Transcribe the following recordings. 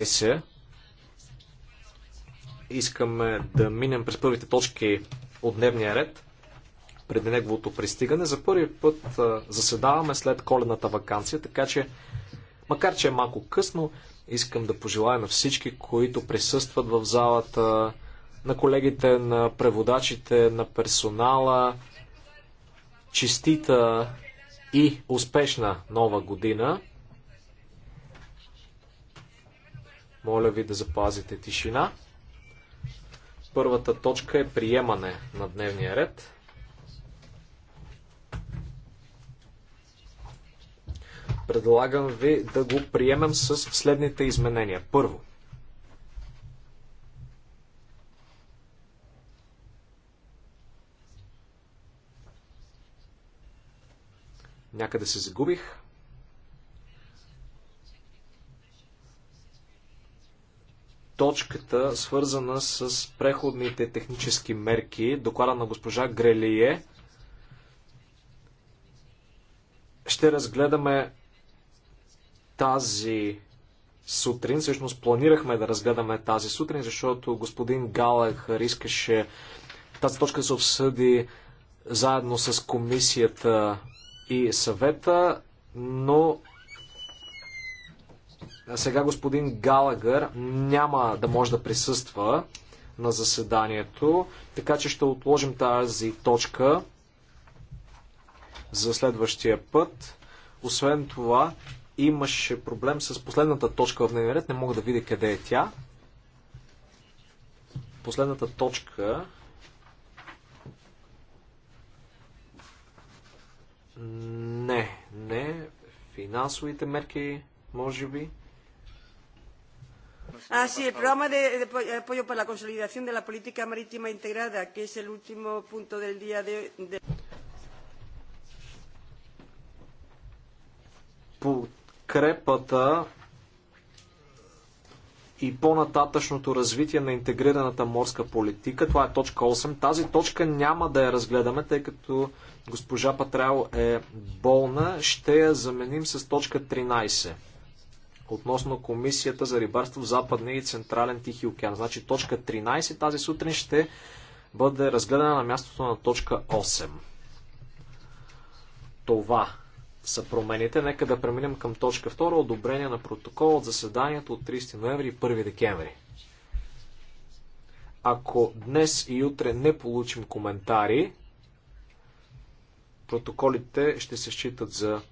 Е, сесия. Искаме да минем през първите точки от дневния ред преди неговото пристигане. За първи път заседаваме след коледната вакансия, така че, макар че е малко късно, искам да пожелая на всички, които присъстват в залата, на колегите, на преводачите, на персонала, честита и успешна нова година. Моля ви да запазите тишина. Първата точка е приемане на дневния ред. Предлагам ви да го приемем с следните изменения. Първо, някъде се загубих. точката, свързана с преходните технически мерки, доклада на госпожа Грелие. Ще разгледаме тази сутрин. Всъщност планирахме да разгледаме тази сутрин, защото господин Галах искаше тази точка да се обсъди заедно с комисията и съвета, но сега господин Галагър няма да може да присъства на заседанието, така че ще отложим тази точка за следващия път. Освен това, имаше проблем с последната точка в дневния ред. Не мога да видя къде е тя. Последната точка Не, не. Финансовите мерки може би. Ah, sí, el programa de, de apoyo para la consolidación de la política marítima integrada, que es el último punto del día de... de... Подкрепата и по-нататъчното развитие на интегрираната морска политика. Това е точка 8. Тази точка няма да я разгледаме, тъй като госпожа Патрал е болна. Ще я заменим с точка 13 относно Комисията за рибарство в Западния и Централен Тихи океан. Значи точка 13 тази сутрин ще бъде разгледана на мястото на точка 8. Това са промените. Нека да преминем към точка 2. Одобрение на протокол от заседанието от 30 ноември и 1 декември. Ако днес и утре не получим коментари, протоколите ще се считат за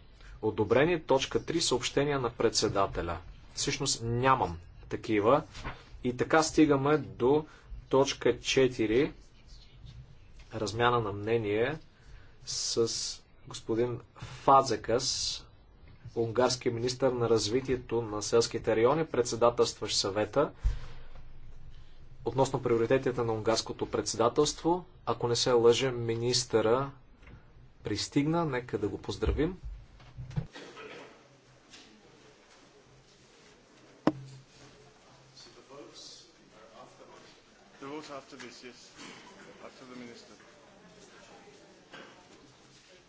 одобрени. Точка 3. Съобщения на председателя. Всъщност нямам такива. И така стигаме до точка 4. Размяна на мнение с господин Фазекас, унгарски министр на развитието на селските райони, председателстващ съвета относно приоритетите на унгарското председателство. Ако не се лъже, министъра пристигна. Нека да го поздравим. So The votes are after The votes after this, yes. After the minister.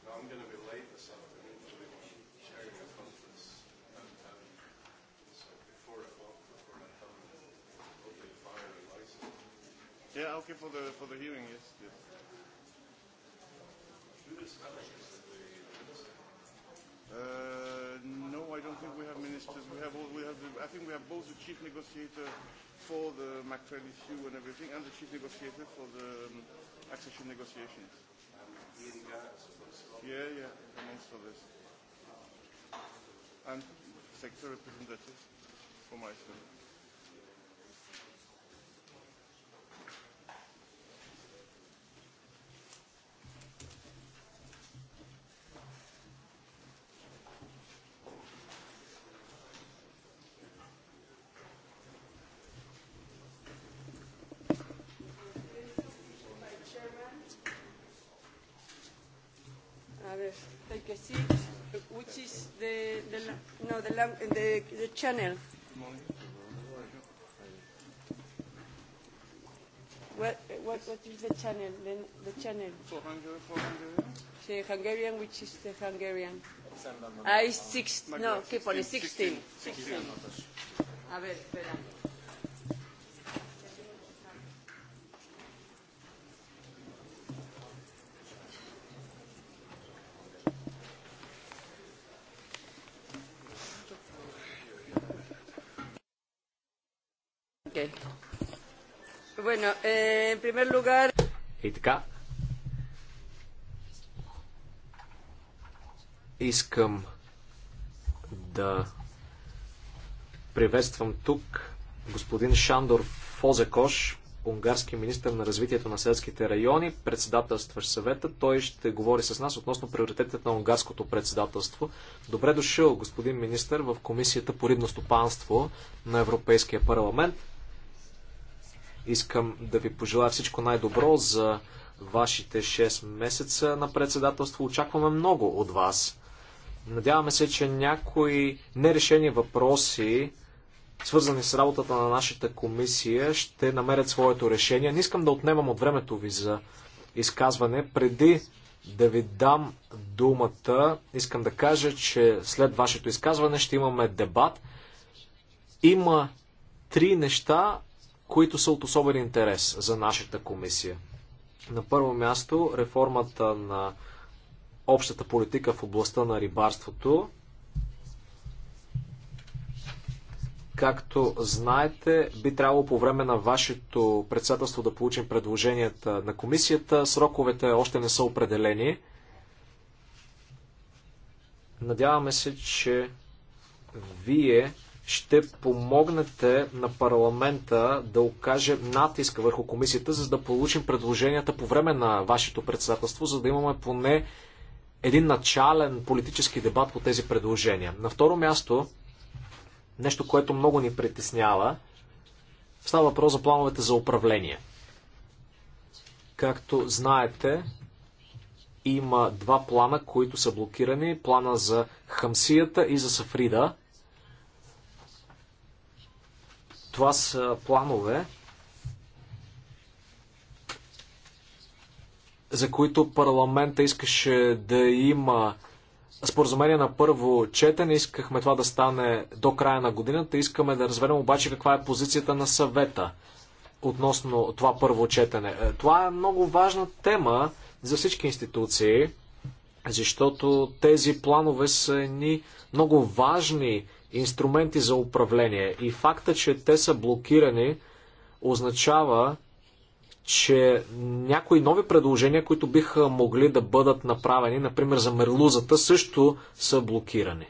Now I'm going to be late this afternoon for the sharing a conference. And, um, so before I before I come, hopefully fire and license. Yeah, okay, for the, for the hearing, yes. yes. Uh, no, I don't think we have ministers. We have all, we have the, I think we have both the chief negotiator for the MacTrade issue and everything, and the chief negotiator for the um, accession negotiations. Yeah, yeah, amongst others. And sector representatives for myself. Porque six, which is the, the no the, the the channel. What, what what is the channel? The, the channel. For Hungary, for Hungary. The Hungarian, which is the Hungarian. Ah, it's six. No, ¿qué pone? Sixteen. Sixteen. A ver, espera. Okay. Bueno, eh, en primer lugar... И така. Искам да приветствам тук господин Шандор Фозекош, унгарски министр на развитието на селските райони, председателстващ съвета. Той ще говори с нас относно приоритетът на унгарското председателство. Добре дошъл, господин министр, в Комисията по рибно стопанство на Европейския парламент. Искам да ви пожелая всичко най-добро за вашите 6 месеца на председателство. Очакваме много от вас. Надяваме се, че някои нерешени въпроси, свързани с работата на нашата комисия, ще намерят своето решение. Не искам да отнемам от времето ви за изказване. Преди да ви дам думата, искам да кажа, че след вашето изказване ще имаме дебат. Има три неща, които са от особен интерес за нашата комисия. На първо място реформата на общата политика в областта на рибарството. Както знаете, би трябвало по време на вашето председателство да получим предложенията на комисията. Сроковете още не са определени. Надяваме се, че вие ще помогнете на парламента да окаже натиск върху комисията, за да получим предложенията по време на вашето председателство, за да имаме поне един начален политически дебат по тези предложения. На второ място, нещо, което много ни притеснява, става въпрос за плановете за управление. Както знаете, има два плана, които са блокирани. Плана за Хамсията и за Сафрида – Това са планове, за които парламента искаше да има споразумение на първо четене. Искахме това да стане до края на годината. Искаме да разберем обаче каква е позицията на съвета относно това първо четене. Е, това е много важна тема за всички институции, защото тези планове са ни много важни инструменти за управление. И факта, че те са блокирани, означава, че някои нови предложения, които биха могли да бъдат направени, например за мерлузата, също са блокирани.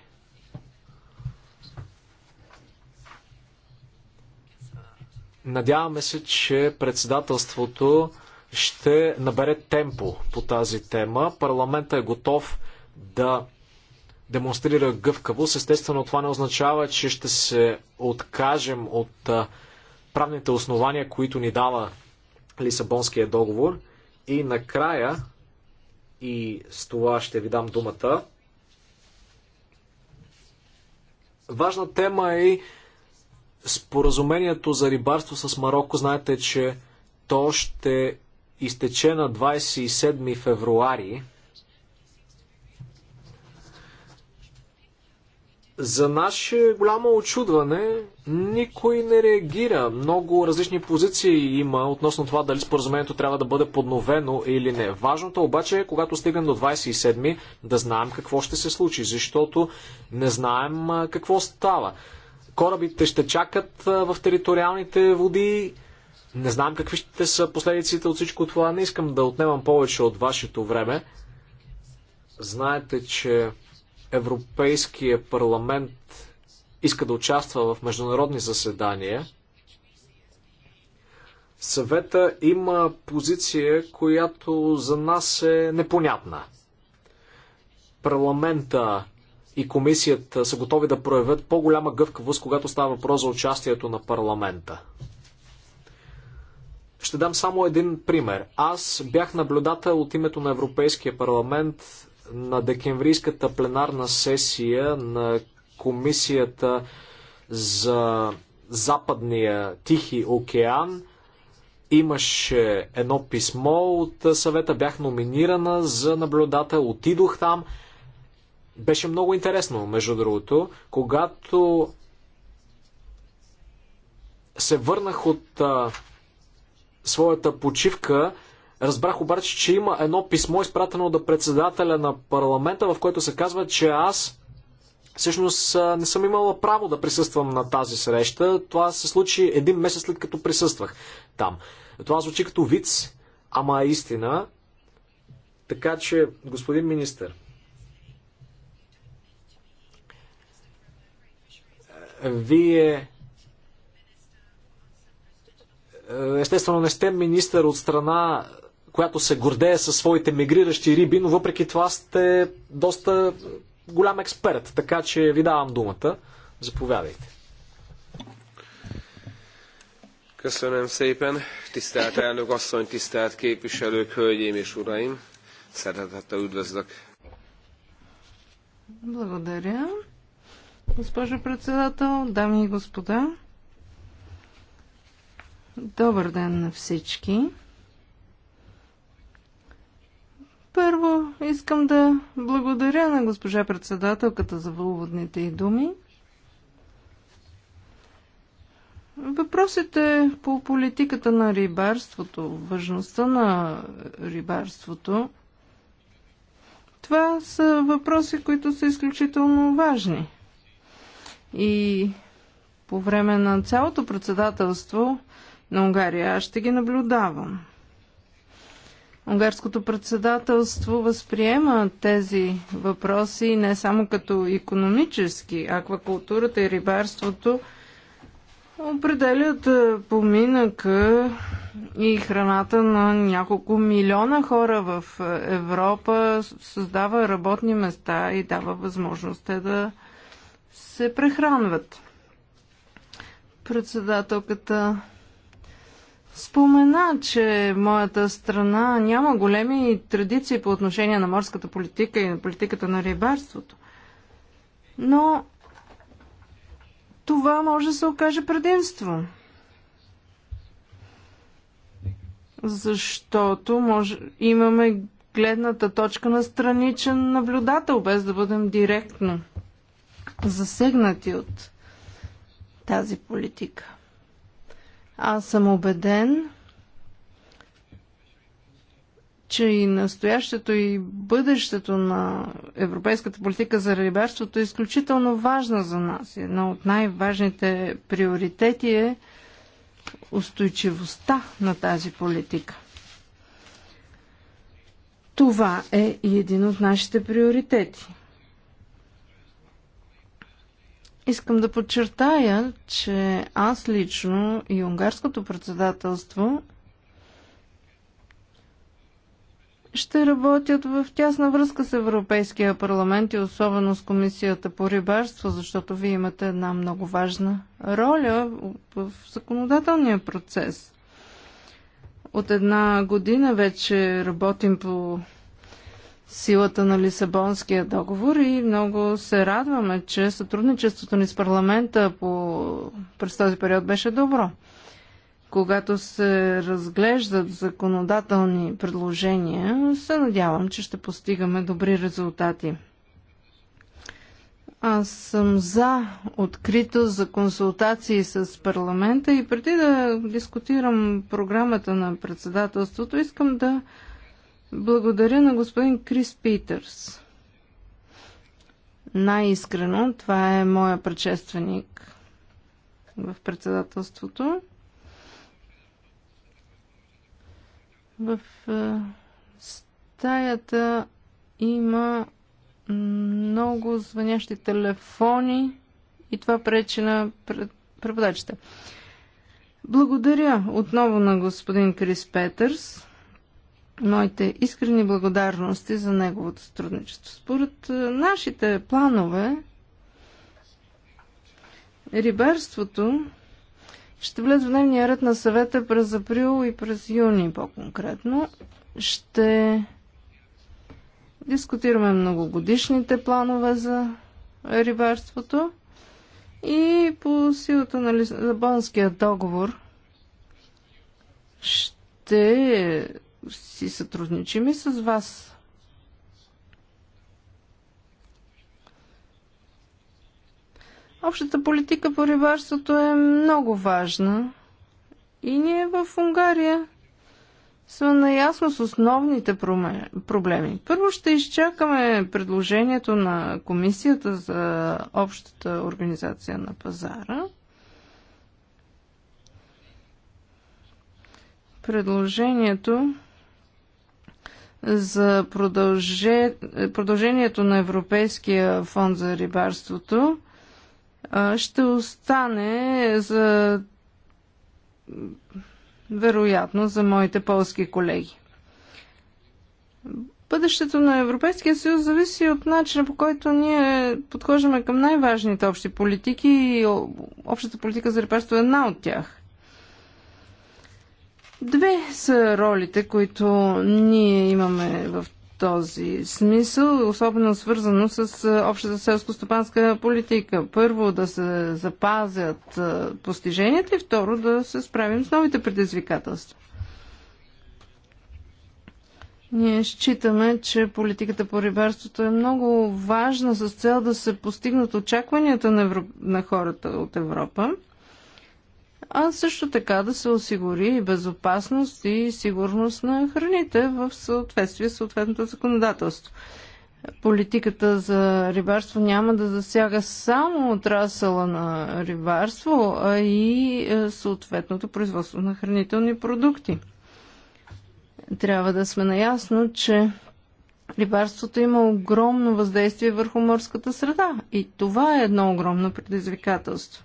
Надяваме се, че председателството ще набере темпо по тази тема. Парламента е готов да демонстрира гъвкавост. Естествено, това не означава, че ще се откажем от правните основания, които ни дава Лисабонския договор. И накрая, и с това ще ви дам думата, важна тема е и споразумението за рибарство с Марокко. Знаете, че то ще изтече на 27 февруари За наше голямо очудване никой не реагира. Много различни позиции има относно това дали споразумението трябва да бъде подновено или не. Важното обаче е, когато стигнем до 27-ми, да знаем какво ще се случи, защото не знаем какво става. Корабите ще чакат в териториалните води. Не знам какви ще са последиците от всичко това. Не искам да отнемам повече от вашето време. Знаете, че Европейския парламент иска да участва в международни заседания, съвета има позиция, която за нас е непонятна. Парламента и комисията са готови да проявят по-голяма гъвкавост, когато става въпрос за участието на парламента. Ще дам само един пример. Аз бях наблюдател от името на Европейския парламент на декемврийската пленарна сесия на комисията за Западния Тихи океан имаше едно писмо от съвета, бях номинирана за наблюдател, отидох там. Беше много интересно, между другото, когато се върнах от а, своята почивка, Разбрах обаче, че има едно писмо, изпратено до председателя на парламента, в което се казва, че аз всъщност не съм имала право да присъствам на тази среща. Това се случи един месец след като присъствах там. Това звучи като виц, ама е истина. Така че, господин министър, вие естествено не сте министър от страна която се гордее със своите мигриращи риби, но въпреки това сте доста голям експерт, така че ви давам думата. Заповядайте. Köszönöm szépen, tisztelt elnök asszony, tisztelt képviselők, hölgyeim és uraim! Szeretettel üdvözlök! Благодаря. Госпожо председател, дами и господа, добър ден на всички! Първо искам да благодаря на госпожа председателката за вълводните и думи. Въпросите по политиката на рибарството, важността на рибарството, това са въпроси, които са изключително важни. И по време на цялото председателство на Унгария аз ще ги наблюдавам. Унгарското председателство възприема тези въпроси не само като економически. Аквакултурата и рибарството определят е, поминъка и храната на няколко милиона хора в е, Европа, създава работни места и дава възможност те да се прехранват. Председателката спомена, че моята страна няма големи традиции по отношение на морската политика и на политиката на рибарството. Но това може да се окаже предимство. Защото може, имаме гледната точка на страничен наблюдател, без да бъдем директно засегнати от тази политика. Аз съм убеден, че и настоящето и бъдещето на европейската политика за рибарството е изключително важна за нас. Една от най-важните приоритети е устойчивостта на тази политика. Това е и един от нашите приоритети. Искам да подчертая, че аз лично и унгарското председателство ще работят в тясна връзка с Европейския парламент и особено с Комисията по рибарство, защото вие имате една много важна роля в законодателния процес. От една година вече работим по силата на Лисабонския договор и много се радваме, че сътрудничеството ни с парламента по... през този период беше добро. Когато се разглеждат законодателни предложения, се надявам, че ще постигаме добри резултати. Аз съм за открито за консултации с парламента и преди да дискутирам програмата на председателството, искам да благодаря на господин Крис Питърс. Най-искрено, това е моя предшественик в председателството. В е, стаята има много звънящи телефони и това пречи на преподачите. Благодаря отново на господин Крис Петърс моите искрени благодарности за неговото сътрудничество. Според е, нашите планове, рибарството ще влезе в дневния ред на съвета през април и през юни по-конкретно. Ще дискутираме многогодишните планове за рибарството и по силата на Лисабонския договор ще си сътрудничим и с вас. Общата политика по рибарството е много важна и ние в Унгария сме наясно с основните проблеми. Първо ще изчакаме предложението на Комисията за общата организация на пазара. Предложението за продължението на Европейския фонд за рибарството ще остане за вероятно за моите полски колеги. Бъдещето на Европейския съюз зависи от начина по който ние подхождаме към най-важните общи политики и общата политика за рибарство е една от тях. Две са ролите, които ние имаме в този смисъл, особено свързано с общата селско-стопанска политика. Първо да се запазят постиженията и второ да се справим с новите предизвикателства. Ние считаме, че политиката по рибарството е много важна с цел да се постигнат очакванията на, Европ... на хората от Европа – а също така да се осигури и безопасност и сигурност на храните в съответствие с съответното законодателство. Политиката за рибарство няма да засяга само отрасъла на рибарство, а и е, съответното производство на хранителни продукти. Трябва да сме наясно, че рибарството има огромно въздействие върху морската среда и това е едно огромно предизвикателство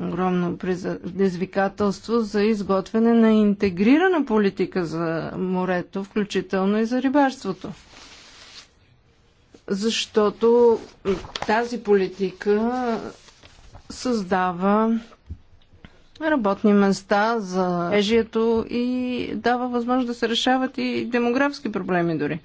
огромно предизвикателство за изготвяне на интегрирана политика за морето, включително и за рибарството. Защото тази политика създава работни места за ежието и дава възможност да се решават и демографски проблеми дори.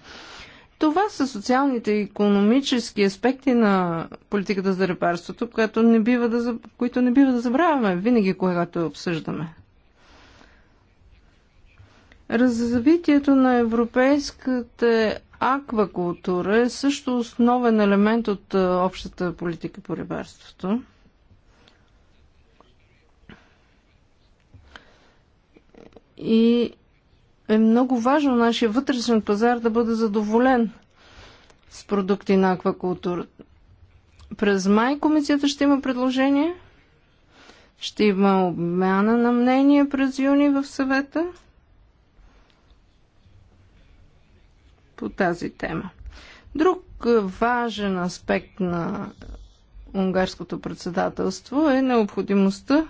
Това са социалните и економически аспекти на политиката за репарството, което не бива да, които не бива да забравяме винаги, когато я обсъждаме. Развитието на европейската аквакултура е също основен елемент от общата политика по рибарството. И е много важно нашия вътрешен пазар да бъде задоволен с продукти на аквакултура. През май комисията ще има предложение. Ще има обмяна на мнение през юни в съвета по тази тема. Друг важен аспект на унгарското председателство е необходимостта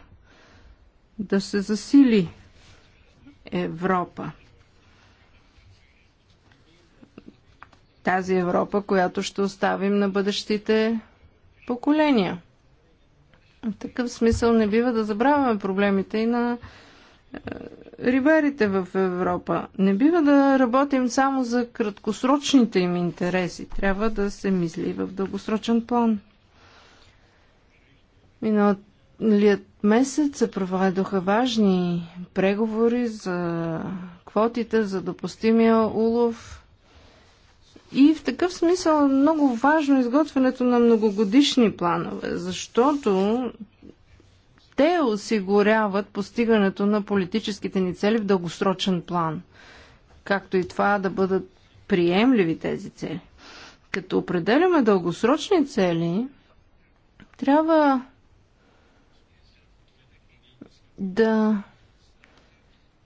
да се засили Европа. тази Европа, която ще оставим на бъдещите поколения. В такъв смисъл не бива да забравяме проблемите и на е, рибарите в Европа. Не бива да работим само за краткосрочните им интереси. Трябва да се мисли в дългосрочен план. Миналият месец се проведоха важни преговори за квотите, за допустимия улов и в такъв смисъл е много важно изготвянето на многогодишни планове, защото те осигуряват постигането на политическите ни цели в дългосрочен план, както и това да бъдат приемливи тези цели. Като определяме дългосрочни цели, трябва да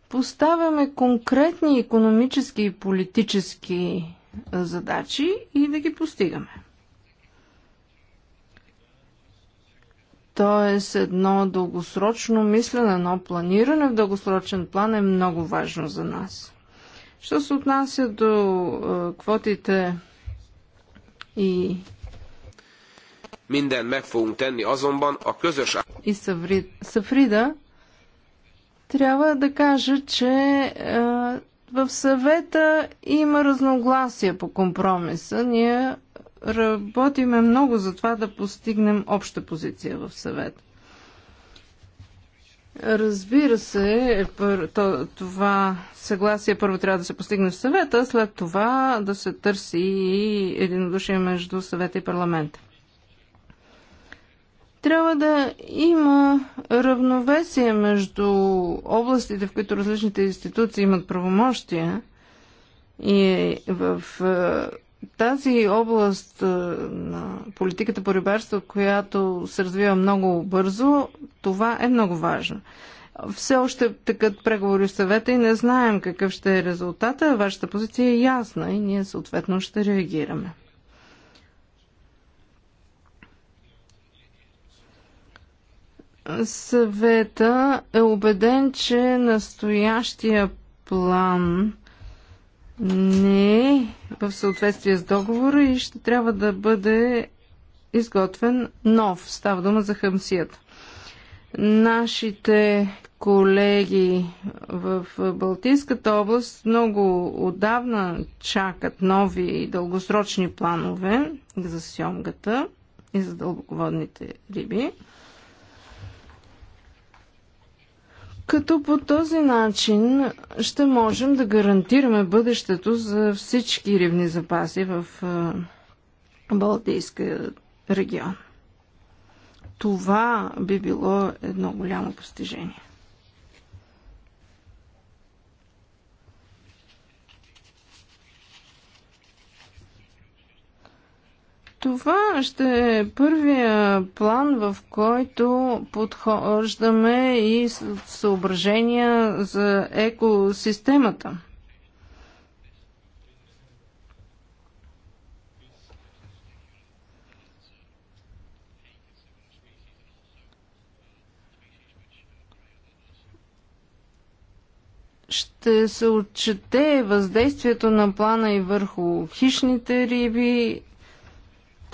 поставяме конкретни економически и политически задачи и да ги постигаме. Тоест едно дългосрочно мислене, едно планиране в дългосрочен план е много важно за нас. Що се отнася до квотите и Minden meg fogunk tenni azonban a közös... И Сафрида, трябва да кажа, че в съвета има разногласия по компромиса. Ние работиме много за това да постигнем обща позиция в съвета. Разбира се, това съгласие първо трябва да се постигне в съвета, след това да се търси и единодушие между съвета и парламента. Трябва да има равновесие между областите, в които различните институции имат правомощия и в е, тази област е, на политиката по рибарство, която се развива много бързо, това е много важно. Все още такът преговори в съвета и не знаем какъв ще е резултата. Вашата позиция е ясна и ние съответно ще реагираме. Съвета е убеден, че настоящия план не е в съответствие с договора и ще трябва да бъде изготвен нов. Става дума за хамсията. Нашите колеги в Балтийската област много отдавна чакат нови и дългосрочни планове за сьомгата и за дълбоководните риби. като по този начин ще можем да гарантираме бъдещето за всички рибни запаси в Балтийския регион. Това би било едно голямо постижение. Това ще е първия план, в който подхождаме и съображения за екосистемата. ще се отчете въздействието на плана и върху хищните риби,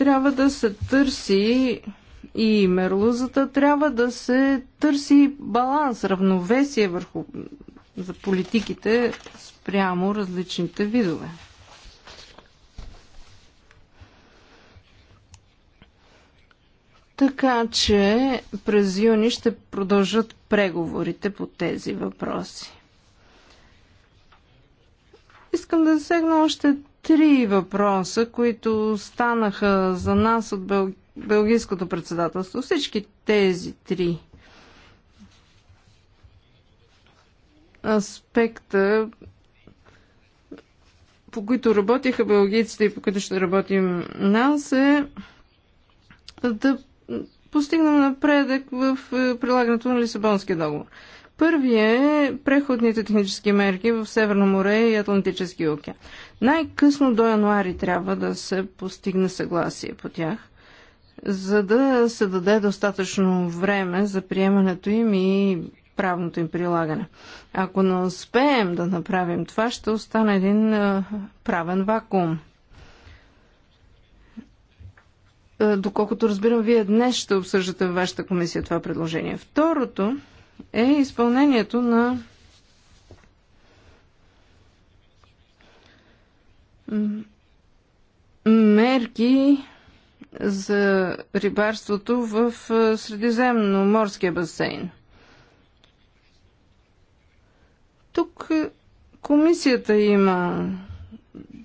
трябва да се търси и мерлузата, трябва да се търси баланс, равновесие върху за политиките спрямо различните видове. Така че през юни ще продължат преговорите по тези въпроси. Искам да засегна още три въпроса, които станаха за нас от Бел... Белгийското председателство. Всички тези три аспекта, по които работиха белгийците и по които ще работим нас, е да постигнем напредък в е, прилагането на Лисабонския договор. Първият е преходните технически мерки в Северно море и Атлантически океан. Най-късно до януари трябва да се постигне съгласие по тях, за да се даде достатъчно време за приемането им и правното им прилагане. Ако не успеем да направим това, ще остане един правен вакуум. Доколкото разбирам, вие днес ще обсъждате в вашата комисия това предложение. Второто е изпълнението на мерки за рибарството в Средиземноморския басейн. Тук комисията има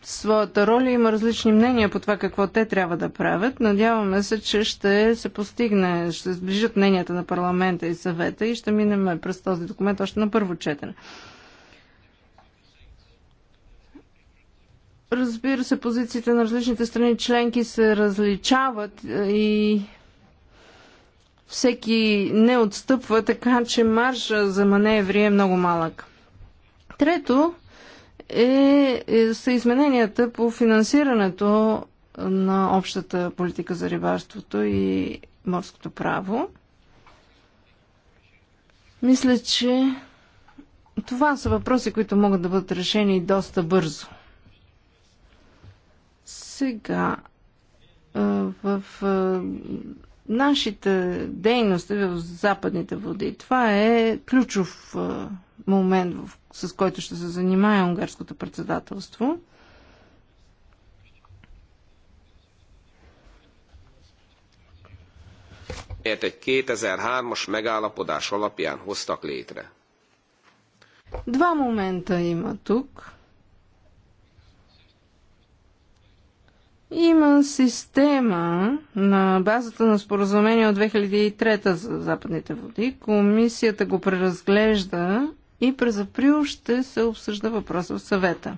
своята роля, има различни мнения по това какво те трябва да правят. Надяваме се, че ще се постигне, ще сближат мненията на парламента и съвета и ще минем през този документ още на първо четене. Разбира се, позициите на различните страни членки се различават е, и всеки не отстъпва, така че маржа за маневри е много малък. Трето е, е, са измененията по финансирането на общата политика за рибарството и морското право. Мисля, че това са въпроси, които могат да бъдат решени доста бързо. Сега в нашите дейности в западните води. Това е ключов момент, с който ще се занимае унгарското председателство. egy 2003-as megállapodás alapján hoztak létre. Два момента има тук. Има система на базата на споразумение от 2003 за Западните води. Комисията го преразглежда и през април ще се обсъжда въпроса в съвета.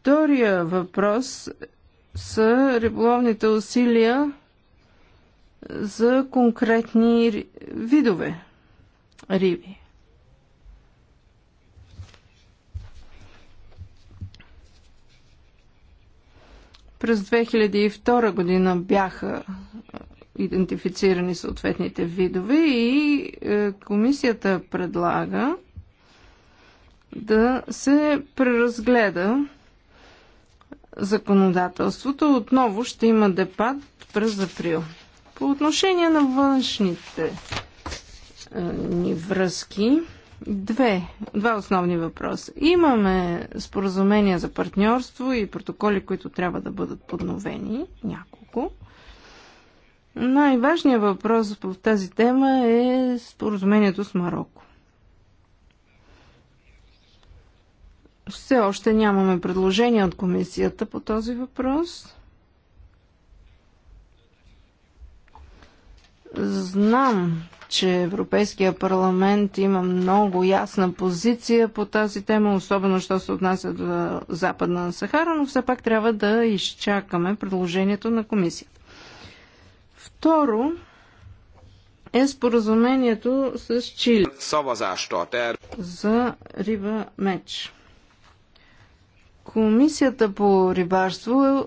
Втория въпрос са риболовните усилия за конкретни видове риби. През 2002 година бяха е, идентифицирани съответните видове и е, комисията предлага да се преразгледа законодателството. Отново ще има депат през април. По отношение на външните е, ни връзки, Две, два основни въпроса. Имаме споразумения за партньорство и протоколи, които трябва да бъдат подновени, няколко. Най-важният въпрос в тази тема е споразумението с Марокко. Все още нямаме предложение от комисията по този въпрос. Знам, че Европейския парламент има много ясна позиция по тази тема, особено що се отнася до Западна Сахара, но все пак трябва да изчакаме предложението на комисията. Второ е споразумението с Чили за риба меч. Комисията по рибарство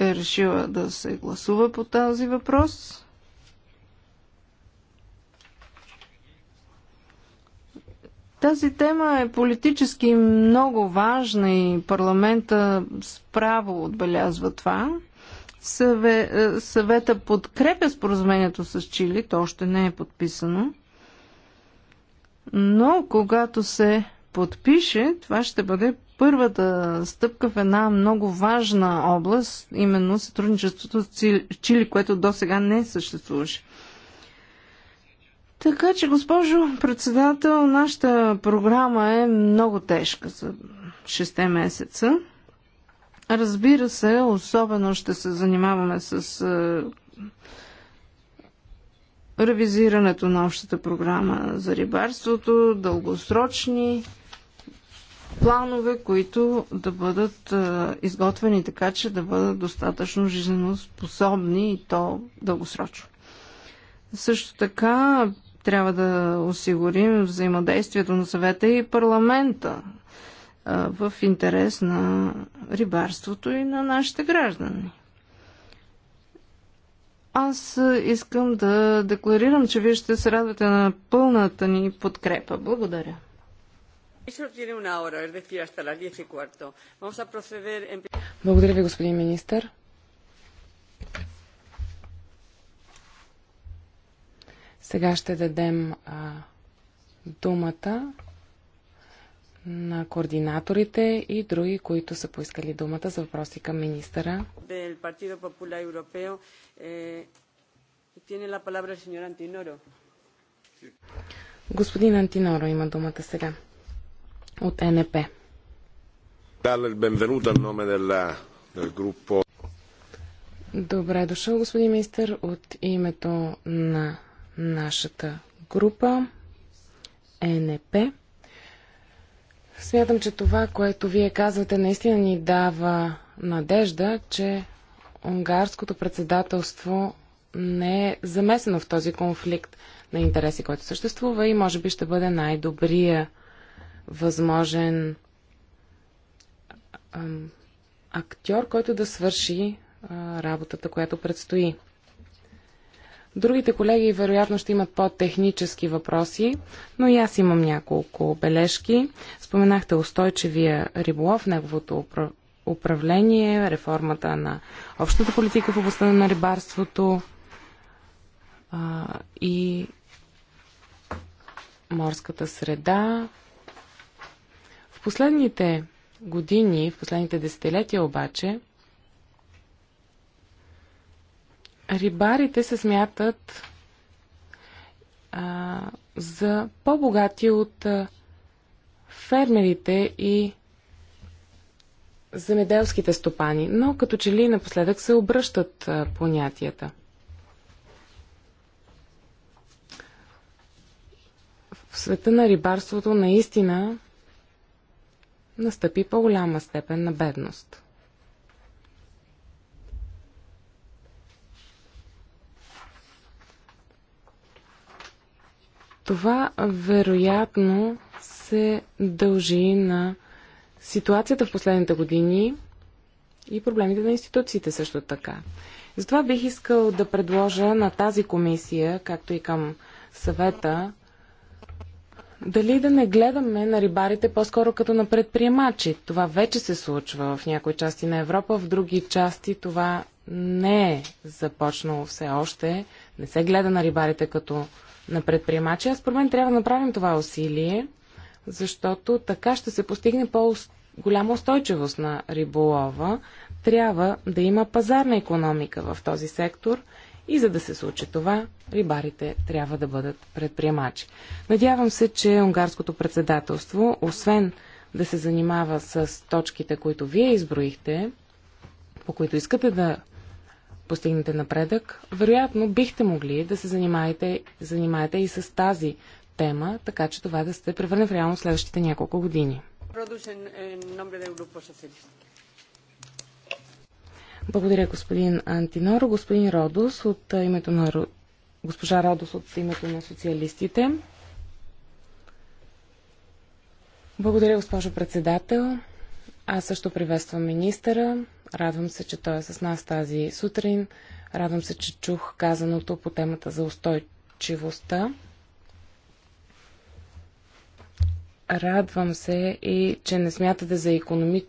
е решила да се гласува по този въпрос Тази тема е политически много важна и парламента справо отбелязва това. Съве, е, съвета подкрепя споразумението с Чили, то още не е подписано. Но когато се подпише, това ще бъде първата стъпка в една много важна област, именно сътрудничеството с Чили, което до сега не съществуваше. Така че, госпожо председател, нашата програма е много тежка за 6 месеца. Разбира се, особено ще се занимаваме с е, ревизирането на общата програма за рибарството, дългосрочни планове, които да бъдат е, изготвени така, че да бъдат достатъчно жизненоспособни и то дългосрочно. Също така трябва да осигурим взаимодействието на съвета и парламента в интерес на рибарството и на нашите граждани. Аз искам да декларирам, че вие ще се радвате на пълната ни подкрепа. Благодаря. Благодаря ви, господин министър. Сега ще дадем а, думата на координаторите и други, които са поискали думата за въпроси към министъра. Eh, господин Антиноро има думата сега от НП. Добре дошъл, господин министър, от името на нашата група ЕНП. Смятам, че това, което вие казвате, наистина ни дава надежда, че унгарското председателство не е замесено в този конфликт на интереси, който съществува и може би ще бъде най-добрия възможен актьор, който да свърши а, работата, която предстои. Другите колеги вероятно ще имат по-технически въпроси, но и аз имам няколко бележки. Споменахте устойчивия риболов, неговото управление, реформата на общата политика в областта на рибарството а, и морската среда. В последните години, в последните десетилетия обаче, рибарите се смятат а, за по-богати от а, фермерите и земеделските стопани, но като че ли напоследък се обръщат а, понятията. В света на рибарството наистина настъпи по-голяма степен на бедност. Това вероятно се дължи на ситуацията в последните години и проблемите на институциите също така. Затова бих искал да предложа на тази комисия, както и към съвета, дали да не гледаме на рибарите по-скоро като на предприемачи. Това вече се случва в някои части на Европа, в други части това не е започнало все още. Не се гледа на рибарите като на предприемачи. Аз според мен трябва да направим това усилие, защото така ще се постигне по-голяма устойчивост на риболова. Трябва да има пазарна економика в този сектор и за да се случи това, рибарите трябва да бъдат предприемачи. Надявам се, че унгарското председателство, освен да се занимава с точките, които вие изброихте, по които искате да постигнете напредък, вероятно бихте могли да се занимаете, занимаете и с тази тема, така че това да се превърне в реално следващите няколко години. Е, Благодаря, господин Антинор. Господин Родос от името на госпожа Родос от името на социалистите. Благодаря, госпожо председател. Аз също приветствам министъра. Радвам се, че той е с нас тази сутрин. Радвам се, че чух казаното по темата за устойчивостта. Радвам се и, че не смятате, за економи...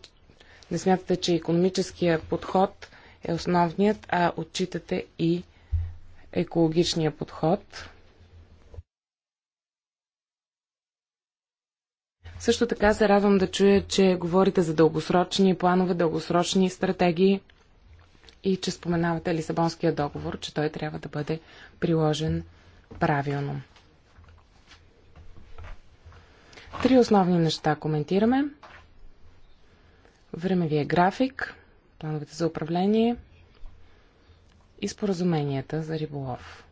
не смятате, че економическия подход е основният, а отчитате и екологичния подход. Също така се радвам да чуя, че говорите за дългосрочни планове, дългосрочни стратегии и че споменавате Лисабонския договор, че той трябва да бъде приложен правилно. Три основни неща коментираме. Времевия график, плановете за управление и споразуменията за риболов.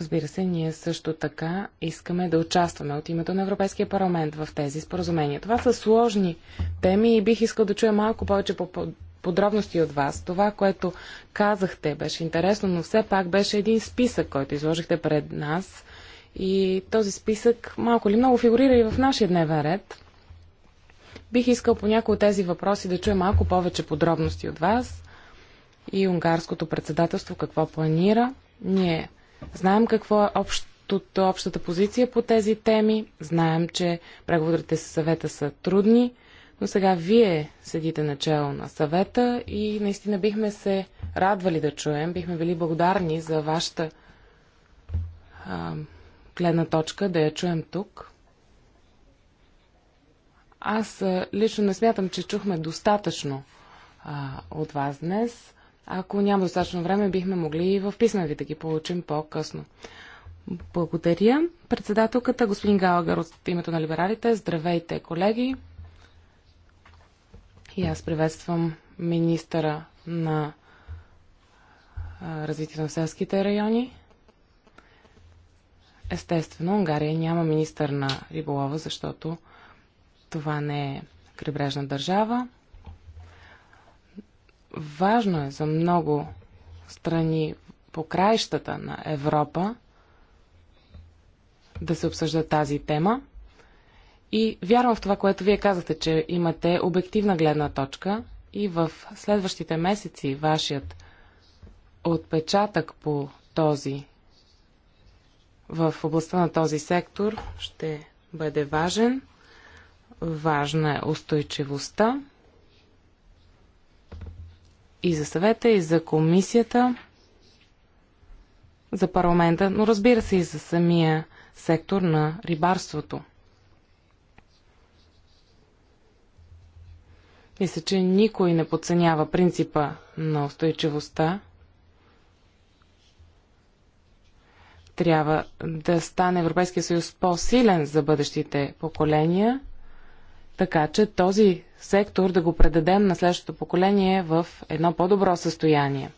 Разбира се, ние също така искаме да участваме от името на Европейския парламент в тези споразумения. Това са сложни теми и бих искал да чуя малко повече по подробности от вас. Това, което казахте, беше интересно, но все пак беше един списък, който изложихте пред нас. И този списък малко ли много фигурира и в нашия дневен ред. Бих искал по някои от тези въпроси да чуя малко повече подробности от вас и унгарското председателство какво планира. Ние Знаем какво е общото, общата позиция по тези теми. Знаем, че преговорите с съвета са трудни, но сега вие седите начало на съвета и наистина бихме се радвали да чуем, бихме били благодарни за вашата а, гледна точка, да я чуем тук. Аз лично не смятам, че чухме достатъчно а, от вас днес. Ако няма достатъчно време, бихме могли и в писмен ви да ги получим по-късно. Благодаря. Председателката, господин Галагър от името на либералите. Здравейте, колеги. И аз приветствам министъра на развитие на селските райони. Естествено, Унгария няма министър на риболова, защото това не е крайбрежна държава. Важно е за много страни по краищата на Европа да се обсъжда тази тема. И вярвам в това, което вие казахте, че имате обективна гледна точка и в следващите месеци вашият отпечатък по този в областта на този сектор ще бъде важен. Важна е устойчивостта и за съвета, и за комисията, за парламента, но разбира се и за самия сектор на рибарството. Мисля, че никой не подценява принципа на устойчивостта. Трябва да стане Европейския съюз по-силен за бъдещите поколения – така че този сектор да го предадем на следващото поколение в едно по-добро състояние.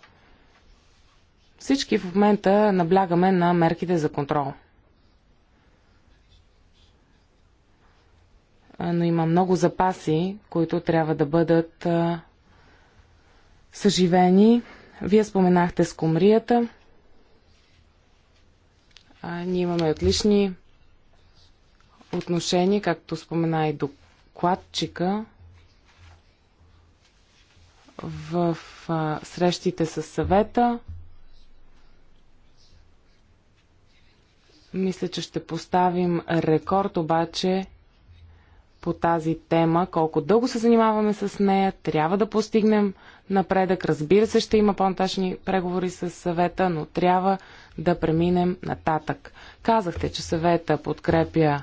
Всички в момента наблягаме на мерките за контрол. Но има много запаси, които трябва да бъдат съживени. Вие споменахте скумрията. комрията. ние имаме отлични отношения, както спомена и докладчика в а, срещите с съвета. Мисля, че ще поставим рекорд обаче по тази тема. Колко дълго се занимаваме с нея, трябва да постигнем напредък. Разбира се, ще има по-нататъчни преговори с съвета, но трябва да преминем нататък. Казахте, че съвета подкрепя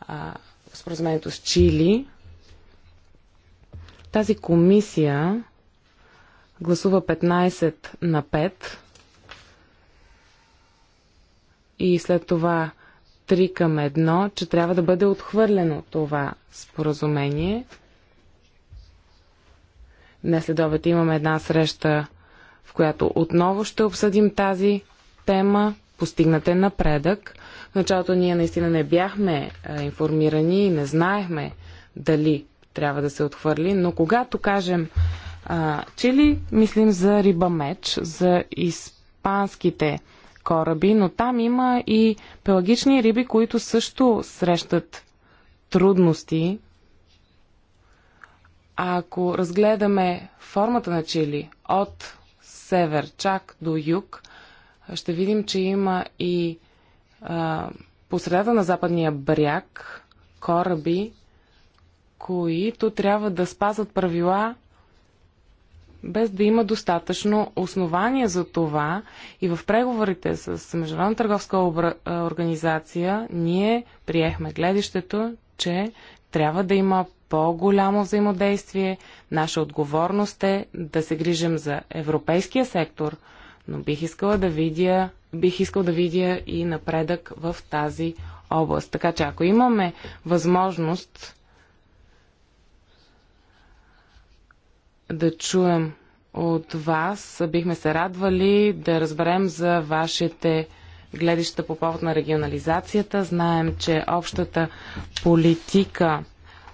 а, споразумението с Чили, тази комисия гласува 15 на 5 и след това 3 към 1, че трябва да бъде отхвърлено това споразумение. Днес след обед имаме една среща, в която отново ще обсъдим тази тема постигнат е напредък. В началото ние наистина не бяхме информирани и не знаехме дали трябва да се отхвърли, но когато кажем а, Чили, мислим за рибамеч, за испанските кораби, но там има и пелагични риби, които също срещат трудности. А ако разгледаме формата на Чили от север чак до юг, ще видим, че има и а, по на западния бряг кораби, които трябва да спазват правила без да има достатъчно основания за това. И в преговорите с Международна търговска организация ние приехме гледището, че трябва да има по-голямо взаимодействие. Наша отговорност е да се грижим за европейския сектор – но бих искала да видя, бих искал да видя и напредък в тази област. Така че ако имаме възможност да чуем от вас, бихме се радвали да разберем за вашите гледища по повод на регионализацията. Знаем, че общата политика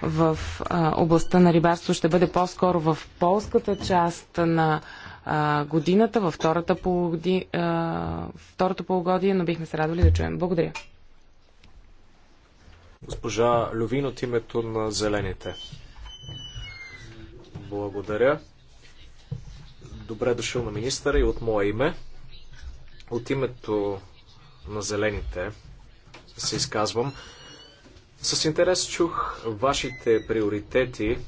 в а, областта на рибарство ще бъде по-скоро в полската част на а, годината, във втората, полуди, а, второто полугодие, но бихме се радвали да чуем. Благодаря. Госпожа Лювин от името на Зелените. Благодаря. Добре дошъл на министъра и от мое име. От името на Зелените се изказвам. С интерес чух вашите приоритети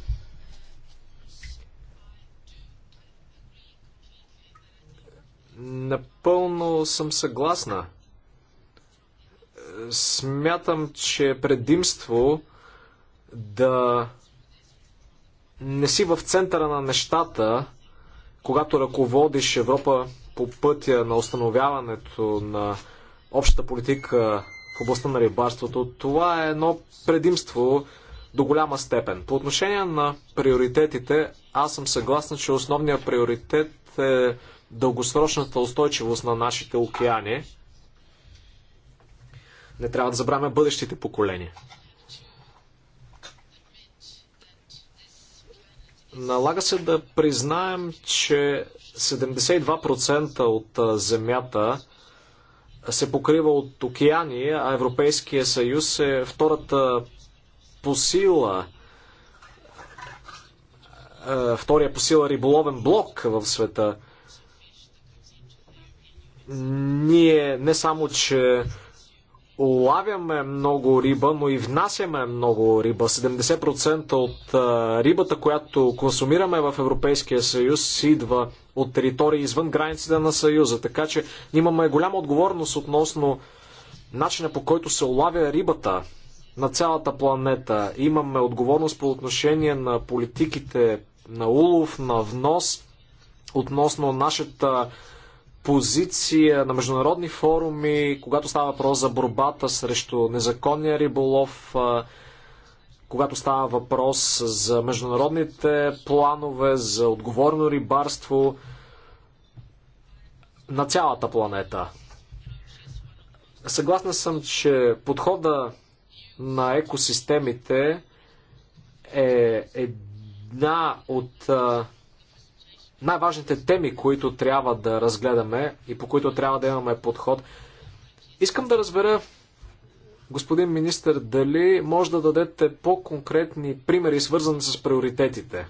Напълно съм съгласна. Е, смятам, че е предимство да не си в центъра на нещата, когато ръководиш Европа по пътя на установяването на общата политика в областта на рибарството, това е едно предимство до голяма степен. По отношение на приоритетите, аз съм съгласен, че основният приоритет е дългосрочната устойчивост на нашите океани. Не трябва да забравяме бъдещите поколения. Налага се да признаем, че 72% от земята се покрива от океани, а Европейския съюз е втората по сила втория по сила риболовен блок в света. Ние не само, че улавяме много риба, но и внасяме много риба. 70% от а, рибата, която консумираме в Европейския съюз, идва от територии извън границите на съюза. Така че имаме голяма отговорност относно начина по който се улавя рибата на цялата планета. Имаме отговорност по отношение на политиките на улов, на внос, относно нашата позиция на международни форуми, когато става въпрос за борбата срещу незаконния риболов, когато става въпрос за международните планове, за отговорно рибарство на цялата планета. Съгласна съм, че подхода на екосистемите е една от най-важните теми, които трябва да разгледаме и по които трябва да имаме подход. Искам да разбера, господин министр, дали може да дадете по-конкретни примери, свързани с приоритетите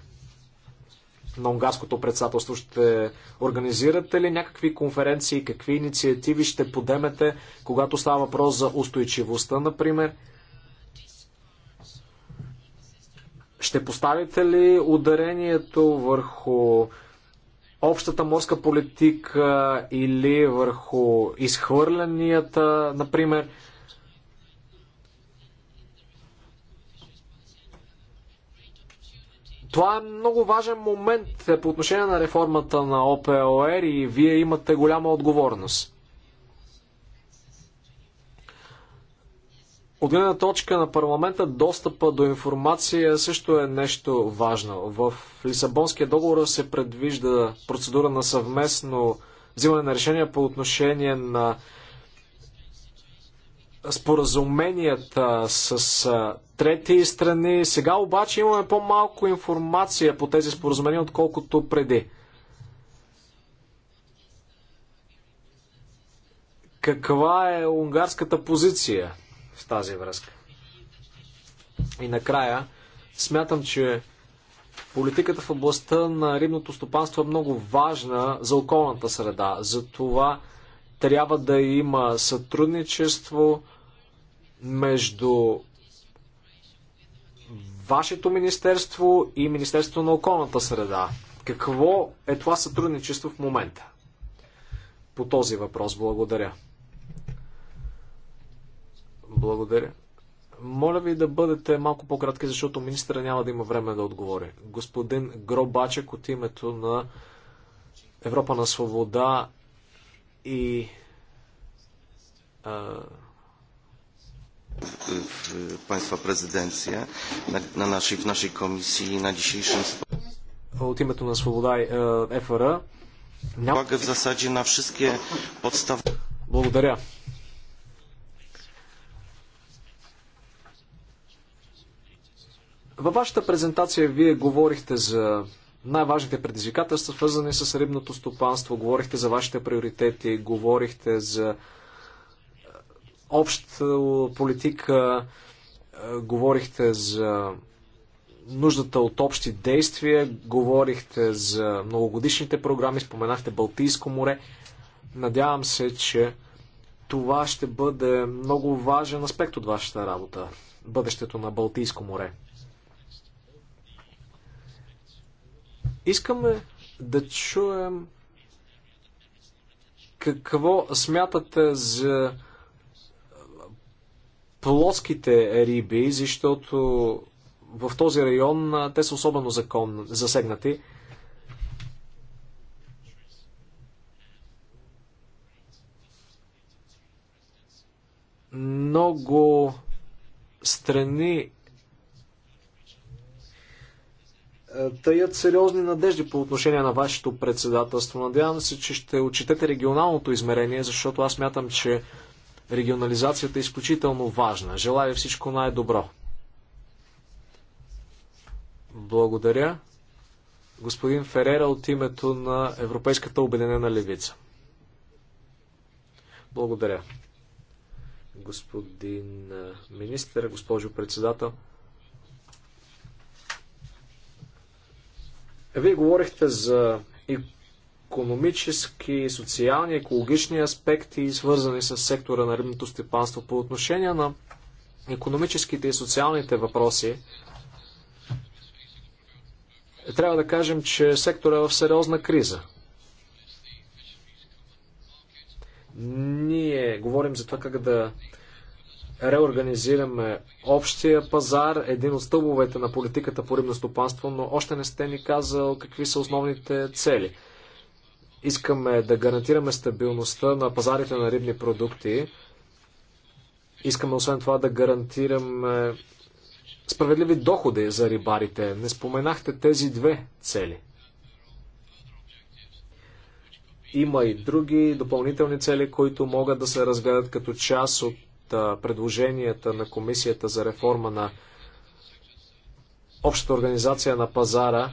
на унгарското председателство. Ще организирате ли някакви конференции, какви инициативи ще подемете, когато става въпрос за устойчивостта, например? Ще поставите ли ударението върху общата морска политика или върху изхвърлянията, например. Това е много важен момент е, по отношение на реформата на ОПОР и вие имате голяма отговорност. От гледна точка на парламента, достъпа до информация също е нещо важно. В Лисабонския договор се предвижда процедура на съвместно взимане на решения по отношение на споразуменията с трети страни. Сега обаче имаме по-малко информация по тези споразумения, отколкото преди. Каква е унгарската позиция? в тази връзка. И накрая, смятам, че политиката в областта на рибното стопанство е много важна за околната среда. За това трябва да има сътрудничество между вашето министерство и Министерство на околната среда. Какво е това сътрудничество в момента? По този въпрос благодаря. Благодаря. Моля ви да бъдете малко по-кратки, защото министра няма да има време да отговори. Господин Гробачек от името на Европа на свобода и А... Państwa prezydencję na, na naszej, w naszej komisji na dzisiejszym spotkaniu. na swoboda FRA. Uwagę w zasadzie na wszystkie podstawowe. Благодаря, Във вашата презентация вие говорихте за най-важните предизвикателства, свързани с рибното стопанство, говорихте за вашите приоритети, говорихте за е, обща политика, е, говорихте за нуждата от общи действия, говорихте за многогодишните програми, споменахте Балтийско море. Надявам се, че това ще бъде много важен аспект от вашата работа, бъдещето на Балтийско море. Искаме да чуем какво смятате за плоските риби, защото в този район те са особено закон, засегнати. Много страни Е, таят сериозни надежди по отношение на вашето председателство. Надявам се, че ще отчитате регионалното измерение, защото аз мятам, че регионализацията е изключително важна. Желая всичко най-добро. Благодаря. Господин Ферера от името на Европейската обединена левица. Благодаря. Господин е, министър, госпожо председател. Вие говорихте за економически, социални, екологични аспекти, свързани с сектора на рибното степанство. По отношение на економическите и социалните въпроси, трябва да кажем, че сектора е в сериозна криза. Ние говорим за това как да реорганизираме общия пазар, един от стълбовете на политиката по рибно стопанство, но още не сте ни казал какви са основните цели. Искаме да гарантираме стабилността на пазарите на рибни продукти. Искаме освен това да гарантираме справедливи доходи за рибарите. Не споменахте тези две цели. Има и други допълнителни цели, които могат да се разгледат като част от предложенията на Комисията за реформа на общата организация на пазара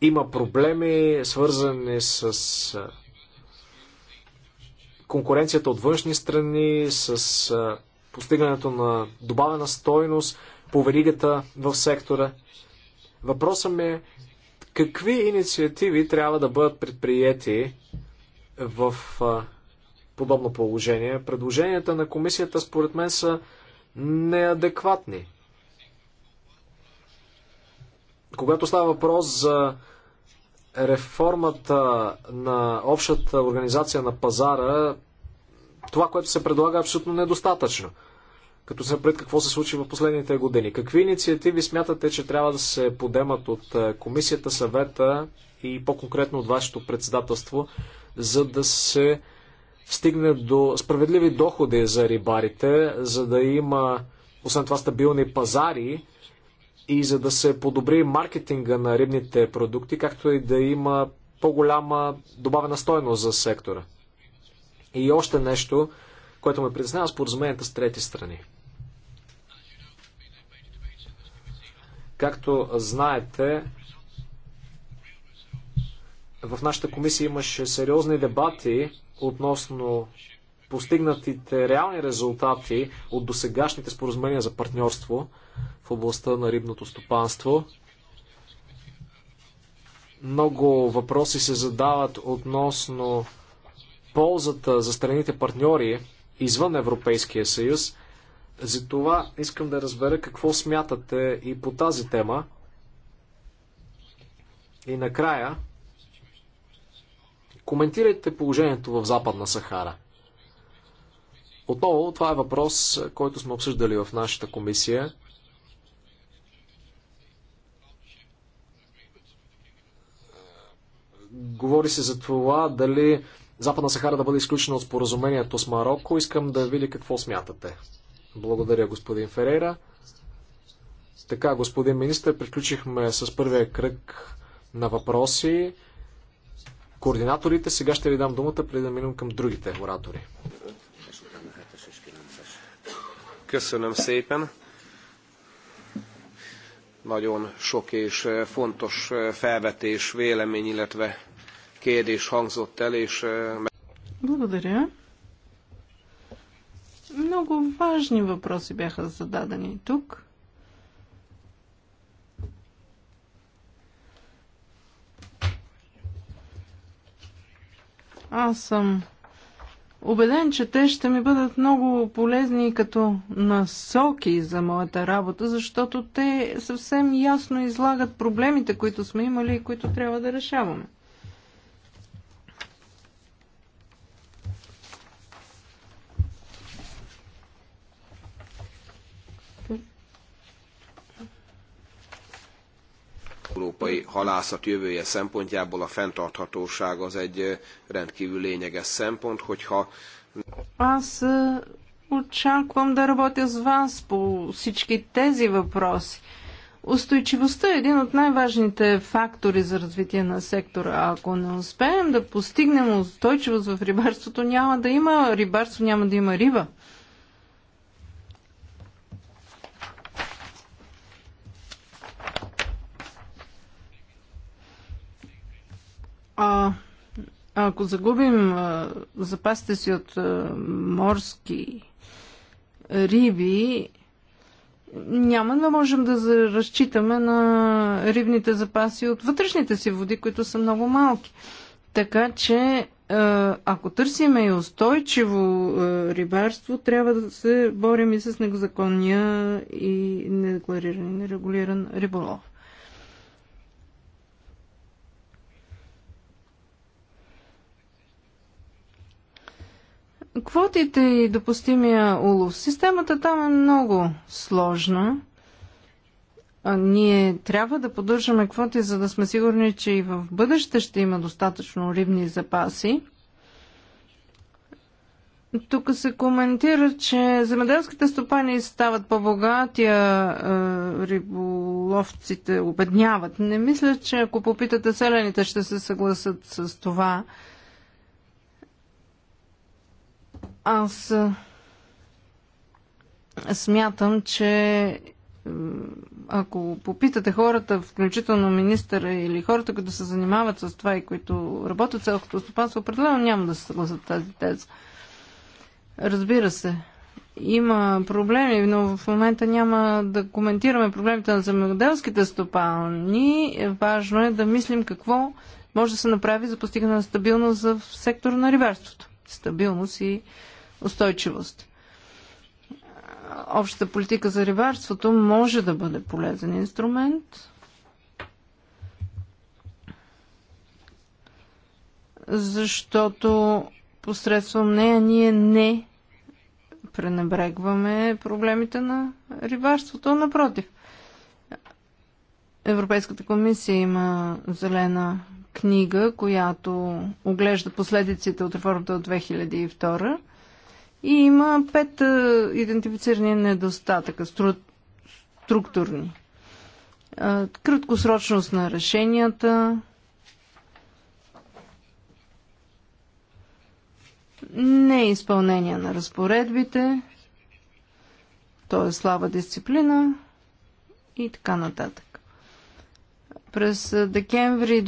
има проблеми, свързани с конкуренцията от външни страни, с постигането на добавена стойност по веригата в сектора. Въпросът ми е какви инициативи трябва да бъдат предприяти в подобно положение. Предложенията на комисията според мен са неадекватни. Когато става въпрос за реформата на общата организация на пазара, това, което се предлага, е абсолютно недостатъчно. Като се пред какво се случи в последните години. Какви инициативи смятате, че трябва да се подемат от е, комисията, съвета и по-конкретно от вашето председателство, за да се стигне до справедливи доходи за рибарите, за да има, освен това, стабилни пазари и за да се подобри маркетинга на рибните продукти, както и да има по-голяма добавена стойност за сектора. И още нещо, което ме притеснява споразуменията с трети страни. Както знаете, в нашата комисия имаше сериозни дебати относно постигнатите реални резултати от досегашните споразумения за партньорство в областта на рибното стопанство. Много въпроси се задават относно ползата за страните партньори извън Европейския съюз. Затова искам да разбера какво смятате и по тази тема. И накрая, Коментирайте положението в Западна Сахара. Отново, това е въпрос, който сме обсъждали в нашата комисия. Говори се за това дали Западна Сахара да бъде изключена от споразумението с Марокко. Искам да видя какво смятате. Благодаря, господин Ферейра. Така, господин министр, приключихме с първия кръг на въпроси координаторите. Сега ще ви дам думата, преди да минем към другите оратори. Köszönöm szépen. Nagyon sok és eh, fontos eh, felvetés, vélemény, illetve kérdés hangzott el, és... Eh, Благодаря. Много важни въпроси бяха зададени тук. Аз съм убеден, че те ще ми бъдат много полезни като насоки за моята работа, защото те съвсем ясно излагат проблемите, които сме имали и които трябва да решаваме. európai halászat jövője szempontjából a fenntarthatóság az egy rendkívül lényeges szempont, hogyha... Аз очаквам да работя с вас по всички тези въпроси. Устойчивостта е един от най-важните фактори за развитие на сектора. Ако не успеем да постигнем устойчивост в рибарството, няма да има рибарство, няма да има риба. Ако загубим запасите си от морски риби, няма да можем да разчитаме на рибните запаси от вътрешните си води, които са много малки. Така че, ако търсиме и устойчиво рибарство, трябва да се борим и с незаконния и недеклариран и нерегулиран риболов. Квотите и допустимия улов. Системата там е много сложна. А ние трябва да поддържаме квоти, за да сме сигурни, че и в бъдеще ще има достатъчно рибни запаси. Тук се коментира, че земеделските стопани стават по-богати, а е, риболовците обедняват. Не мисля, че ако попитате селените, ще се съгласат с това. Аз смятам, че ако попитате хората, включително министъра или хората, които се занимават с това и които работят в селското стопанство, определено няма да се съгласят тази теза. Разбира се, има проблеми, но в момента няма да коментираме проблемите на земеделските стопани. Важно е да мислим какво може да се направи за постигане на стабилност в сектора на рибарството. Стабилност и устойчивост. Общата политика за рибарството може да бъде полезен инструмент защото посредством нея ние не пренебрегваме проблемите на рибарството. Напротив, Европейската комисия има зелена книга, която оглежда последиците от реформата от 2002 и има пет идентифицирани недостатъка, стру... структурни. Краткосрочност на решенията, неизпълнение на разпоредбите, т.е. слаба дисциплина и така нататък. През декември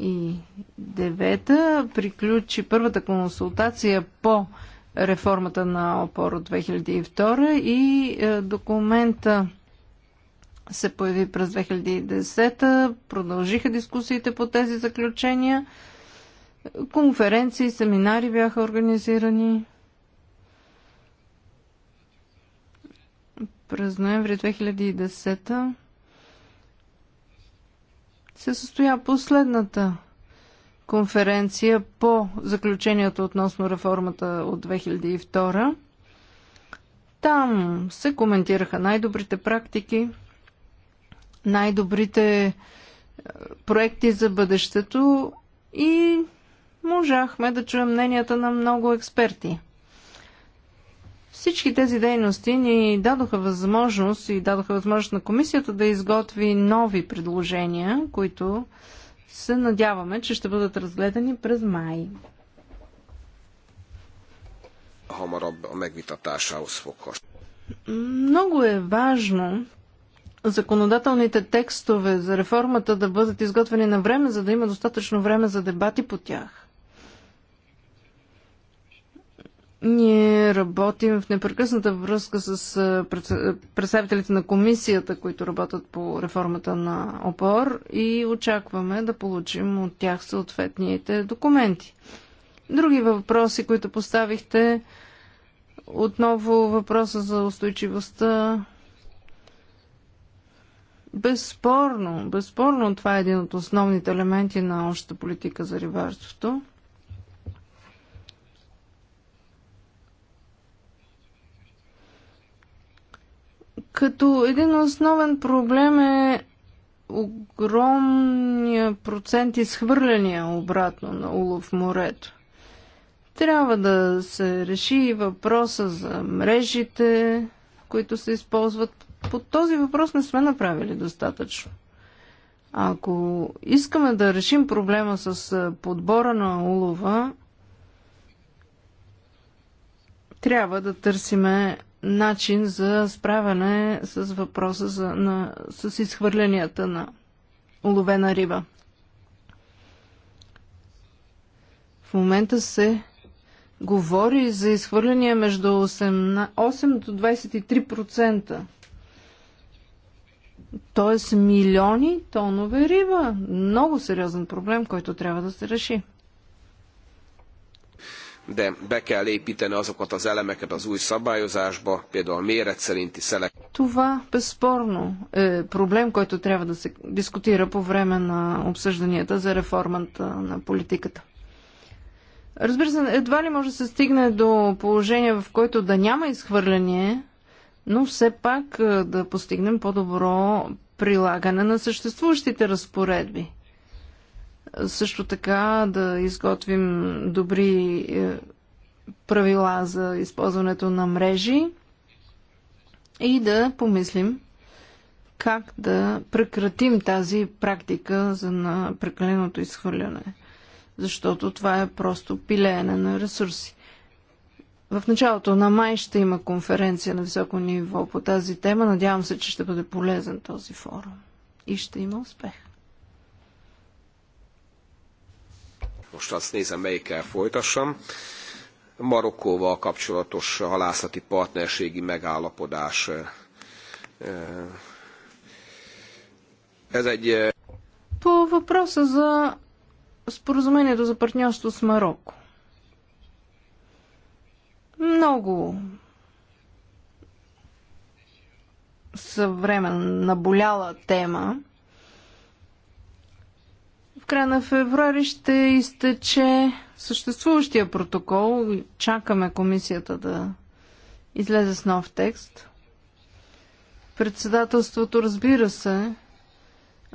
2009 приключи първата консултация по реформата на ОПОР от 2002 и е, документа се появи през 2010. Продължиха дискусиите по тези заключения. Конференции, семинари бяха организирани. През ноември 2010 се състоя последната конференция по заключението относно реформата от 2002. Там се коментираха най-добрите практики, най-добрите е, проекти за бъдещето и можахме да чуем мненията на много експерти. Всички тези дейности ни дадоха възможност и дадоха възможност на комисията да изготви нови предложения, които се надяваме, че ще бъдат разгледани през май. Много е важно законодателните текстове за реформата да бъдат изготвени на време, за да има достатъчно време за дебати по тях. Ние работим в непрекъсната връзка с представителите на комисията, които работят по реформата на ОПОР и очакваме да получим от тях съответните документи. Други въпроси, които поставихте, отново въпроса за устойчивостта. Безспорно, безспорно това е един от основните елементи на общата политика за рибарството – като един основен проблем е огромния процент изхвърляния обратно на улов в морето. Трябва да се реши и въпроса за мрежите, които се използват. По този въпрос не сме направили достатъчно. Ако искаме да решим проблема с подбора на улова, трябва да търсиме начин за справяне с въпроса за, на, с изхвърленията на уловена риба. В момента се говори за изхвърляния между 8, 8 до 23%. Тоест милиони тонове риба. Много сериозен проблем, който трябва да се реши de be kell építeni azokat az elemeket az új szabályozásba, például a méret szerinti szelek. Това безспорно е проблем, който трябва да се дискутира по време на обсъжданията за реформата на политиката. Разбира се, едва ли може да се стигне до положение, в което да няма изхвърляне, но все пак е, да постигнем по-добро прилагане на съществуващите разпоредби. Също така да изготвим добри е, правила за използването на мрежи и да помислим как да прекратим тази практика за на прекаленото изхвърляне. Защото това е просто пилеене на ресурси. В началото на май ще има конференция на високо ниво по тази тема. Надявам се, че ще бъде полезен този форум. И ще има успех. most azt nézem, melyikkel folytassam. Marokkóval kapcsolatos halászati partnerségi megállapodás. Ez egy... По въпроса за споразумението за партньорство с Марокко. Много съвремен наболяла тема края на февруари ще изтече съществуващия протокол. Чакаме комисията да излезе с нов текст. Председателството, разбира се,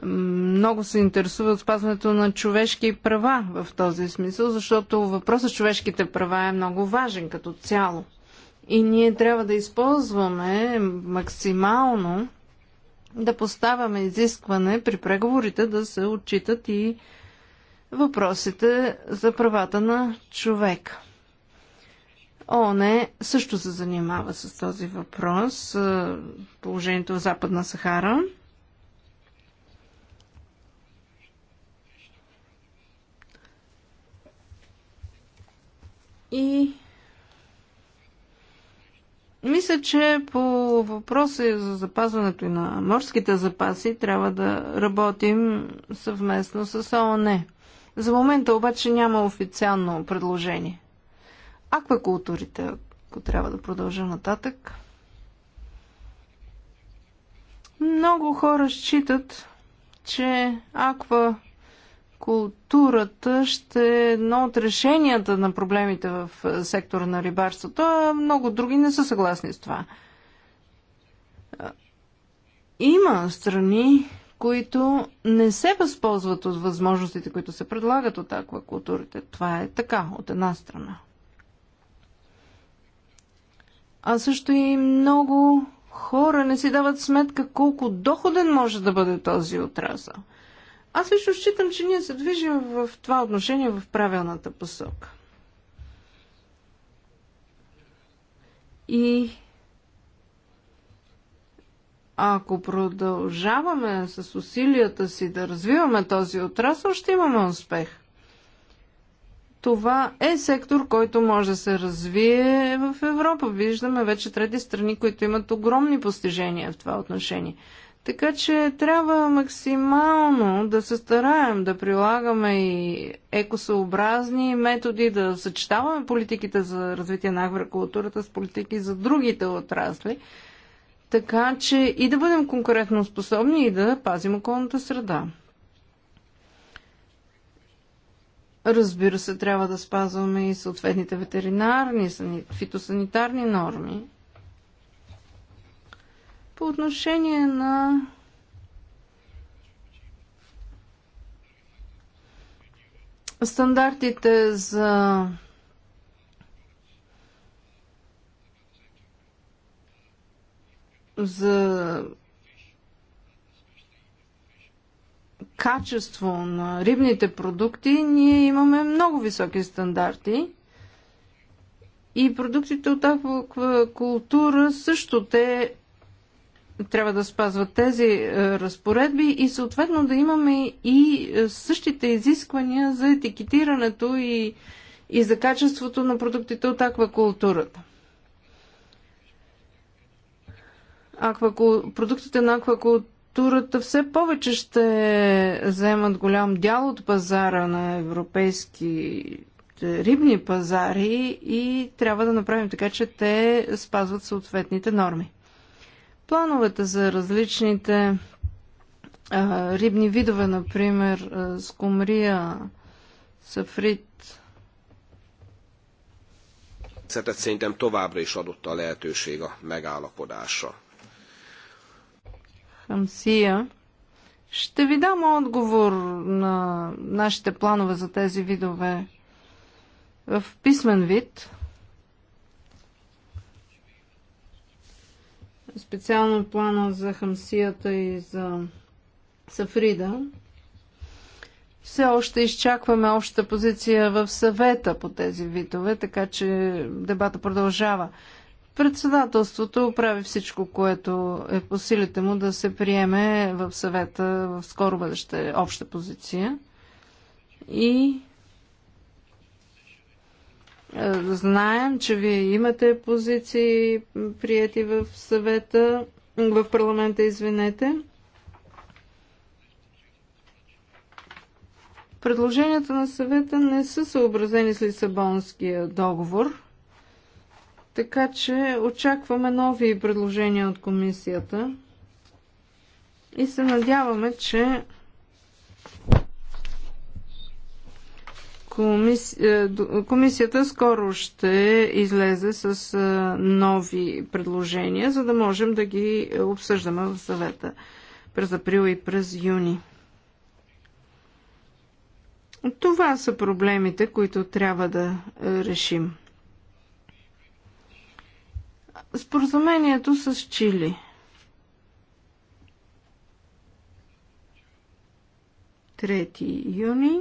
много се интересува от спазването на човешки права в този смисъл, защото въпросът с човешките права е много важен като цяло. И ние трябва да използваме максимално да поставяме изискване при преговорите да се отчитат и въпросите за правата на човека. ООН също се занимава с този въпрос, положението в Западна Сахара. И мисля, че по въпроса за запазването и на морските запаси трябва да работим съвместно с ООН. За момента обаче няма официално предложение. Аквакултурите, ако трябва да продължа нататък. Много хора считат, че аква културата ще е едно от решенията на проблемите в е, сектора на рибарството, а много други не са съгласни с това. Има страни, които не се възползват от възможностите, които се предлагат от аквакултурите. Това е така, от една страна. А също и много хора не си дават сметка колко доходен може да бъде този отрасъл. Аз лично считам, че ние се движим в това отношение в правилната посока. И ако продължаваме с усилията си да развиваме този отрасъл, ще имаме успех. Това е сектор, който може да се развие в Европа. Виждаме вече трети страни, които имат огромни постижения в това отношение. Така че трябва максимално да се стараем да прилагаме и екосъобразни методи, да съчетаваме политиките за развитие на агрокултурата с политики за другите отрасли, така че и да бъдем конкурентно способни и да пазим околната среда. Разбира се, трябва да спазваме и съответните ветеринарни, фитосанитарни норми. По отношение на стандартите за за качество на рибните продукти, ние имаме много високи стандарти. И продуктите от аквакултура също те трябва да спазват тези е, разпоредби и съответно да имаме и е, същите изисквания за етикетирането и, и за качеството на продуктите от аквакултурата. Аквакул... Продуктите на аквакултурата все повече ще вземат голям дял от пазара на европейски рибни пазари и трябва да направим така, че те спазват съответните норми. Плановете за различните а, рибни видове, например скумрия, сафрит. Szeretett szerintem továbbra is adott a lehetőség a megállapodásra. Хамсия. Ще ви дам отговор на нашите планове за тези видове в писмен вид. специално плана за Хамсията и за Сафрида. Все още изчакваме общата позиция в съвета по тези видове, така че дебата продължава. Председателството прави всичко, което е по силите му да се приеме в съвета в скоро бъдеще обща позиция. И Знаем, че вие имате позиции прияти в съвета, в парламента, извинете. Предложенията на съвета не са съобразени с Лисабонския договор, така че очакваме нови предложения от комисията и се надяваме, че Комис... Е, комисията скоро ще излезе с е, нови предложения, за да можем да ги обсъждаме в съвета през април и през юни. Това са проблемите, които трябва да е, решим. Споразумението с Чили. Трети юни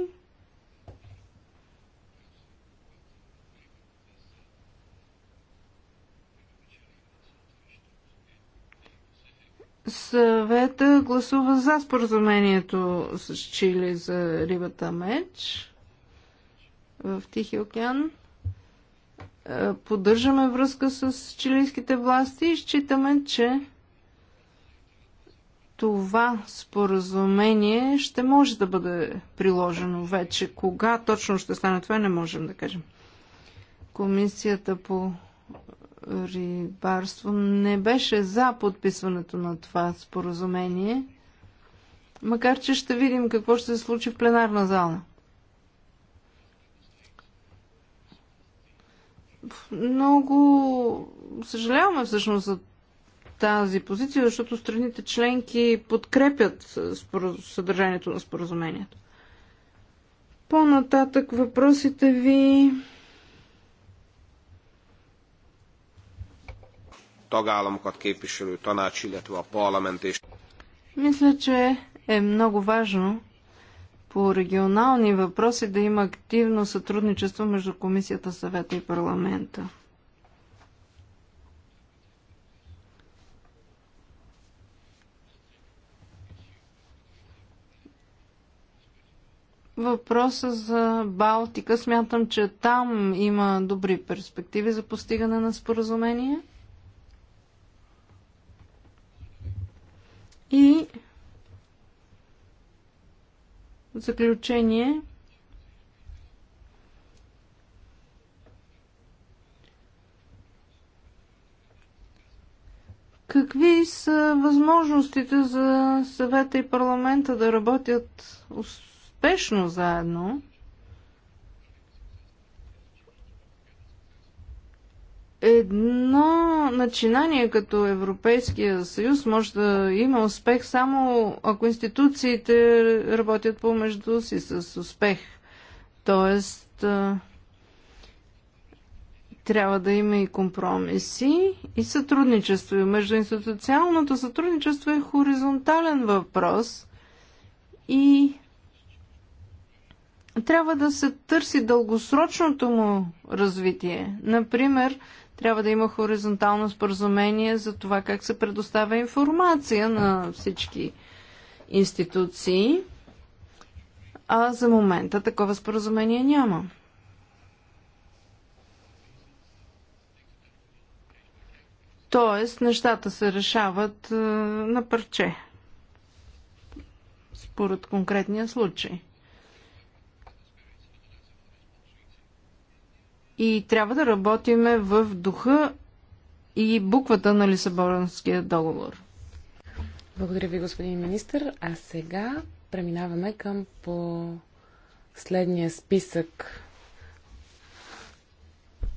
Съвета гласува за споразумението с Чили за рибата меч в Тихи океан. Е, поддържаме връзка с чилийските власти и считаме, че това споразумение ще може да бъде приложено вече. Кога точно ще стане това, не можем да кажем. Комисията по рибарство не беше за подписването на това споразумение, макар че ще видим какво ще се случи в пленарна зала. Много съжаляваме всъщност за тази позиция, защото страните членки подкрепят съдържанието на споразумението. По-нататък въпросите ви tagállamokat képviselő tanács, illetve a parlament és... Мисля, че е много важно по регионални въпроси да има активно сътрудничество между Комисията, Съвета и парламента. въпроса за Балтика. Смятам, че там има добри перспективи за постигане на споразумение. И в заключение Какви са възможностите за съвета и парламента да работят успешно заедно? едно начинание като Европейския съюз може да има успех само ако институциите работят помежду си с успех. Тоест, трябва да има и компромиси и сътрудничество. И междуинституционалното сътрудничество е хоризонтален въпрос и трябва да се търси дългосрочното му развитие. Например, трябва да има хоризонтално споразумение за това как се предоставя информация на всички институции, а за момента такова споразумение няма. Тоест, нещата се решават е, на парче, според конкретния случай. и трябва да работиме в духа и буквата на Лисабонския договор. Благодаря ви, господин министр. А сега преминаваме към по следния списък.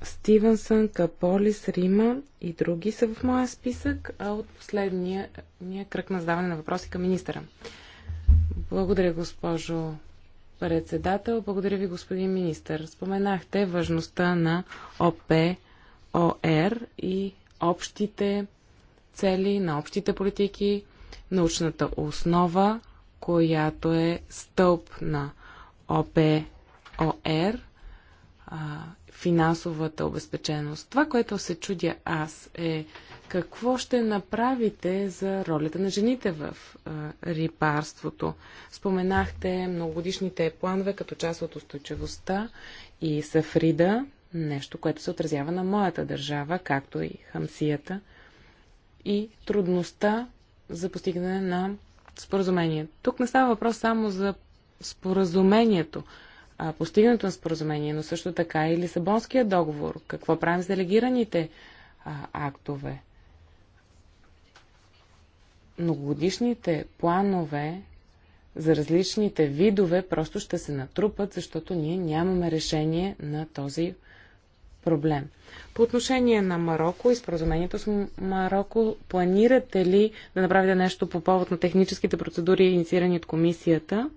Стивенсън, Каполис, Рима и други са в моя списък, а от последния ние кръг на задаване на въпроси към министъра. Благодаря, госпожо председател. Благодаря ви, господин министър. Споменахте важността на ОПОР и общите цели, на общите политики, научната основа, която е стълб на ОПОР а, финансовата обезпеченост. Това, което се чудя аз е какво ще направите за ролята на жените в а, рибарството. Споменахте многогодишните планове като част от устойчивостта и Сафрида, нещо, което се отразява на моята държава, както и Хамсията, и трудността за постигане на споразумение. Тук не става въпрос само за споразумението, а, на споразумение, но също така и Лисабонския договор. Какво правим с делегираните а, актове? Многогодишните планове за различните видове просто ще се натрупат, защото ние нямаме решение на този проблем. По отношение на Марокко и споразумението с Марокко, планирате ли да направите нещо по повод на техническите процедури, инициирани от комисията?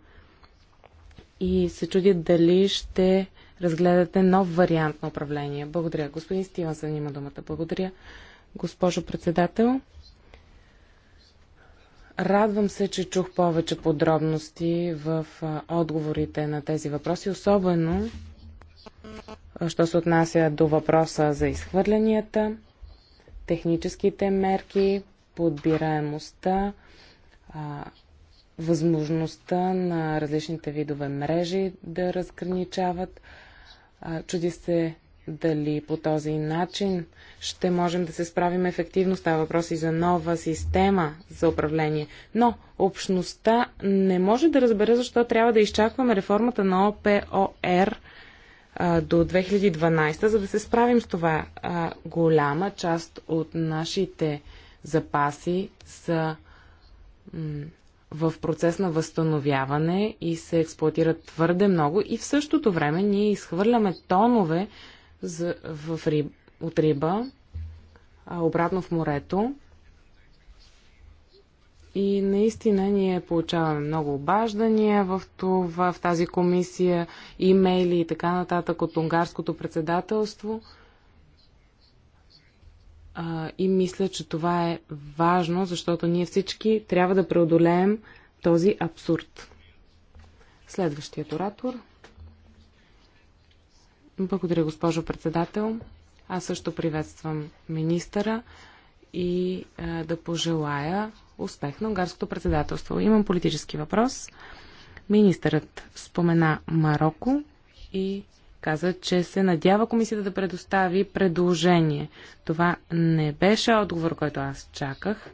и се чудят дали ще разгледате нов вариант на управление. Благодаря. Господин Стивенсън има думата. Благодаря, госпожо председател. Радвам се, че чух повече подробности в отговорите на тези въпроси, особено що се отнася до въпроса за изхвърлянията, техническите мерки, подбираемостта, възможността на различните видове мрежи да разграничават. Чуди се дали по този начин ще можем да се справим ефективно. Става въпрос и за нова система за управление. Но общността не може да разбере защо трябва да изчакваме реформата на ОПОР до 2012, за да се справим с това. голяма част от нашите запаси са в процес на възстановяване и се експлуатират твърде много и в същото време ние изхвърляме тонове за, в риб, от риба а, обратно в морето. И наистина ние получаваме много обаждания в, това, в тази комисия, имейли и така нататък от унгарското председателство – а, и мисля, че това е важно, защото ние всички трябва да преодолеем този абсурд. Следващият оратор. Благодаря, госпожо председател. Аз също приветствам министъра и а, да пожелая успех на унгарското председателство. Имам политически въпрос. Министърът спомена Марокко и каза, че се надява комисията да предостави предложение. Това не беше отговор, който аз чаках.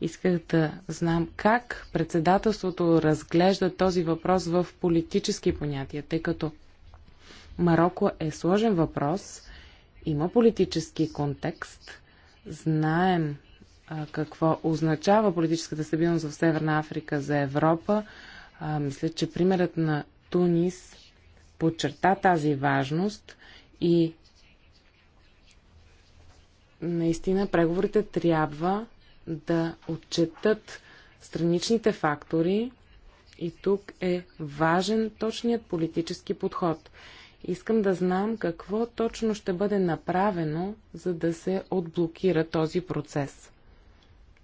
Исках да знам как председателството разглежда този въпрос в политически понятия, тъй като Марокко е сложен въпрос, има политически контекст, знаем а, какво означава политическата стабилност в Северна Африка за Европа. А, мисля, че примерът на Тунис подчерта тази важност и наистина преговорите трябва да отчетат страничните фактори и тук е важен точният политически подход. Искам да знам какво точно ще бъде направено, за да се отблокира този процес.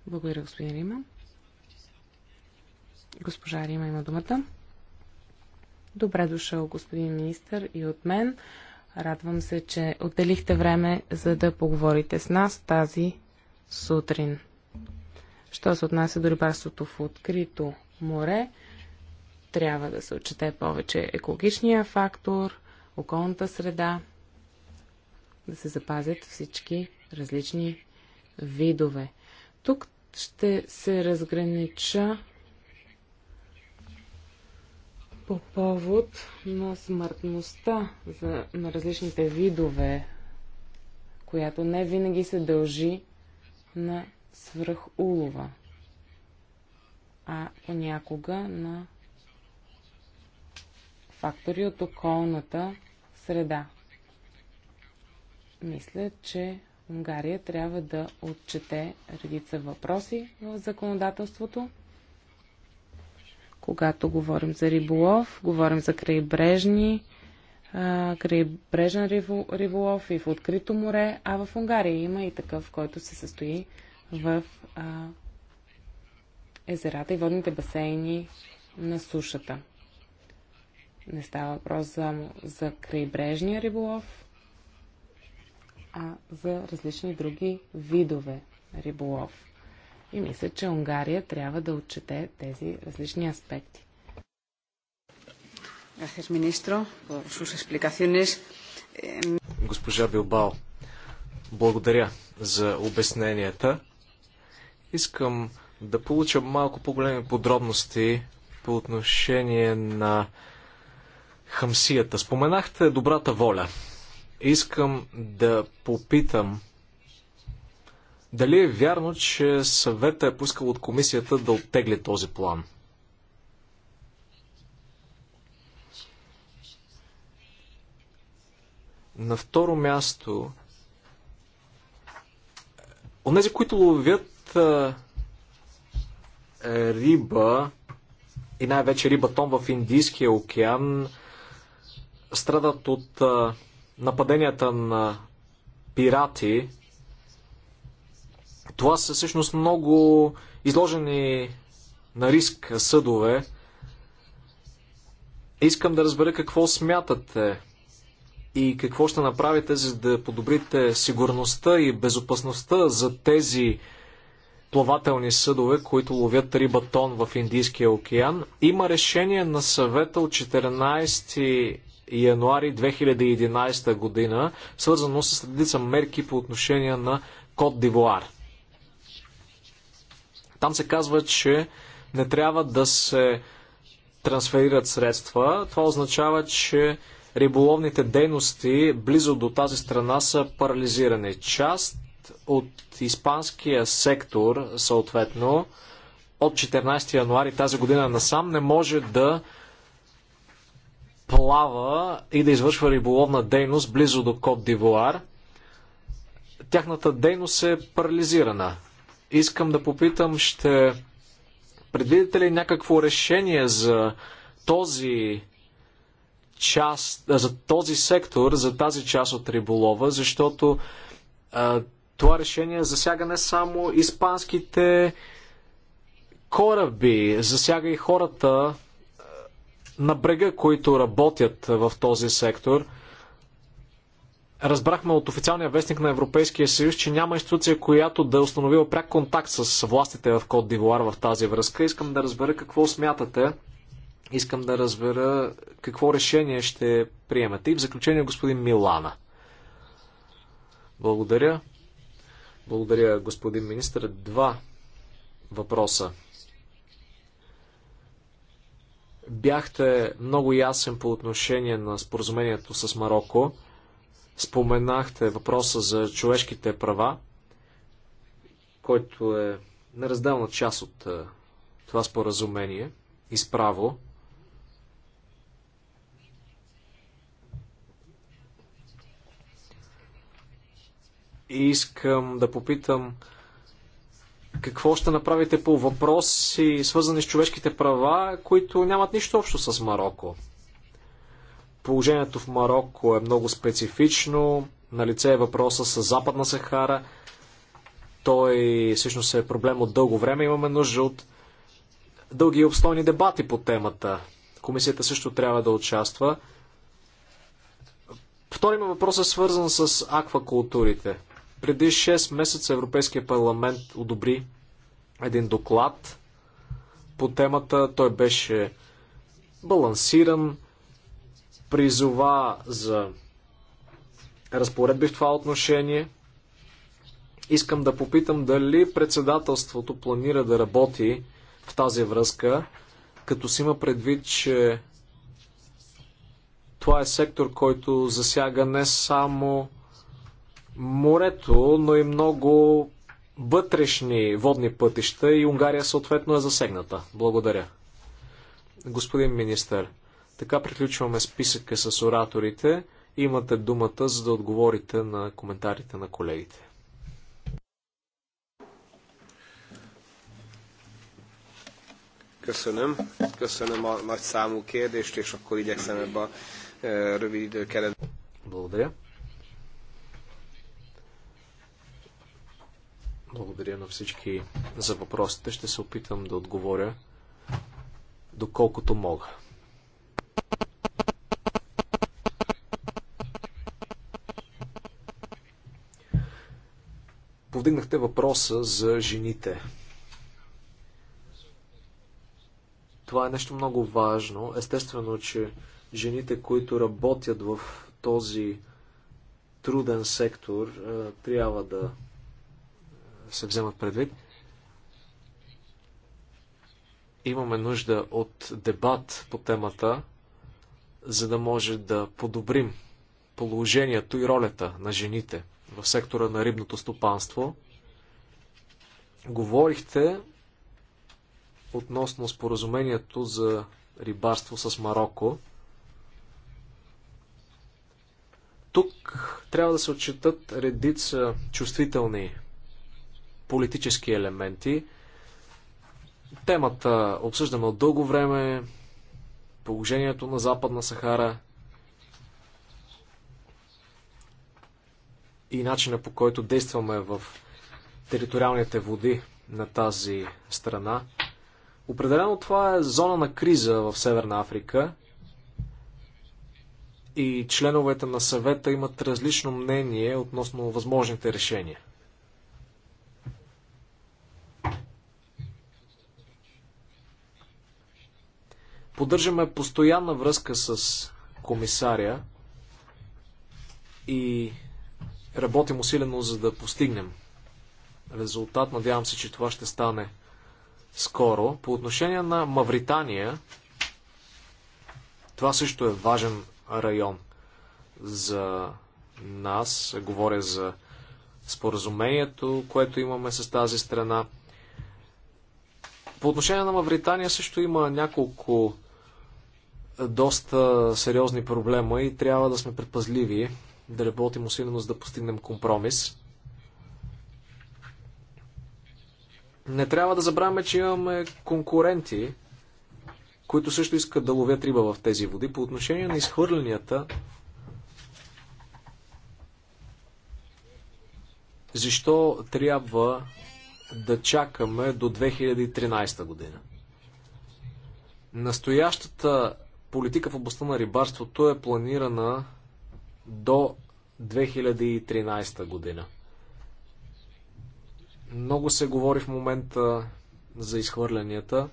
Благодаря, господин Рима. Госпожа Рима има думата. Добре дошъл, господин министр, и от мен. Радвам се, че отделихте време, за да поговорите с нас тази сутрин. Що се отнася до рибарството в открито море, трябва да се отчете повече екологичния фактор, околната среда, да се запазят всички различни видове. Тук ще се разгранича по повод на смъртността за, на различните видове, която не винаги се дължи на свръхулова, а понякога на фактори от околната среда. Мисля, че Унгария трябва да отчете редица въпроси в законодателството, когато говорим за риболов, говорим за крайбрежни, крайбрежен риболов и в открито море, а в Унгария има и такъв, който се състои в езерата и водните басейни на сушата. Не става въпрос за, за крайбрежния риболов, а за различни други видове риболов. И мисля, че Унгария трябва да отчете тези различни аспекти. Госпожа Билбао, благодаря за обясненията. Искам да получа малко по-големи подробности по отношение на хамсията. Споменахте добрата воля. Искам да попитам дали е вярно, че съвета е поискал от комисията да оттегли този план? На второ място, онези, които ловят а, е, риба и най-вече рибатон в Индийския океан, страдат от а, нападенията на пирати, това са всъщност много изложени на риск съдове. Искам да разбера какво смятате и какво ще направите, за да подобрите сигурността и безопасността за тези плавателни съдове, които ловят риба тон в Индийския океан. Има решение на съвета от 14 януари 2011 година, свързано с редица мерки по отношение на Кот Дивуар. Там се казва, че не трябва да се трансферират средства. Това означава, че риболовните дейности близо до тази страна са парализирани. Част от испанския сектор, съответно, от 14 януари тази година насам не може да плава и да извършва риболовна дейност близо до Кот Дивуар. Тяхната дейност е парализирана. Искам да попитам, ще предвидите ли някакво решение за този част, за този сектор, за тази част от риболова, защото а, това решение засяга не само испанските кораби, засяга и хората на брега, които работят в този сектор. Разбрахме от официалния вестник на Европейския съюз, че няма институция, която да е установила пряк контакт с властите в Кот Дивуар в тази връзка. Искам да разбера какво смятате. Искам да разбера какво решение ще приемете. И в заключение господин Милана. Благодаря. Благодаря, господин министр. Два въпроса. Бяхте много ясен по отношение на споразумението с Марокко. Споменахте въпроса за човешките права, който е неразделна част от е, това споразумение изправо. И искам да попитам какво ще направите по въпроси, свързани с човешките права, които нямат нищо общо с Марокко. Положението в Марокко е много специфично. На лице е въпроса с Западна Сахара. Той всъщност е проблем от дълго време. Имаме нужда от дълги и обстойни дебати по темата. Комисията също трябва да участва. Втори ми въпрос е свързан с аквакултурите. Преди 6 месеца Европейския парламент одобри един доклад по темата. Той беше балансиран, призова за разпоредби в това отношение. Искам да попитам дали председателството планира да работи в тази връзка, като си има предвид, че това е сектор, който засяга не само морето, но и много вътрешни водни пътища и Унгария съответно е засегната. Благодаря. Господин министър, така приключваме списъка с ораторите. Имате думата, за да отговорите на коментарите на колегите. Köszönöm. Köszönöm a nagy számú kérdést, és akkor igyekszem ebbe a e, rövid időkeretbe. Благодаря. Благодаря на всички за въпросите. Ще се опитам да отговоря доколкото мога. Повдигнахте въпроса за жените. Това е нещо много важно. Естествено, че жените, които работят в този труден сектор, е, трябва да се вземат предвид. Имаме нужда от дебат по темата за да може да подобрим положението и ролята на жените в сектора на рибното стопанство. Говорихте относно споразумението за рибарство с Марокко. Тук трябва да се отчитат редица чувствителни политически елементи. Темата обсъждаме от дълго време, положението на Западна Сахара и начина по който действаме в териториалните води на тази страна. Определено това е зона на криза в Северна Африка и членовете на съвета имат различно мнение относно възможните решения. Поддържаме постоянна връзка с комисаря и работим усилено, за да постигнем резултат. Надявам се, че това ще стане скоро. По отношение на Мавритания, това също е важен район за нас. Говоря за споразумението, което имаме с тази страна. По отношение на Мавритания също има няколко доста сериозни проблема и трябва да сме предпазливи, да работим усилено, за да постигнем компромис. Не трябва да забравяме, че имаме конкуренти, които също искат да ловят риба в тези води. По отношение на изхвърленията, защо трябва да чакаме до 2013 година? Настоящата политика в областта на рибарството е планирана до 2013 година. Много се говори в момента за изхвърлянията.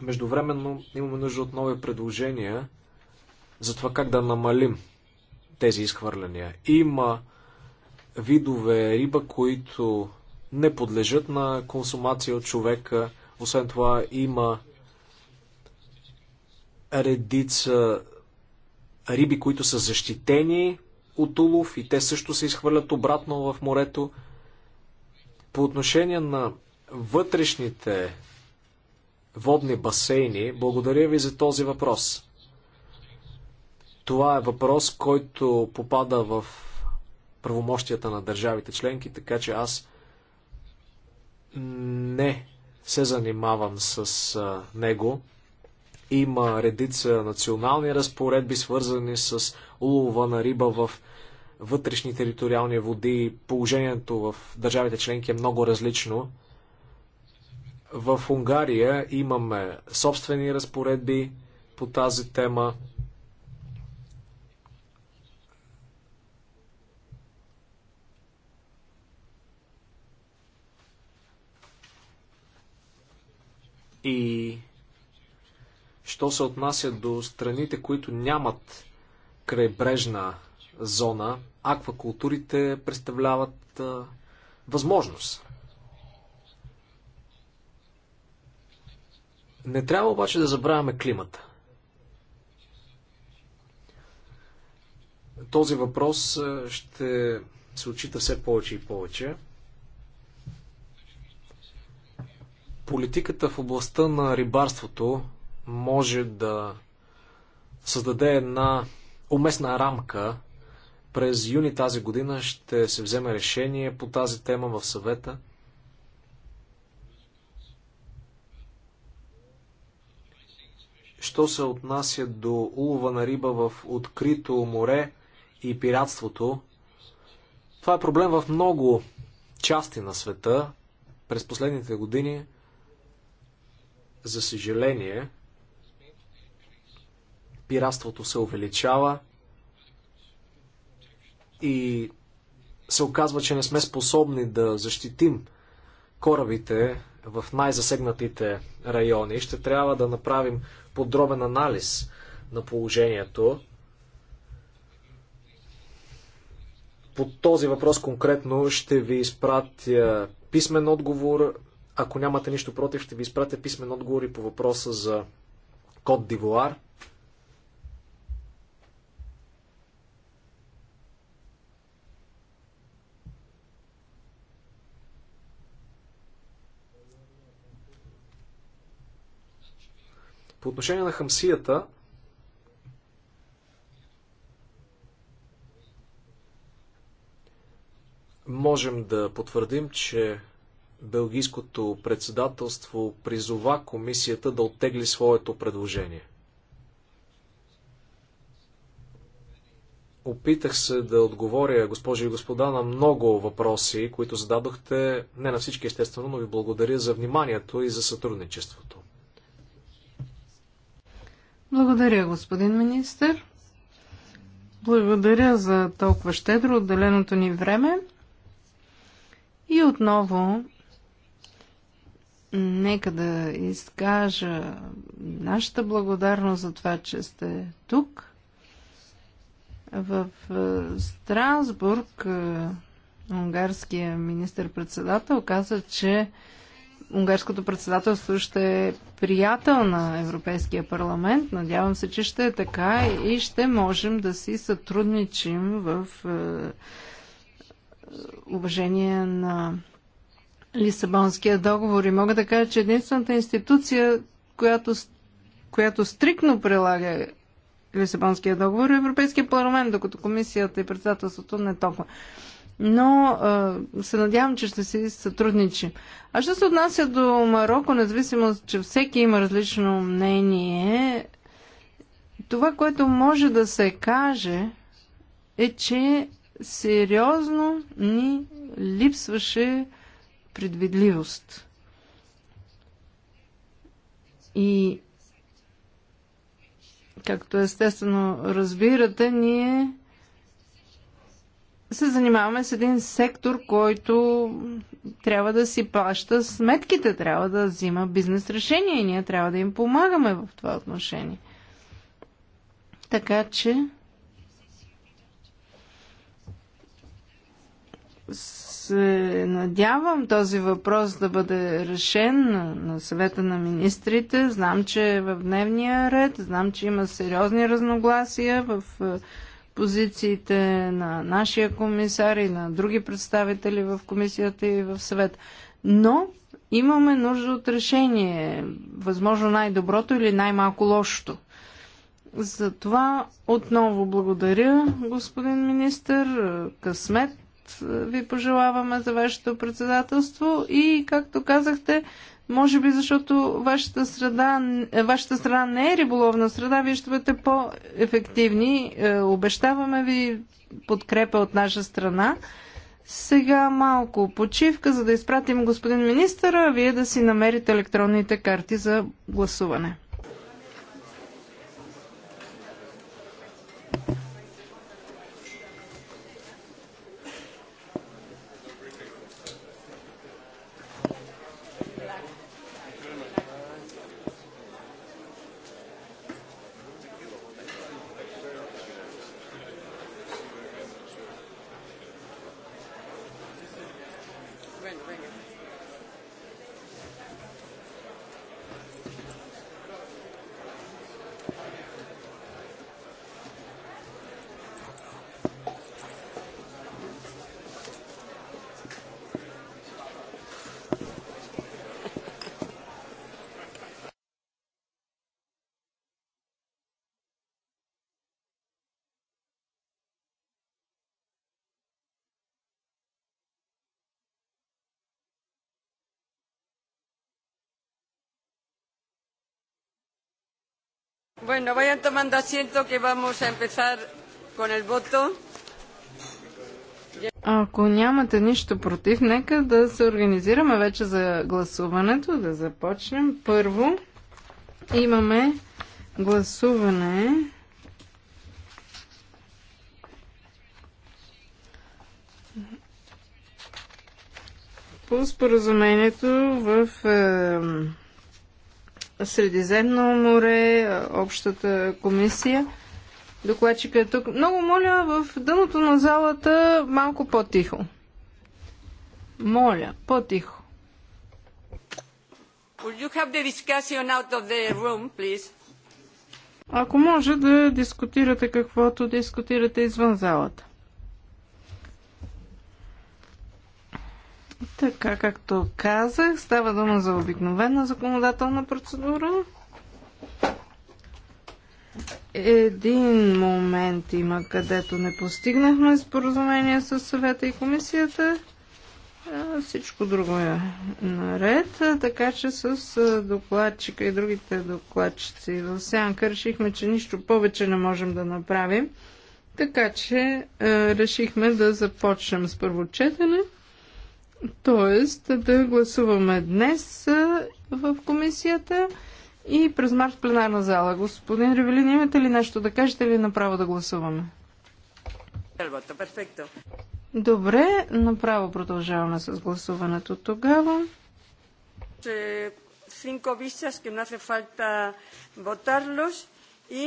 Междувременно имаме нужда от нови предложения за това как да намалим тези изхвърляния. Има видове риба, които не подлежат на консумация от човека. Освен това има редица риби, които са защитени от улов и те също се изхвърлят обратно в морето. По отношение на вътрешните водни басейни, благодаря ви за този въпрос. Това е въпрос, който попада в правомощията на държавите членки, така че аз не се занимавам с него. Има редица национални разпоредби, свързани с улова на риба в вътрешни териториални води. Положението в държавите членки е много различно. В Унгария имаме собствени разпоредби по тази тема. И що се отнася до страните, които нямат крайбрежна зона, аквакултурите представляват а, възможност. Не трябва обаче да забравяме климата. Този въпрос ще се отчита все повече и повече. Политиката в областта на рибарството може да създаде една уместна рамка. През юни тази година ще се вземе решение по тази тема в съвета. Що се отнася до улова на риба в открито море и пиратството, това е проблем в много части на света. През последните години за съжаление, пиратството се увеличава и се оказва, че не сме способни да защитим корабите в най-засегнатите райони. Ще трябва да направим подробен анализ на положението. По този въпрос конкретно ще ви изпратя писмен отговор ако нямате нищо против, ще ви изпратя писмен отговори по въпроса за Код Дивуар. По отношение на хамсията, можем да потвърдим, че Белгийското председателство призова комисията да оттегли своето предложение. Опитах се да отговоря, госпожи и господа, на много въпроси, които зададохте. Не на всички, естествено, но ви благодаря за вниманието и за сътрудничеството. Благодаря, господин министр. Благодаря за толкова щедро отделеното ни време. И отново Нека да изкажа нашата благодарност за това, че сте тук. В е, Страсбург е, унгарския министр-председател каза, че унгарското председателство ще е приятел на Европейския парламент. Надявам се, че ще е така и ще можем да си сътрудничим в е, уважение на Лисабонския договор и мога да кажа, че единствената институция, която, която стрикно прилага Лисабонския договор е Европейския парламент, докато комисията и председателството не толкова. Но а, се надявам, че ще си сътрудничим. А що се отнася до Марокко, независимо, че всеки има различно мнение, това, което може да се каже, е, че сериозно ни липсваше предвидливост. И както естествено разбирате, ние се занимаваме с един сектор, който трябва да си плаща сметките, трябва да взима бизнес решения и ние трябва да им помагаме в това отношение. Така че се надявам този въпрос да бъде решен на съвета на министрите. Знам, че е в дневния ред, знам, че има сериозни разногласия в е, позициите на нашия комисар и на други представители в комисията и в съвет. Но имаме нужда от решение, възможно най-доброто или най-малко лошото. За това отново благодаря, господин министър. Късмет е, ви пожелаваме за вашето председателство и, както казахте, може би защото вашата, среда, е, вашата страна не е риболовна среда, вие ще бъдете по-ефективни. Е, обещаваме ви подкрепа от наша страна. Сега малко почивка, за да изпратим господин министъра, а вие да си намерите електронните карти за гласуване. Bueno, vayan tomando asiento que vamos a empezar con el voto. Ако нямате нищо против, нека да се организираме вече за гласуването, да започнем. Първо имаме гласуване по споразумението в Средиземно море, общата комисия. Докладчика е тук. Много моля в дъното на залата малко по-тихо. Моля, по-тихо. Room, Ако може да дискутирате каквото дискутирате извън залата. Така, както казах, става дума за обикновена законодателна процедура. Един момент има, където не постигнахме споразумение с съвета и комисията. Всичко друго е наред, така че с докладчика и другите докладчици в сянка решихме, че нищо повече не можем да направим. Така че решихме да започнем с първо четене. Тоест да гласуваме днес в комисията и през март в пленарна зала. Господин Ревелин, имате ли нещо да кажете или направо да гласуваме? Добре, направо продължаваме с гласуването тогава. Cinco visas que no hace falta votarlos y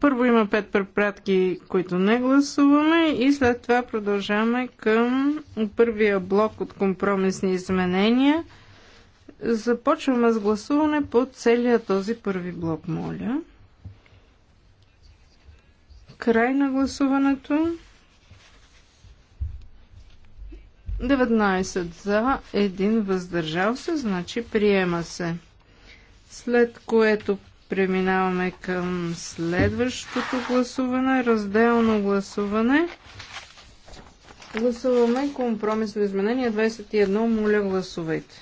първо има пет препратки, които не гласуваме и след това продължаваме към първия блок от компромисни изменения. Започваме с гласуване по целия този първи блок, моля. Край на гласуването. 19 за, 1 въздържал се, значи приема се след което преминаваме към следващото гласуване, разделно гласуване. Гласуваме компромисно изменение 21. Моля, гласувайте.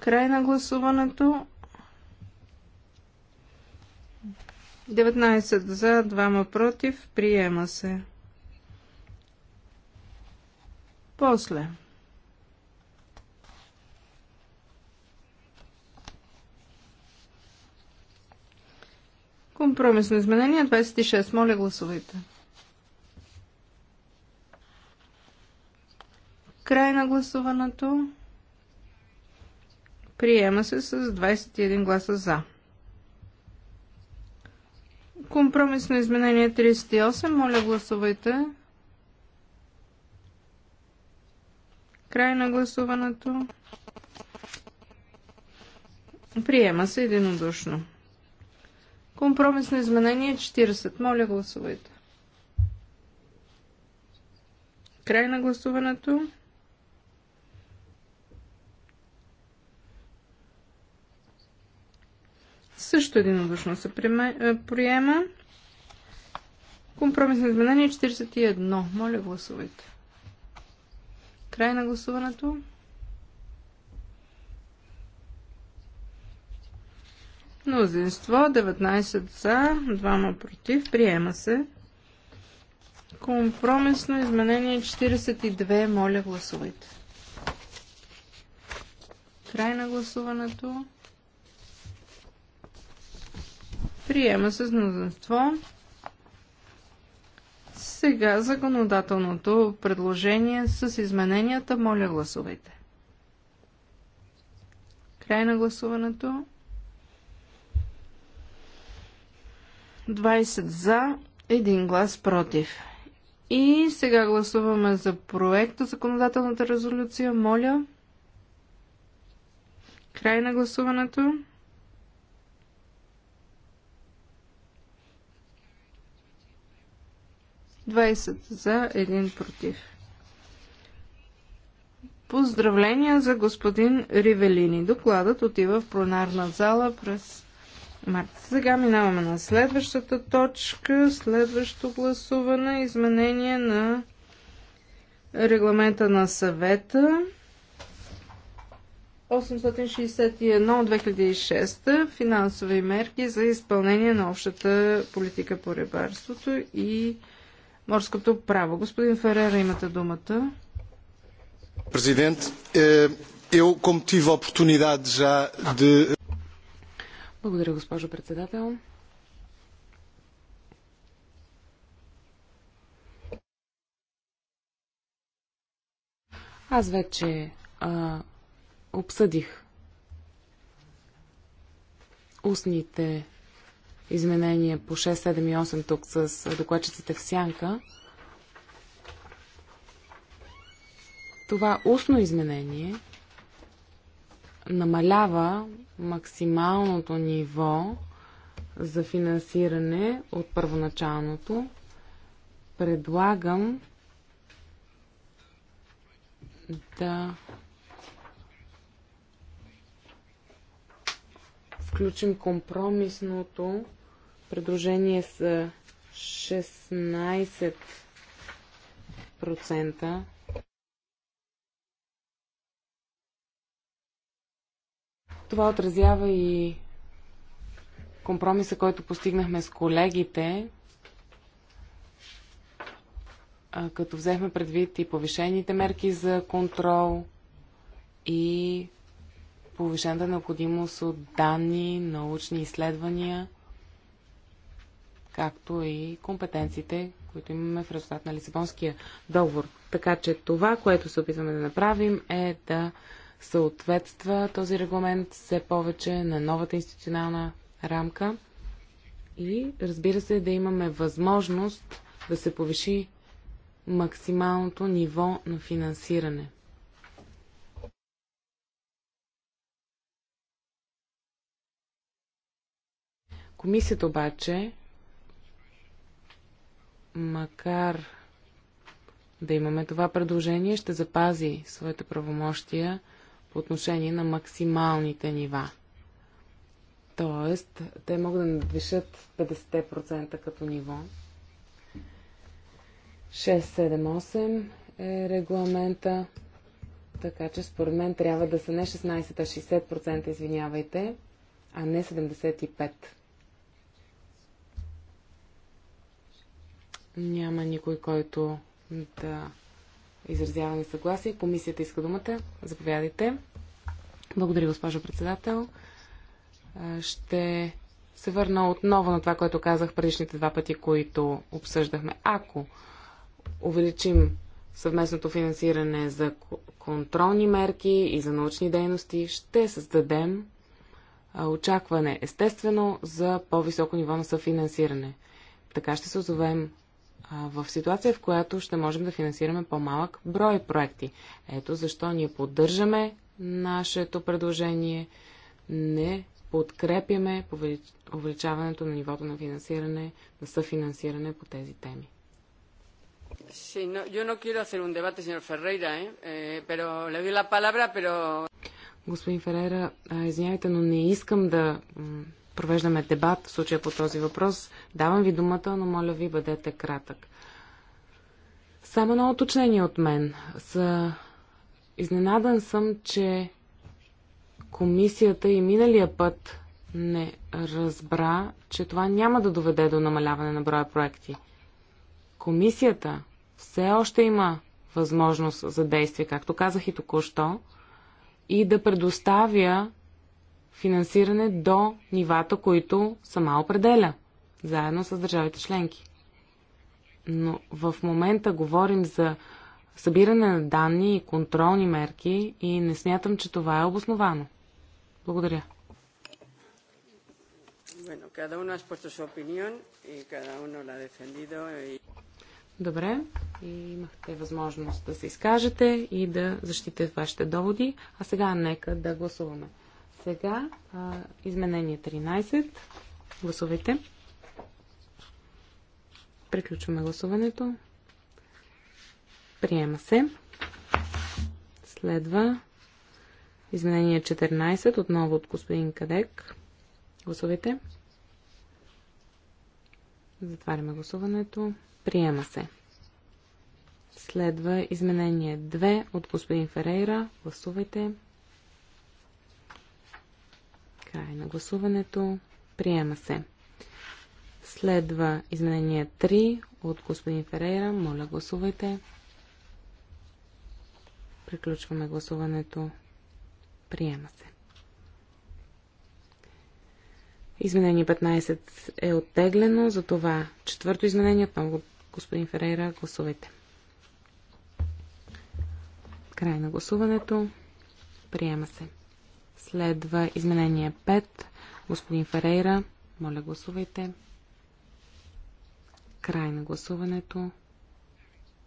Край на гласуването. 19 за, 2 против. Приема се. После. Компромисно изменение 26. Моля гласувайте. Край на гласуването. Приема се с 21 гласа за. Компромисно изменение 38. Моля гласувайте. Край на гласуването. Приема се единодушно. Компромисно изменение 40. Моля, гласувайте. Край на гласуването. Също единодушно се е, приема. Компромисно изменение 41. Моля, гласувайте. Край на гласуването. Мнозинство 19 за, 2 против. Приема се. Компромисно изменение 42. Моля, гласувайте. Край на гласуването. Приема се с мнозинство. Сега законодателното предложение с измененията. Моля, гласувайте. Край на гласуването. 20 за, 1 глас против. И сега гласуваме за проекта законодателната резолюция. Моля. Край на гласуването. за, един против. Поздравления за господин Ривелини. Докладът отива в пленарна зала през март. Сега минаваме на следващата точка, следващо гласуване, изменение на регламента на съвета 861 от 2006 финансови мерки за изпълнение на общата политика по рибарството и морското право. Господин Ферера, имате думата. Президент, eu, como tive a oportunidade já de. Благодаря, госпожо председател. Аз вече а, обсъдих устните изменения по 6, 7 и 8 тук с докладчиците в сянка. Това устно изменение намалява максималното ниво за финансиране от първоначалното. Предлагам да включим компромисното предложение с 16% Това отразява и компромиса, който постигнахме с колегите, като взехме предвид и повишените мерки за контрол и повишената необходимост от данни, научни изследвания, както и компетенциите, които имаме в резултат на Лисабонския договор. Така че това, което се опитваме да направим е да съответства този регламент все повече на новата институционална рамка и разбира се да имаме възможност да се повиши максималното ниво на финансиране. Комисията обаче, макар да имаме това предложение, ще запази своите правомощия по отношение на максималните нива. Тоест, те могат да надвишат 50% като ниво. 6, 7, 8 е регламента, така че според мен трябва да са не 16, а 60%, извинявайте, а не 75%. Няма никой, който да изразяване съгласие. Комисията иска думата. Заповядайте. Благодаря, госпожо председател. Ще се върна отново на това, което казах предишните два пъти, които обсъждахме. Ако увеличим съвместното финансиране за контролни мерки и за научни дейности, ще създадем очакване, естествено, за по-високо ниво на съфинансиране. Така ще се озовем в ситуация, в която ще можем да финансираме по-малък брой проекти. Ето защо ние поддържаме нашето предложение, не подкрепяме увеличаването на нивото на финансиране, на съфинансиране по тези теми. Sí, no, yo no quiero hacer un debate, señor Ferreira, eh, eh, pero le doy la palabra, pero... Господин Ферера, извинявайте, но не искам да провеждаме дебат в случая по този въпрос. Давам ви думата, но моля ви бъдете кратък. Само едно уточнение от мен. За... Изненадан съм, че комисията и миналия път не разбра, че това няма да доведе до намаляване на броя проекти. Комисията все още има възможност за действие, както казах и току-що, и да предоставя финансиране до нивата, които сама определя, заедно с държавите членки. Но в момента говорим за събиране на данни и контролни мерки и не смятам, че това е обосновано. Благодаря. Добре, и имахте възможност да се изкажете и да защитите вашите доводи. А сега нека да гласуваме. Сега а, изменение 13. Гласувайте. Приключваме гласуването. Приема се. Следва изменение 14, отново от господин Кадек. Гласувайте. Затваряме гласуването. Приема се. Следва изменение 2 от господин Ферейра. Гласувайте. Гласувайте. Край на гласуването. Приема се. Следва изменение 3 от господин Ферейра. Моля, гласувайте. Приключваме гласуването. Приема се. Изменение 15 е оттеглено, затова четвърто изменение отново господин Ферейра, гласувайте. Край на гласуването. Приема се. Следва изменение 5. Господин Ферейра, моля гласувайте. Край на гласуването.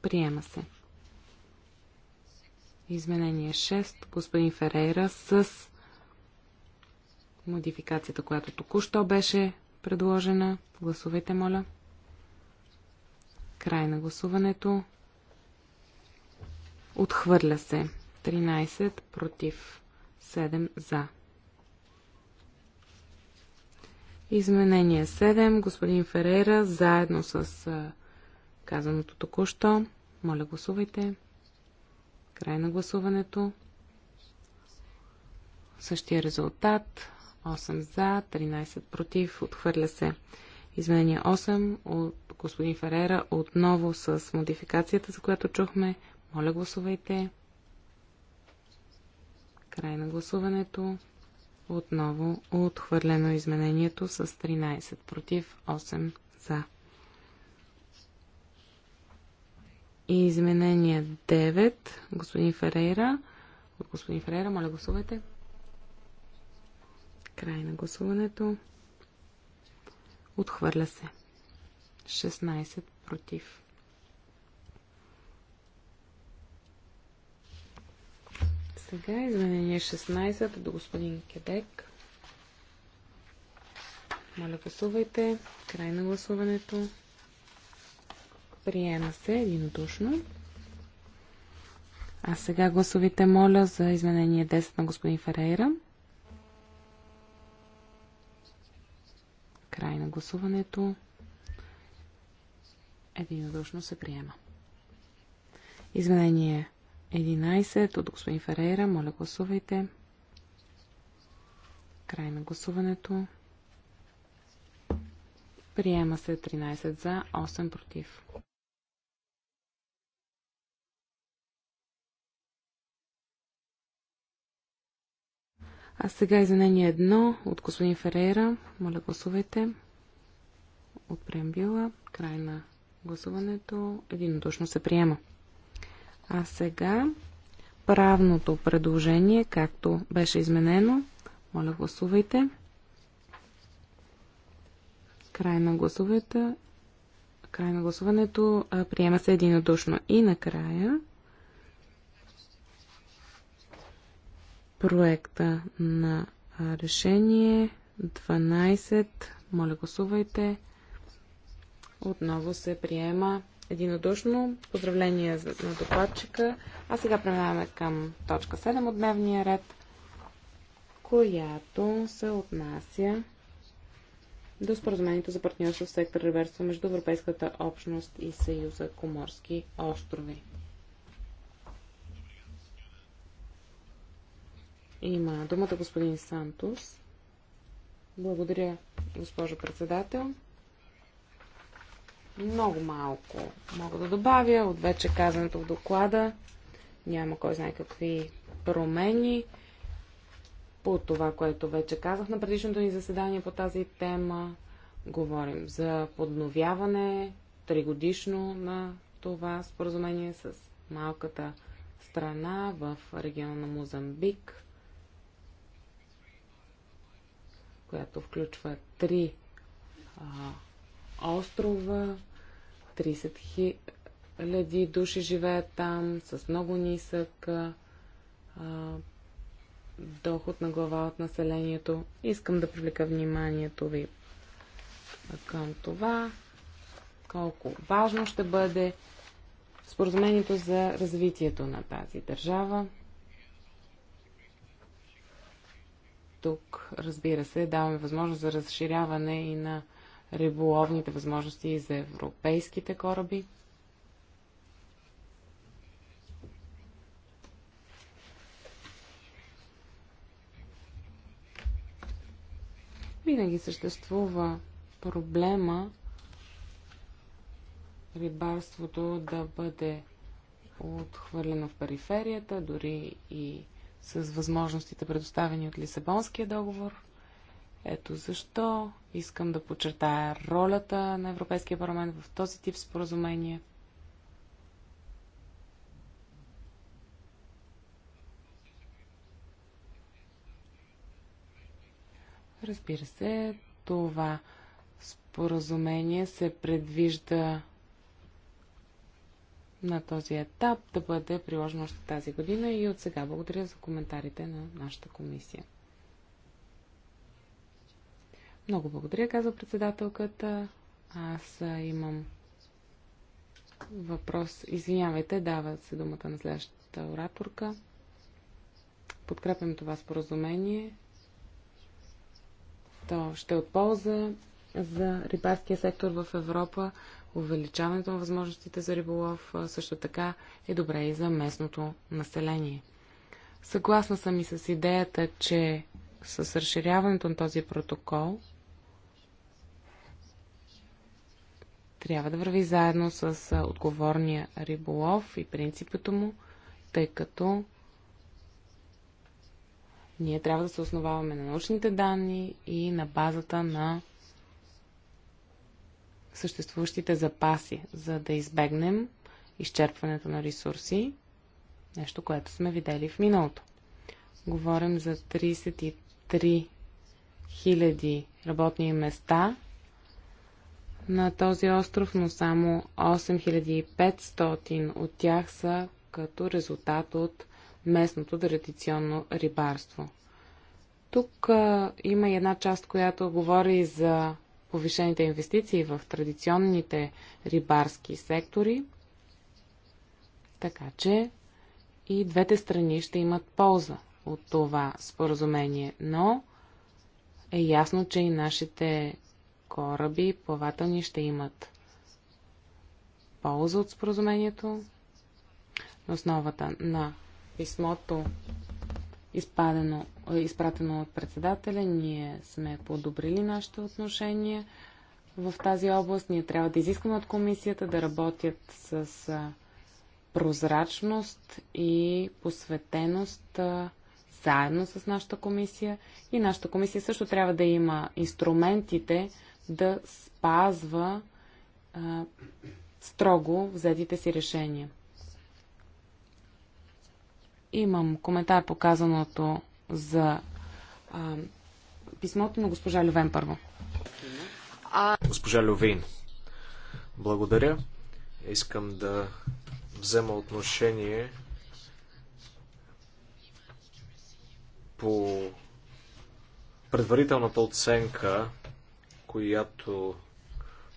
Приема се. Изменение 6. Господин Ферейра с модификацията, която току-що беше предложена. Гласувайте, моля. Край на гласуването. Отхвърля се. 13 против. 7 за. Изменение 7. Господин Ферера, заедно с казаното току-що. Моля, гласувайте. Край на гласуването. Същия резултат. 8 за, 13 против. Отхвърля се. Изменение 8 от господин Ферера отново с модификацията, за която чухме. Моля, гласувайте. Край на гласуването. Отново отхвърлено изменението с 13 против 8 за. И изменение 9, господин Ферейра. От господин Ферейра, моля гласувайте. Край на гласуването. Отхвърля се. 16 против Сега изменение 16 до господин Кедек. Моля, гласувайте. Край на гласуването. Приема се единодушно. А сега гласовите моля за изменение 10 на господин Ферейра. Край на гласуването. Единодушно се приема. Изменение 11 от господин Ферейра. Моля, гласувайте. Край на гласуването. Приема се 13 за, 8 против. А сега изменение 1 от господин Ферейра. Моля, гласувайте. От преамбила. Край на гласуването. Единодушно се приема. А сега правното предложение, както беше изменено. Моля, гласувайте. Край на гласуването. Край на гласуването приема се единодушно. И накрая проекта на решение 12. Моля, гласувайте. Отново се приема единодушно. Поздравления на докладчика. А сега преминаваме към точка 7 от дневния ред, която се отнася до споразумението за партньорство в сектор реверство между Европейската общност и Съюза Коморски острови. Има думата господин Сантус. Благодаря, госпожо председател. Много малко мога да добавя от вече казаното в доклада. Няма кой знае какви промени по това, което вече казах на предишното ни заседание по тази тема. Говорим за подновяване тригодишно на това споразумение с малката страна в региона на Мозамбик, която включва три а, острова. 30 хиляди души живеят там с много нисък а, доход на глава от населението. Искам да привлека вниманието ви към това, колко важно ще бъде споразумението за развитието на тази държава. Тук, разбира се, даваме възможност за разширяване и на риболовните възможности и за европейските кораби. Винаги съществува проблема рибарството да бъде отхвърлено в периферията, дори и с възможностите предоставени от Лисабонския договор. Ето защо Искам да подчертая ролята на Европейския парламент в този тип споразумение. Разбира се, това споразумение се предвижда на този етап да бъде приложено още тази година и от сега благодаря за коментарите на нашата комисия. Много благодаря, казва председателката. Аз имам въпрос. Извинявайте, дава се думата на следващата ораторка. Подкрепям това споразумение. То ще е от полза за рибарския сектор в Европа, увеличаването на възможностите за риболов също така е добре и за местното население. Съгласна съм и с идеята, че с разширяването на този протокол трябва да върви заедно с отговорния риболов и принципите му, тъй като ние трябва да се основаваме на научните данни и на базата на съществуващите запаси, за да избегнем изчерпването на ресурси, нещо, което сме видели в миналото. Говорим за 33 000 работни места на този остров, но само 8500 от тях са като резултат от местното традиционно рибарство. Тук а, има и една част, която говори за повишените инвестиции в традиционните рибарски сектори. Така че и двете страни ще имат полза от това споразумение, но е ясно, че и нашите кораби плавателни ще имат полза от споразумението. На основата на писмото, изпадено, е, изпратено от председателя, ние сме подобрили нашите отношения в тази област. Ние трябва да изискаме от комисията да работят с прозрачност и посветеност заедно с нашата комисия. И нашата комисия също трябва да има инструментите, да спазва а, строго взетите си решения. Имам коментар по казаното за а, писмото на госпожа Лювен първо. А... Госпожа Лювин, благодаря. Искам да взема отношение по предварителната оценка която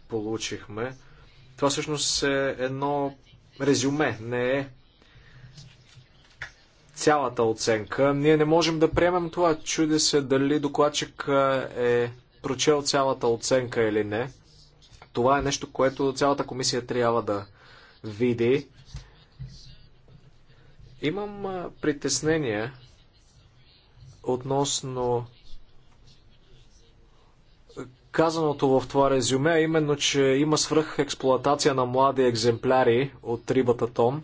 получихме. Това всъщност е едно резюме, не е цялата оценка. Ние не можем да приемем това. Чуди се дали докладчик е прочел цялата оценка или не. Това е нещо, което цялата комисия трябва да види. Имам притеснение относно казаното в това резюме, а именно, че има свръх експлоатация на млади екземпляри от рибата Том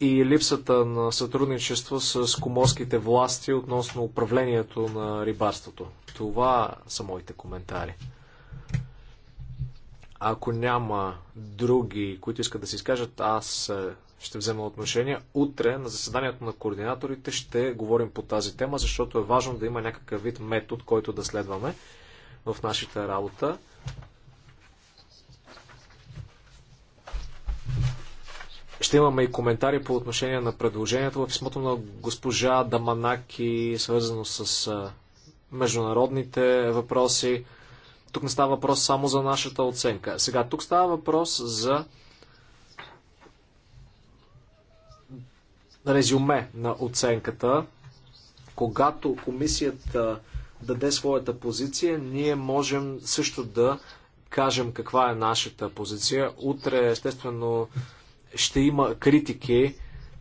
и липсата на сътрудничество с коморските власти относно управлението на рибарството. Това са моите коментари. Ако няма други, които искат да се изкажат, аз ще взема отношение. Утре на заседанието на координаторите ще говорим по тази тема, защото е важно да има някакъв вид метод, който да следваме в нашата работа. Ще имаме и коментари по отношение на предложението в писмото на госпожа Даманаки, свързано с международните въпроси. Тук не става въпрос само за нашата оценка. Сега тук става въпрос за резюме на оценката. Когато комисията даде своята позиция, ние можем също да кажем каква е нашата позиция. Утре, естествено, ще има критики.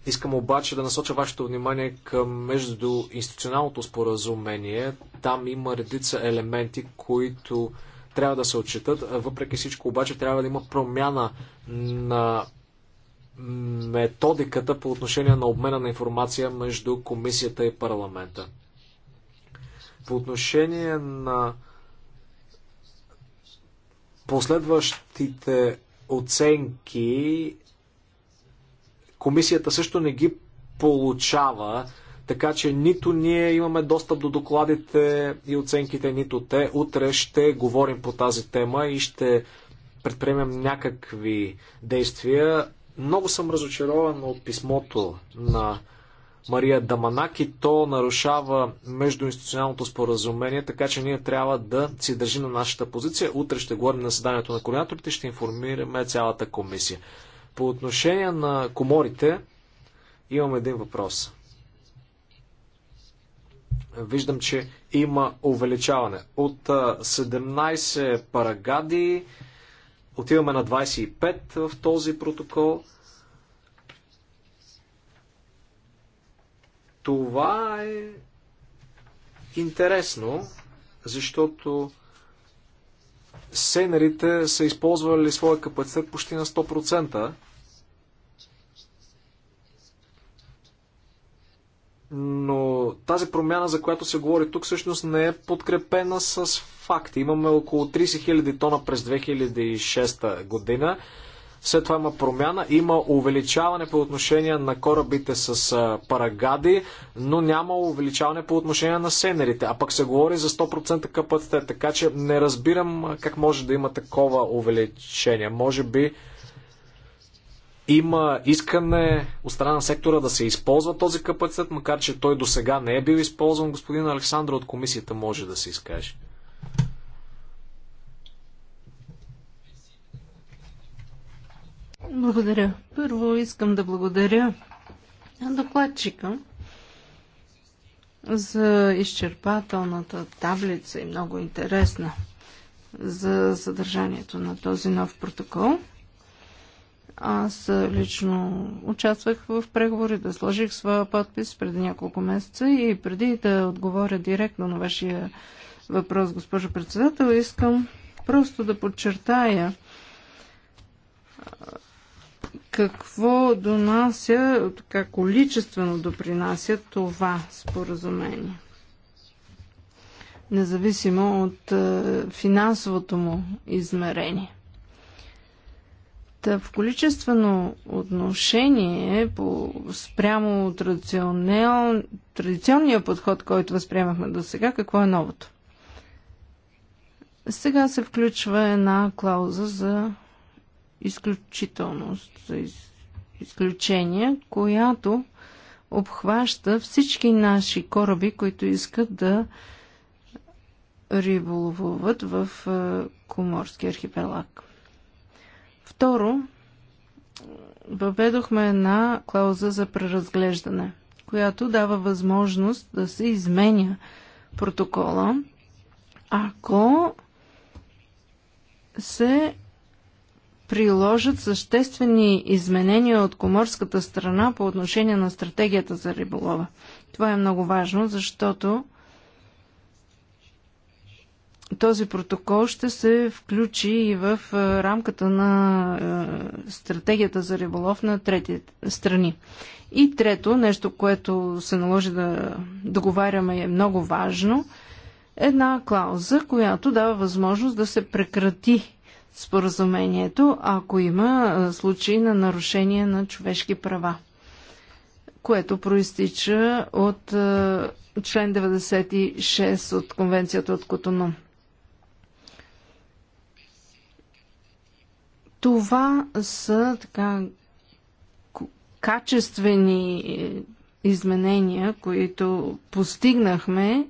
Искам обаче да насоча вашето внимание към между институционалното споразумение. Там има редица елементи, които трябва да се отчитат. Въпреки всичко, обаче, трябва да има промяна на методиката по отношение на обмена на информация между комисията и парламента. По отношение на последващите оценки, комисията също не ги получава, така че нито ние имаме достъп до докладите и оценките, нито те. Утре ще говорим по тази тема и ще предприемем някакви действия. Много съм разочарован от писмото на Мария Даманаки. То нарушава междуинституционалното споразумение, така че ние трябва да си държим на нашата позиция. Утре ще говорим на заданието на координаторите, ще информираме цялата комисия. По отношение на коморите, имам един въпрос. Виждам, че има увеличаване. От 17 парагади Отиваме на 25 в този протокол. Това е интересно, защото сенерите са използвали своя капацитет почти на 100%. Но тази промяна, за която се говори тук, всъщност не е подкрепена с факти. Имаме около 30 000 тона през 2006 година. След това има промяна, има увеличаване по отношение на корабите с парагади, но няма увеличаване по отношение на сенерите. А пък се говори за 100% капацитет, така че не разбирам как може да има такова увеличение. Може би има искане от страна на сектора да се използва този капацитет, макар че той до сега не е бил използван. Господин Александро от комисията може да се изкаже. Благодаря. Първо искам да благодаря докладчика за изчерпателната таблица и много интересна за съдържанието на този нов протокол. Аз лично участвах в преговори, да сложих своя подпис преди няколко месеца и преди да отговоря директно на вашия въпрос, госпожо председател, искам просто да подчертая какво донася, така количествено допринася това споразумение. Независимо от финансовото му измерение. Та в количествено отношение по, спрямо традиционел, традиционния подход, който възприемахме до сега, какво е новото? Сега се включва една клауза за изключителност, за из, изключение, която обхваща всички наши кораби, които искат да риболовуват в Коморския архипелаг. Второ, въведохме една клауза за преразглеждане, която дава възможност да се изменя протокола, ако се приложат съществени изменения от коморската страна по отношение на стратегията за риболова. Това е много важно, защото този протокол ще се включи и в е, рамката на е, стратегията за риболов на трети страни. И трето, нещо, което се наложи да договаряме и е много важно, една клауза, която дава възможност да се прекрати споразумението, ако има е, случаи на нарушение на човешки права, което проистича от член 96 от Конвенцията от Котону. Това са така качествени е, изменения, които постигнахме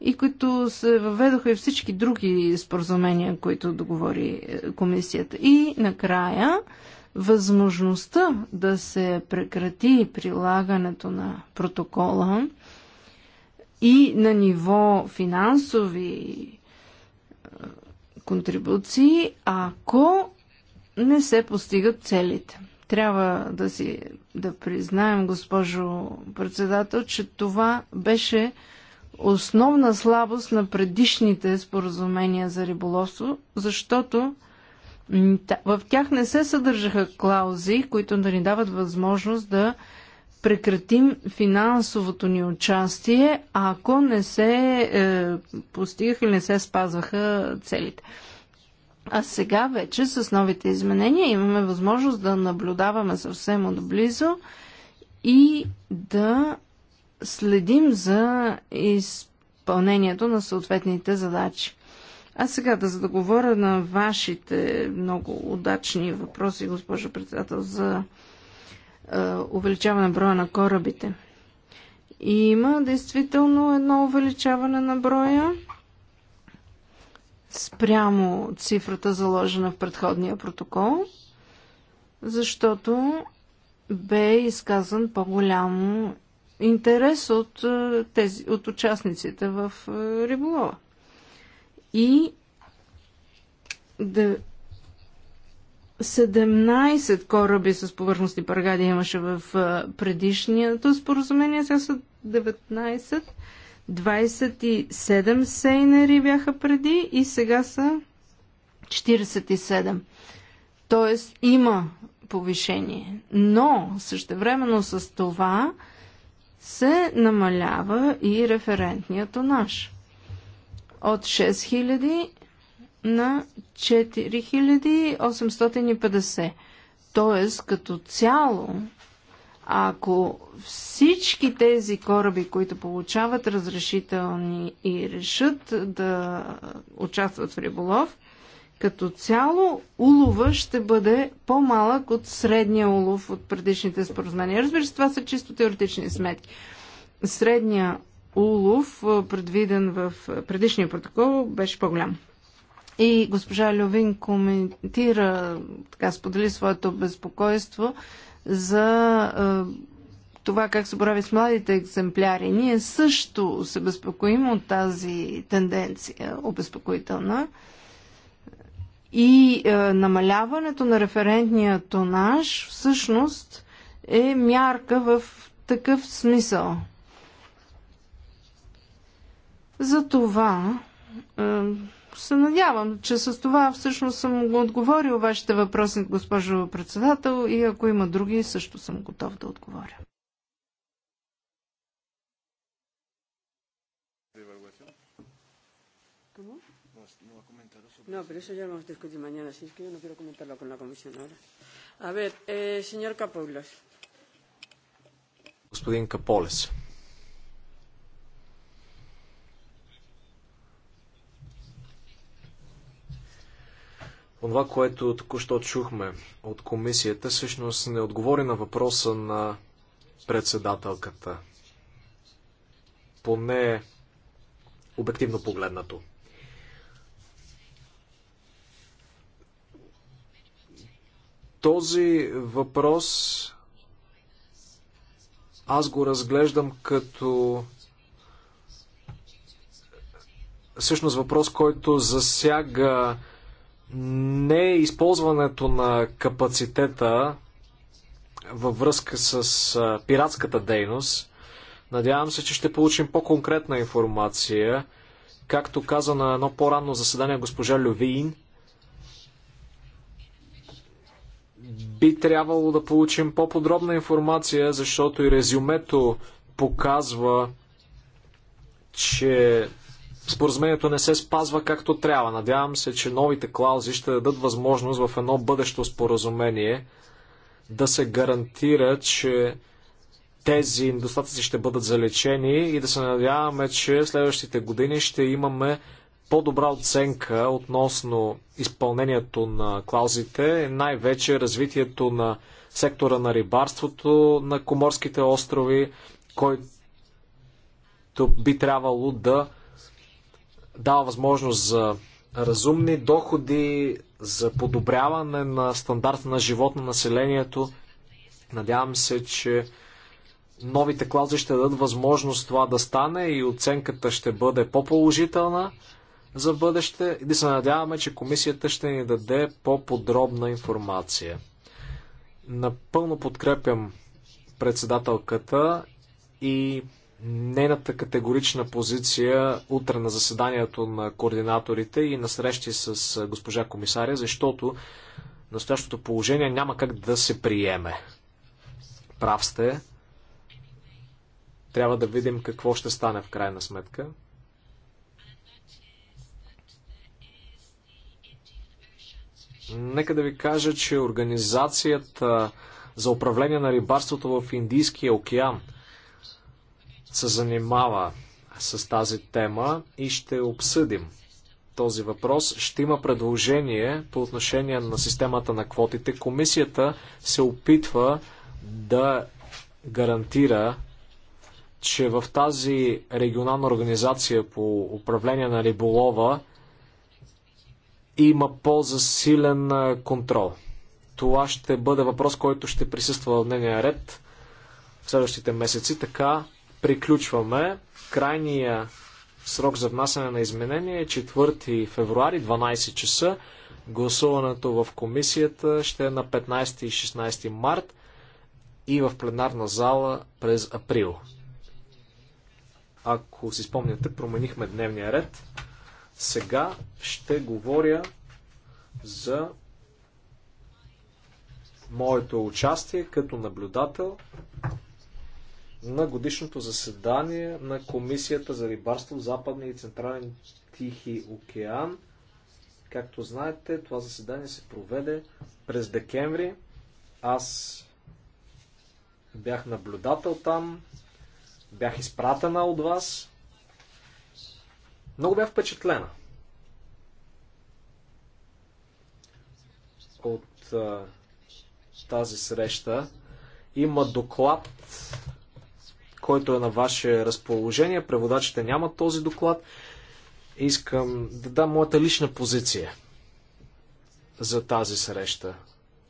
и които се въведоха и всички други споразумения, които договори е, комисията. И накрая възможността да се прекрати прилагането на протокола и на ниво финансови е, контрибуции, ако не се постигат целите. Трябва да си да признаем, госпожо председател, че това беше основна слабост на предишните споразумения за риболовство, защото в тях не се съдържаха клаузи, които да ни дават възможност да прекратим финансовото ни участие, ако не се е, постигаха или не се спазваха целите. А сега вече с новите изменения имаме възможност да наблюдаваме съвсем отблизо и да следим за изпълнението на съответните задачи. А сега да заговоря на вашите много удачни въпроси, госпожо председател, за е, увеличаване на броя на корабите. И има действително едно увеличаване на броя спрямо цифрата заложена в предходния протокол, защото бе изказан по-голям интерес от, е, тези, от участниците в е, риболова. И да 17 кораби с повърхностни паргади имаше в е, предишното споразумение, сега са 19 27 сейнери бяха преди и сега са 47. Тоест има повишение. Но същевременно с това се намалява и референтният тонаж. От 6000 на 4850. Тоест като цяло ако всички тези кораби, които получават разрешителни и решат да участват в риболов, като цяло улова ще бъде по-малък от средния улов от предишните споразумения. Разбира се, това са чисто теоретични сметки. Средния улов, предвиден в предишния протокол, беше по-голям. И госпожа Льовин коментира, така сподели своето безпокойство за това как се прави с младите екземпляри. Ние също се безпокоим от тази тенденция, обезпокоителна. И е, намаляването на референтния тонаж всъщност е мярка в такъв смисъл. Затова е, се надявам, че с това всъщност съм отговорил вашите въпроси, госпожо председател, и ако има други, също съм готов да отговоря. No, pero eso ya lo vamos a discutir mañana, así es que yo no quiero comentarlo con la comisión ahora. A ver, eh, señor Capoulos. Господин Каполес. Онова, което току-що чухме от комисията, всъщност не отговори на въпроса на председателката. Поне обективно погледнато. Този въпрос аз го разглеждам като всъщност въпрос, който засяга не е използването на капацитета във връзка с пиратската дейност. Надявам се, че ще получим по-конкретна информация. Както каза на едно по-ранно заседание госпожа Лювин, би трябвало да получим по-подробна информация, защото и резюмето показва, че споразумението не се спазва както трябва. Надявам се, че новите клаузи ще дадат възможност в едно бъдещо споразумение да се гарантира, че тези недостатъци ще бъдат залечени и да се надяваме, че следващите години ще имаме по-добра оценка относно изпълнението на клаузите, най-вече развитието на сектора на рибарството на Коморските острови, който би трябвало да дава възможност за разумни доходи, за подобряване на стандарта на живот на населението. Надявам се, че новите клаузи ще дадат възможност това да стане и оценката ще бъде по-положителна за бъдеще и да се надяваме, че комисията ще ни даде по-подробна информация. Напълно подкрепям председателката и нейната категорична позиция утре на заседанието на координаторите и на срещи с госпожа комисаря, защото настоящото положение няма как да се приеме. Прав сте. Трябва да видим какво ще стане в крайна сметка. Нека да ви кажа, че организацията за управление на рибарството в Индийския океан – се занимава с тази тема и ще обсъдим този въпрос. Ще има предложение по отношение на системата на квотите. Комисията се опитва да гарантира, че в тази регионална организация по управление на риболова има по-засилен контрол. Това ще бъде въпрос, който ще присъства в дневния ред в следващите месеци. Така Приключваме. Крайния срок за внасяне на изменения е 4 февруари, 12 часа. Гласуването в комисията ще е на 15 и 16 март и в пленарна зала през април. Ако си спомняте, променихме дневния ред. Сега ще говоря за моето участие като наблюдател на годишното заседание на Комисията за рибарство в Западния и Централен Тихи океан. Както знаете, това заседание се проведе през декември. Аз бях наблюдател там, бях изпратена от вас. Много бях впечатлена от а, тази среща. Има доклад който е на ваше разположение. Преводачите нямат този доклад. Искам да дам моята лична позиция за тази среща.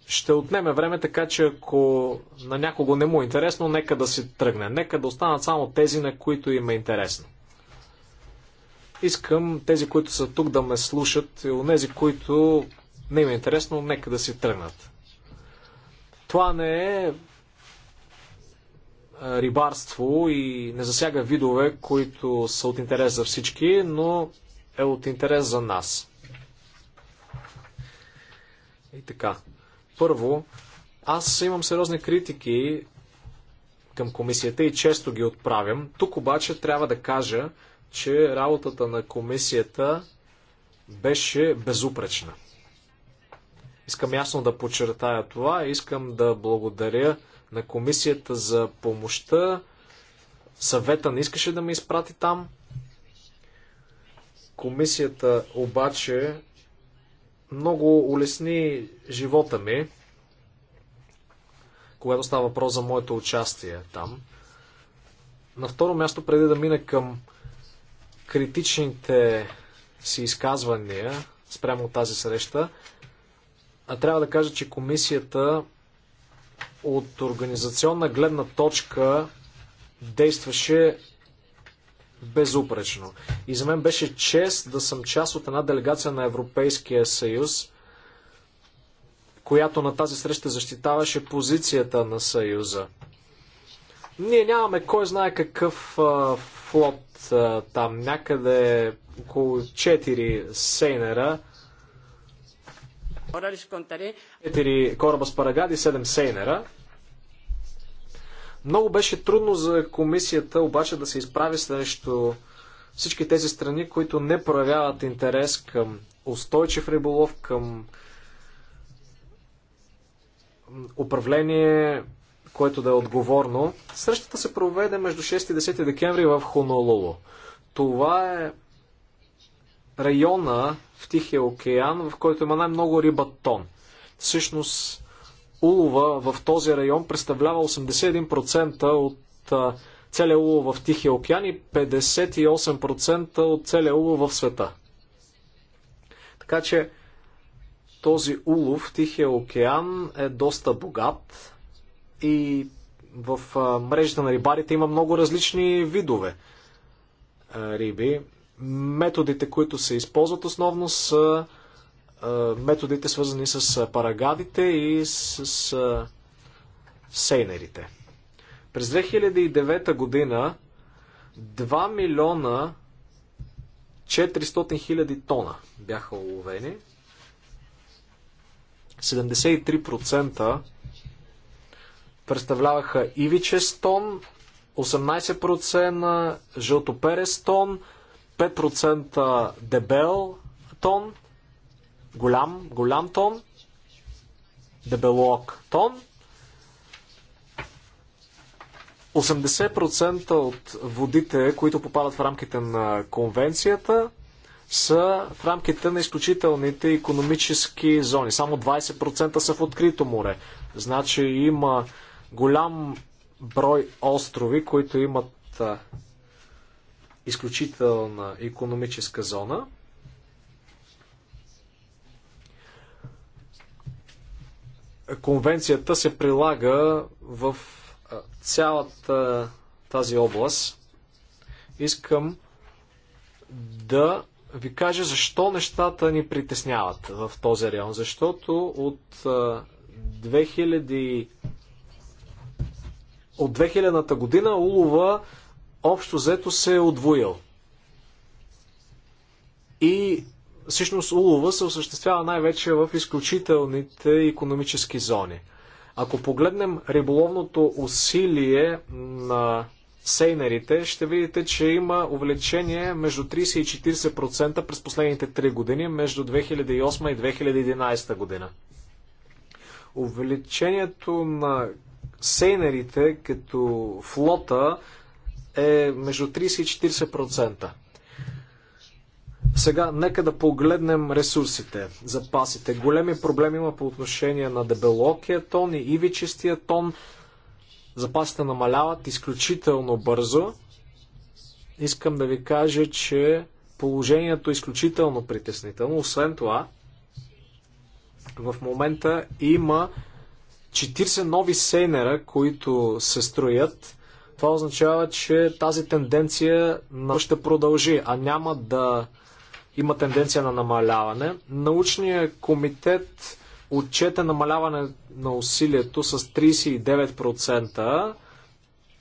Ще отнеме време, така че ако на някого не му е интересно, нека да си тръгне. Нека да останат само тези, на които им е интересно. Искам тези, които са тук да ме слушат и онези, които не им е интересно, нека да си тръгнат. Това не е е, рибарство и не засяга видове, които са от интерес за всички, но е от интерес за нас. И така. Първо, аз имам сериозни критики към комисията и често ги отправям. Тук обаче трябва да кажа, че работата на комисията беше безупречна. Искам ясно да подчертая това и искам да благодаря на комисията за помощта. Съвета не искаше да ме изпрати там. Комисията обаче много улесни живота ми, когато става въпрос за моето участие там. На второ място, преди да мина към критичните си изказвания спрямо от тази среща, а трябва да кажа, че комисията от организационна гледна точка действаше безупречно. И за мен беше чест да съм част от една делегация на Европейския съюз, която на тази среща защитаваше позицията на съюза. Ние нямаме кой знае какъв а, флот а, там, някъде около 4 сейнера Четири кораба с парагади, 7 сейнера. Много беше трудно за комисията обаче да се изправи срещу всички тези страни, които не проявяват интерес към устойчив риболов, към управление, което да е отговорно. Срещата се проведе между 6 и 10 декември в Хонолулу. Това е района в Тихия океан, в който има най-много риба тон. Всъщност, улова в този район представлява 81% от целия улов в Тихия океан и 58% от целия улов в света. Така че този улов в Тихия океан е доста богат и в мрежата на рибарите има много различни видове риби. Методите, които се използват основно са методите свързани с парагадите и с сейнерите. През 2009 година 2 милиона 400 хиляди тона бяха уловени. 73% представляваха ивичестон, 18% жълтоперестон, 5% дебел тон, голям, голям тон, дебелок тон, 80% от водите, които попадат в рамките на конвенцията, са в рамките на изключителните економически зони. Само 20% са в открито море. Значи има голям брой острови, които имат изключителна економическа зона. Конвенцията се прилага в цялата тази област. Искам да ви кажа защо нещата ни притесняват в този район. Защото от 2000 от 2000-та година улова общо взето се е отвоил. И всъщност улова се осъществява най-вече в изключителните економически зони. Ако погледнем риболовното усилие на сейнерите, ще видите, че има увеличение между 30 и 40% през последните 3 години, между 2008 и 2011 година. Увеличението на сейнерите като флота е между 30 и 40%. Сега нека да погледнем ресурсите, запасите. Големи проблеми има по отношение на дебелокия тон и ивичестия тон. Запасите намаляват изключително бързо. Искам да ви кажа, че положението е изключително притеснително. Освен това, в момента има 40 нови сейнера, които се строят това означава, че тази тенденция ще продължи, а няма да има тенденция на намаляване. Научният комитет отчете намаляване на усилието с 39%.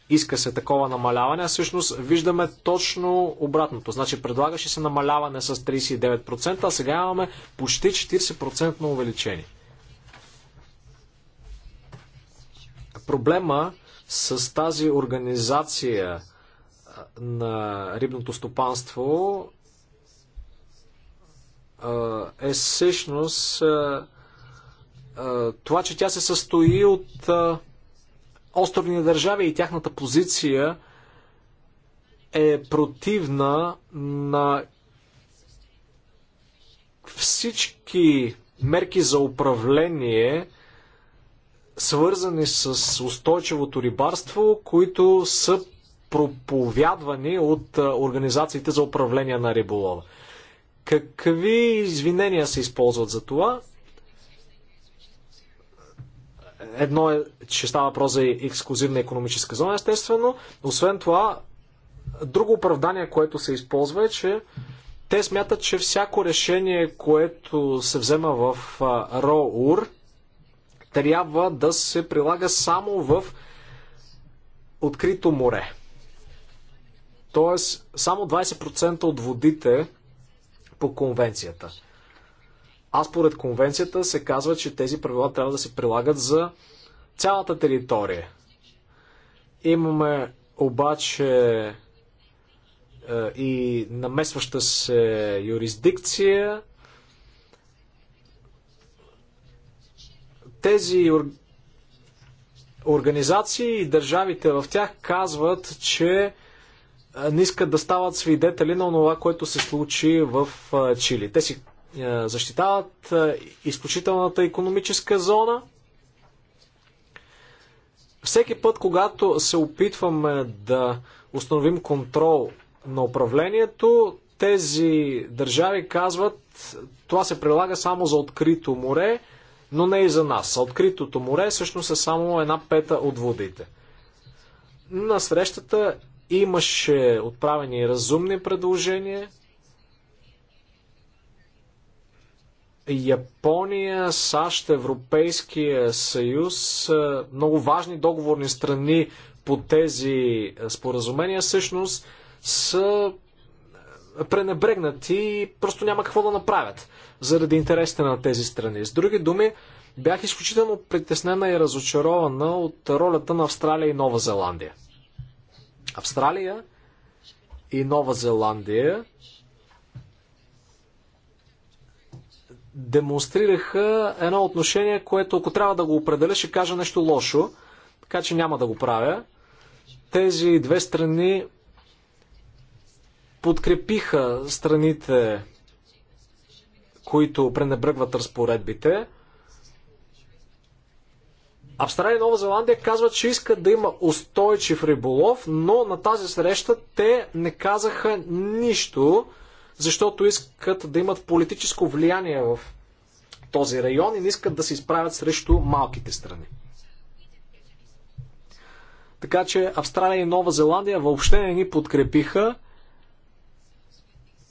Иска се такова намаляване, а всъщност виждаме точно обратното. Значи предлагаше се намаляване с 39%, а сега имаме почти 40% на увеличение. Проблема е, с тази организация на рибното стопанство е всъщност това, че тя се състои от островни държави и тяхната позиция е противна на всички мерки за управление, свързани с устойчивото рибарство, които са проповядвани от организациите за управление на риболова. Какви извинения се използват за това? Едно е, че става въпрос за ексклюзивна економическа зона, естествено. Освен това, друго оправдание, което се използва е, че те смятат, че всяко решение, което се взема в РОУР, трябва да се прилага само в открито море. Тоест, само 20% от водите по конвенцията. А според конвенцията се казва, че тези правила трябва да се прилагат за цялата територия. Имаме обаче е, и намесваща се юрисдикция, Тези организации и държавите в тях казват, че не искат да стават свидетели на това, което се случи в Чили. Те си защитават изключителната економическа зона. Всеки път, когато се опитваме да установим контрол на управлението, тези държави казват, това се прилага само за открито море, но не и за нас. Откритото море всъщност е само една пета от водите. На срещата имаше отправени разумни предложения. Япония, САЩ, Европейския съюз, много важни договорни страни по тези споразумения всъщност са пренебрегнати и просто няма какво да направят заради интересите на тези страни. С други думи, бях изключително притеснена и разочарована от ролята на Австралия и Нова Зеландия. Австралия и Нова Зеландия демонстрираха едно отношение, което ако трябва да го определя, ще кажа нещо лошо, така че няма да го правя. Тези две страни подкрепиха страните, които пренебръгват разпоредбите. Австралия и Нова Зеландия казват, че искат да има устойчив риболов, но на тази среща те не казаха нищо, защото искат да имат политическо влияние в този район и не искат да се изправят срещу малките страни. Така че Австралия и Нова Зеландия въобще не ни подкрепиха.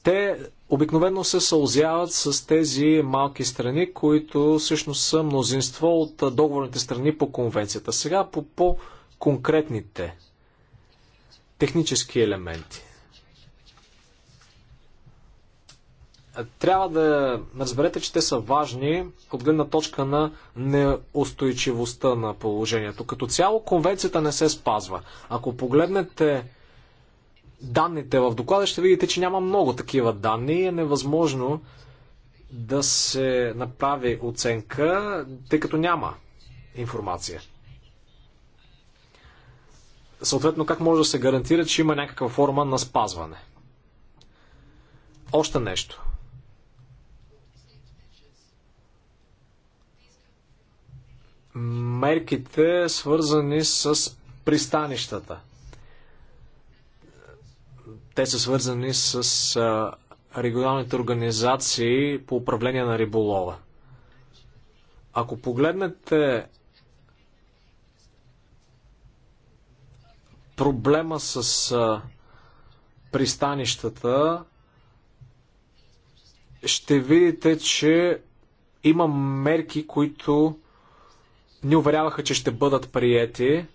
Те обикновено се съузяват с тези малки страни, които всъщност са мнозинство от договорните страни по конвенцията. Сега по по-конкретните технически елементи. Трябва да разберете, че те са важни от гледна точка на неустойчивостта на положението. Като цяло конвенцията не се спазва. Ако погледнете данните в доклада, ще видите, че няма много такива данни и е невъзможно да се направи оценка, тъй като няма информация. Съответно, как може да се гарантира, че има някаква форма на спазване? Още нещо. Мерките, свързани с пристанищата – те са свързани с а, регионалните организации по управление на риболова. Ако погледнете проблема с а, пристанищата, ще видите, че има мерки, които ни уверяваха, че ще бъдат приети.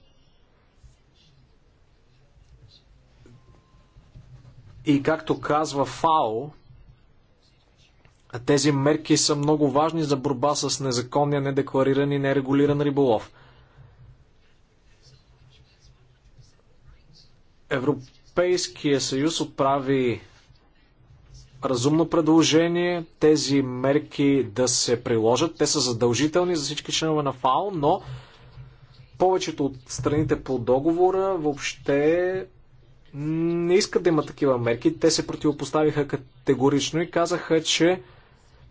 И както казва ФАО, тези мерки са много важни за борба с незаконния, недеклариран и нерегулиран риболов. Европейския съюз отправи разумно предложение тези мерки да се приложат. Те са задължителни за всички членове на ФАО, но повечето от страните по договора въобще не искат да има такива мерки. Те се противопоставиха категорично и казаха, че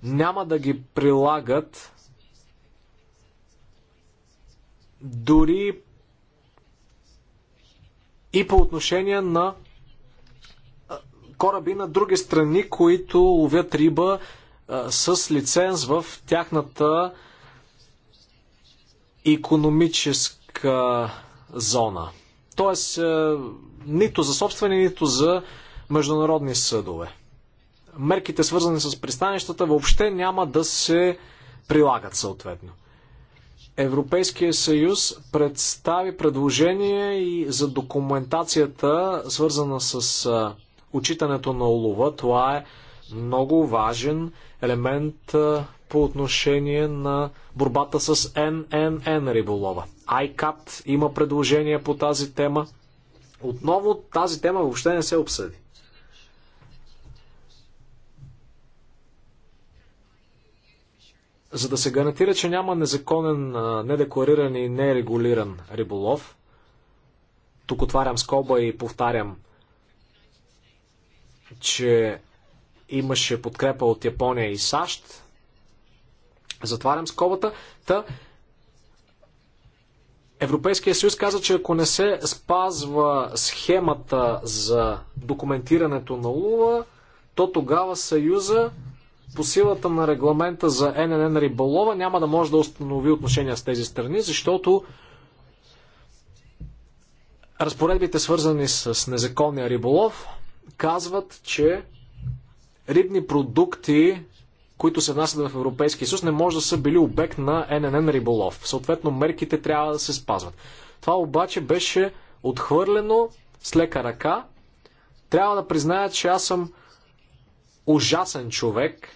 няма да ги прилагат дори и по отношение на кораби на други страни, които ловят риба с лиценз в тяхната економическа зона. Тоест, нито за собствени, нито за международни съдове. Мерките, свързани с пристанищата, въобще няма да се прилагат съответно. Европейския съюз представи предложение и за документацията, свързана с отчитането на улова. Това е много важен елемент по отношение на борбата с ННН риболова. ICAT има предложение по тази тема. Отново тази тема въобще не се обсъди. За да се гарантира, че няма незаконен, недеклариран и нерегулиран риболов, тук отварям скоба и повтарям, че имаше подкрепа от Япония и САЩ. Затварям скобата. Та, Европейския съюз каза, че ако не се спазва схемата за документирането на улова, то тогава Съюза по силата на регламента за ННН риболова няма да може да установи отношения с тези страни, защото разпоредбите свързани с незаконния риболов казват, че рибни продукти които се внасят в Европейския съюз, не може да са били обект на ННН риболов. Съответно, мерките трябва да се спазват. Това обаче беше отхвърлено с лека ръка. Трябва да призная, че аз съм ужасен човек,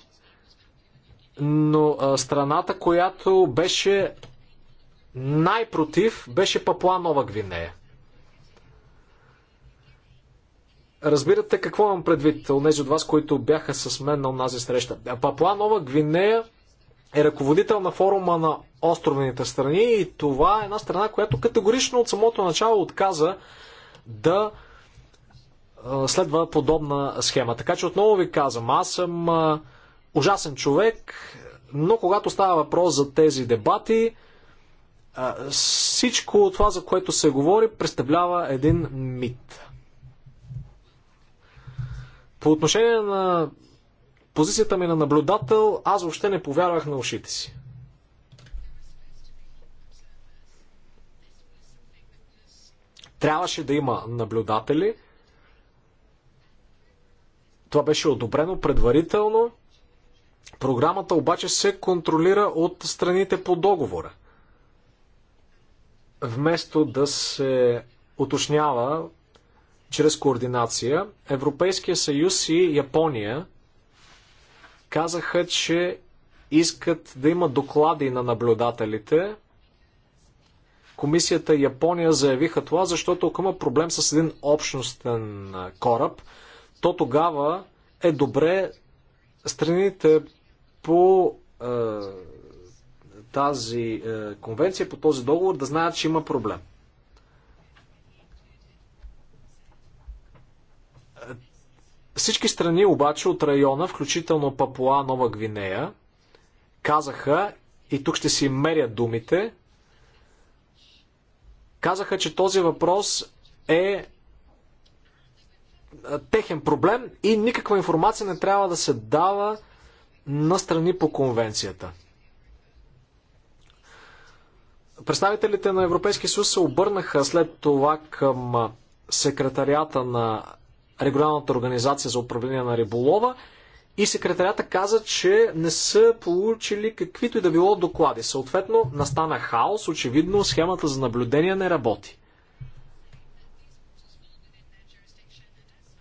но а, страната, която беше най-против, беше Папуа Нова Гвинея. Разбирате какво имам предвид, онези от вас, които бяха с мен на онази среща. Папуа Нова Гвинея е ръководител на форума на островните страни и това е една страна, която категорично от самото начало отказа да следва подобна схема. Така че отново ви казвам, аз съм ужасен човек, но когато става въпрос за тези дебати, всичко това, за което се говори, представлява един мит. По отношение на позицията ми на наблюдател, аз въобще не повярвах на ушите си. Трябваше да има наблюдатели. Това беше одобрено предварително. Програмата обаче се контролира от страните по договора. Вместо да се уточнява чрез координация. Европейския съюз и Япония казаха, че искат да има доклади на наблюдателите. Комисията и Япония заявиха това, защото ако има проблем с един общностен кораб, то тогава е добре страните по е, тази е, конвенция, по този договор да знаят, че има проблем. Всички страни обаче от района, включително Папуа Нова Гвинея, казаха, и тук ще си мерят думите, казаха, че този въпрос е, е техен проблем и никаква информация не трябва да се дава на страни по конвенцията. Представителите на Европейския съюз се обърнаха след това към секретарията на регионалната организация за управление на риболова и секретарята каза, че не са получили каквито и да било доклади. Съответно, настана хаос, очевидно схемата за наблюдение не работи.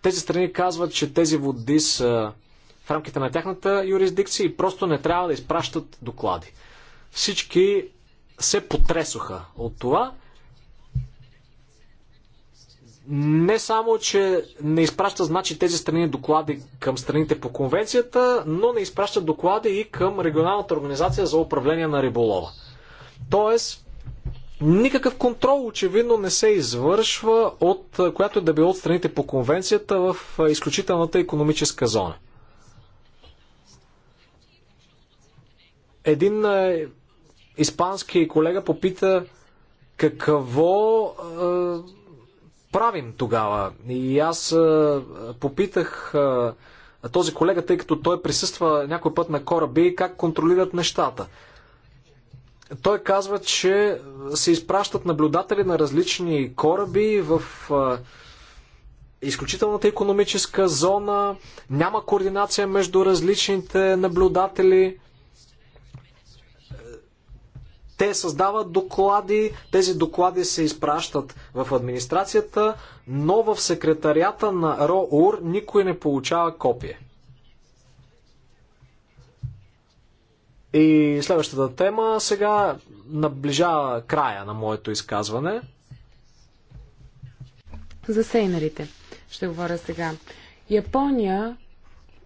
Тези страни казват, че тези води са в рамките на тяхната юрисдикция и просто не трябва да изпращат доклади. Всички се потресоха от това не само, че не изпраща значи тези страни доклади към страните по конвенцията, но не изпраща доклади и към регионалната организация за управление на риболова. Тоест, никакъв контрол очевидно не се извършва от която е да било от страните по конвенцията в изключителната економическа зона. Един испански колега попита какво правим тогава? И аз попитах този колега, тъй като той присъства някой път на кораби, как контролират нещата. Той казва, че се изпращат наблюдатели на различни кораби в изключителната економическа зона, няма координация между различните наблюдатели. Те създават доклади, тези доклади се изпращат в администрацията, но в секретарията на РОУР никой не получава копие. И следващата тема сега наближава края на моето изказване. За сейнерите ще говоря сега. Япония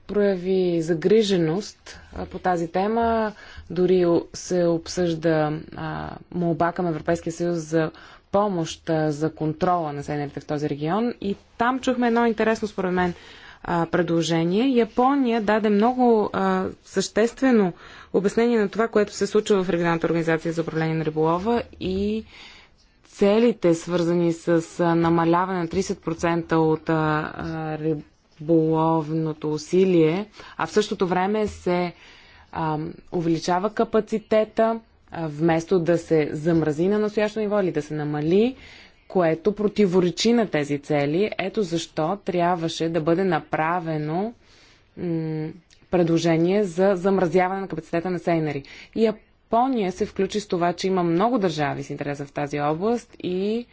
прояви загриженост по тази тема. Дори се обсъжда а, молба към Европейския съюз за помощ а, за контрола на седнерите в този регион. И там чухме едно интересно, според мен, а, предложение. Япония даде много а, съществено обяснение на това, което се случва в Регионалната организация за управление на риболова и целите, свързани с намаляване на 30% от а, риболовното усилие, а в същото време се а, увеличава капацитета, а, вместо да се замрази на настоящо ниво или да се намали, което противоречи на тези цели. Ето защо трябваше да бъде направено предложение за замразяване на капацитета на сейнери. Япония се включи с това, че има много държави с интереса в тази област и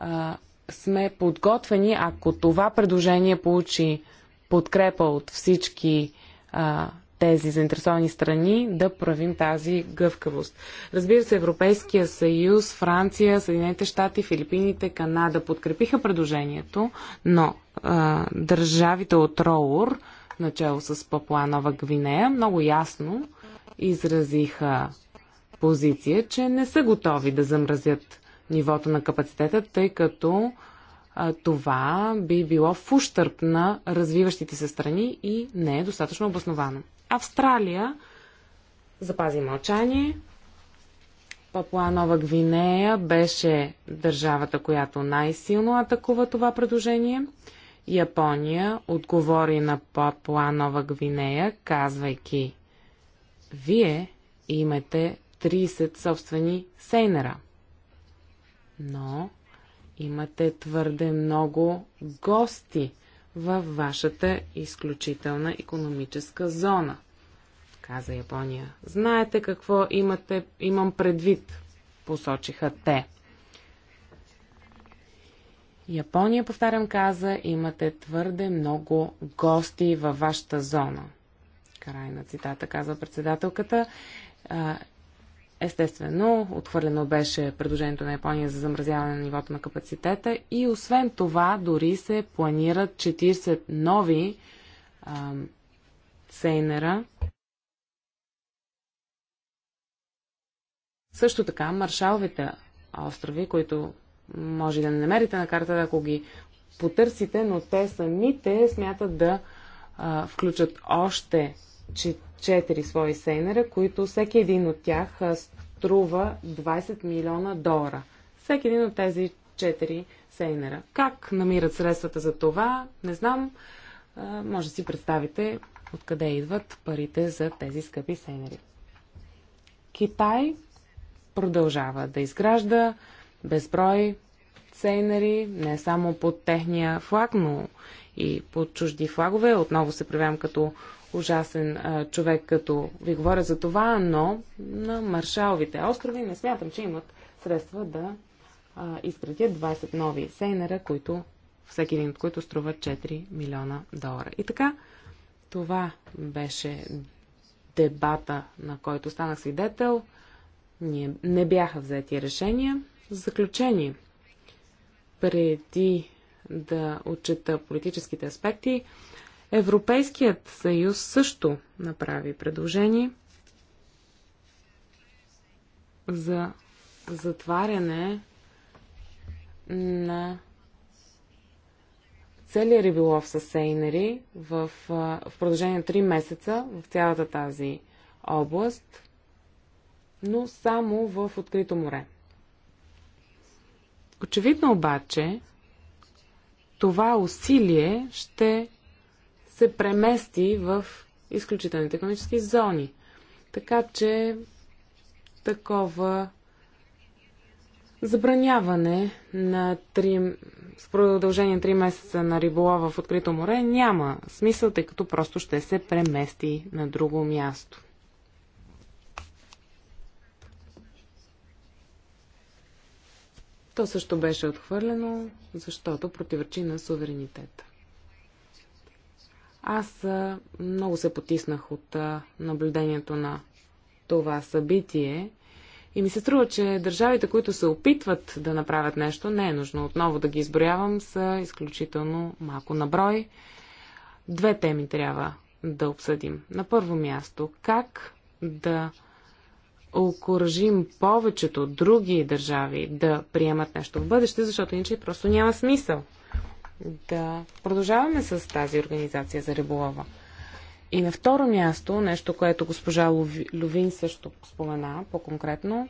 а, сме подготвени, ако това предложение получи подкрепа от всички а, тези заинтересовани страни да правим тази гъвкавост. Разбира се, Европейския съюз, Франция, Съединените щати, Филипините, Канада подкрепиха предложението, но а, държавите от Роур, начало с Папуа Нова Гвинея, много ясно изразиха позиция, че не са готови да замразят нивото на капацитета, тъй като а, това би било в ущърп на развиващите се страни и не е достатъчно обосновано. Австралия запази мълчание. Папуа Нова Гвинея беше държавата, която най-силно атакува това предложение. Япония отговори на Папуа Нова Гвинея, казвайки Вие имате 30 собствени сейнера. Но имате твърде много гости във вашата изключителна економическа зона, каза Япония. Знаете какво имате, имам предвид, посочиха те. Япония, повтарям, каза, имате твърде много гости във вашата зона. Край на цитата, казва председателката. Естествено, отхвърлено беше предложението на Япония за замразяване на нивото на капацитета и освен това дори се планират 40 нови а, сейнера. Също така, маршаловите острови, които може да не намерите на карта, ако ги потърсите, но те самите смятат да а, включат още 4 свои сейнера, които всеки един от тях струва 20 милиона долара. Всеки един от тези 4 сейнера. Как намират средствата за това, не знам. Може да си представите откъде идват парите за тези скъпи сейнери. Китай продължава да изгражда безброй сейнери, не само под техния флаг, но и под чужди флагове. Отново се проявявам като ужасен а, човек, като ви говоря за това, но на Маршаловите острови не смятам, че имат средства да а, изградят 20 нови сейнера, които, всеки един от които струва 4 милиона долара. И така, това беше дебата, на който станах свидетел. Ние не бяха взети решения. За заключение, преди да отчета политическите аспекти, Европейският съюз също направи предложение за затваряне на целият риболов с сейнери в, в продължение на 3 месеца в цялата тази област, но само в открито море. Очевидно обаче, това усилие ще се премести в изключителните економически зони. Така че такова забраняване на 3, с продължение 3 месеца на риболова в открито море няма смисъл, тъй като просто ще се премести на друго място. То също беше отхвърлено, защото противоречи на суверенитета. Аз много се потиснах от наблюдението на това събитие и ми се струва, че държавите, които се опитват да направят нещо, не е нужно отново да ги изброявам, са изключително малко на брой. Две теми трябва да обсъдим. На първо място, как да окоръжим повечето други държави да приемат нещо в бъдеще, защото иначе просто няма смисъл да продължаваме с тази организация за риболова. И на второ място, нещо, което госпожа Ловин също спомена по-конкретно,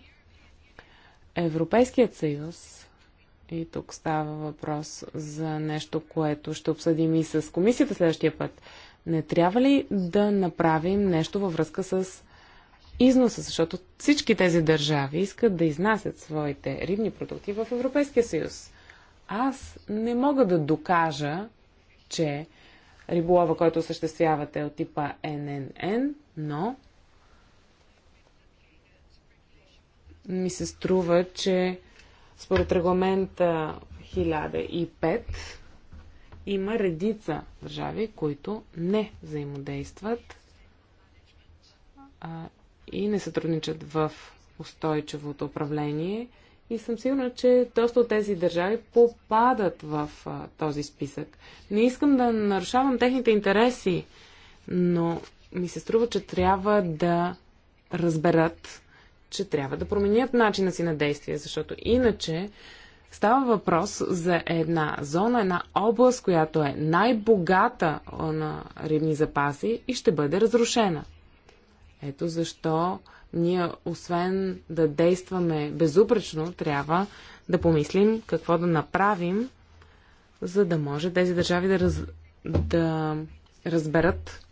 Европейският съюз, и тук става въпрос за нещо, което ще обсъдим и с комисията следващия път, не трябва ли да направим нещо във връзка с износа, защото всички тези държави искат да изнасят своите рибни продукти в Европейския съюз. Аз не мога да докажа, че риболова, който осъществявате е от типа ННН, но ми се струва, че според регламента 1005 има редица държави, които не взаимодействат а, и не сътрудничат в устойчивото управление и съм сигурна, че доста от тези държави попадат в а, този списък. Не искам да нарушавам техните интереси, но ми се струва, че трябва да разберат, че трябва да променят начина си на действие, защото иначе става въпрос за една зона, една област, която е най-богата на рибни запаси и ще бъде разрушена. Ето защо ние, освен да действаме безупречно, трябва да помислим какво да направим, за да може тези държави да, раз... да разберат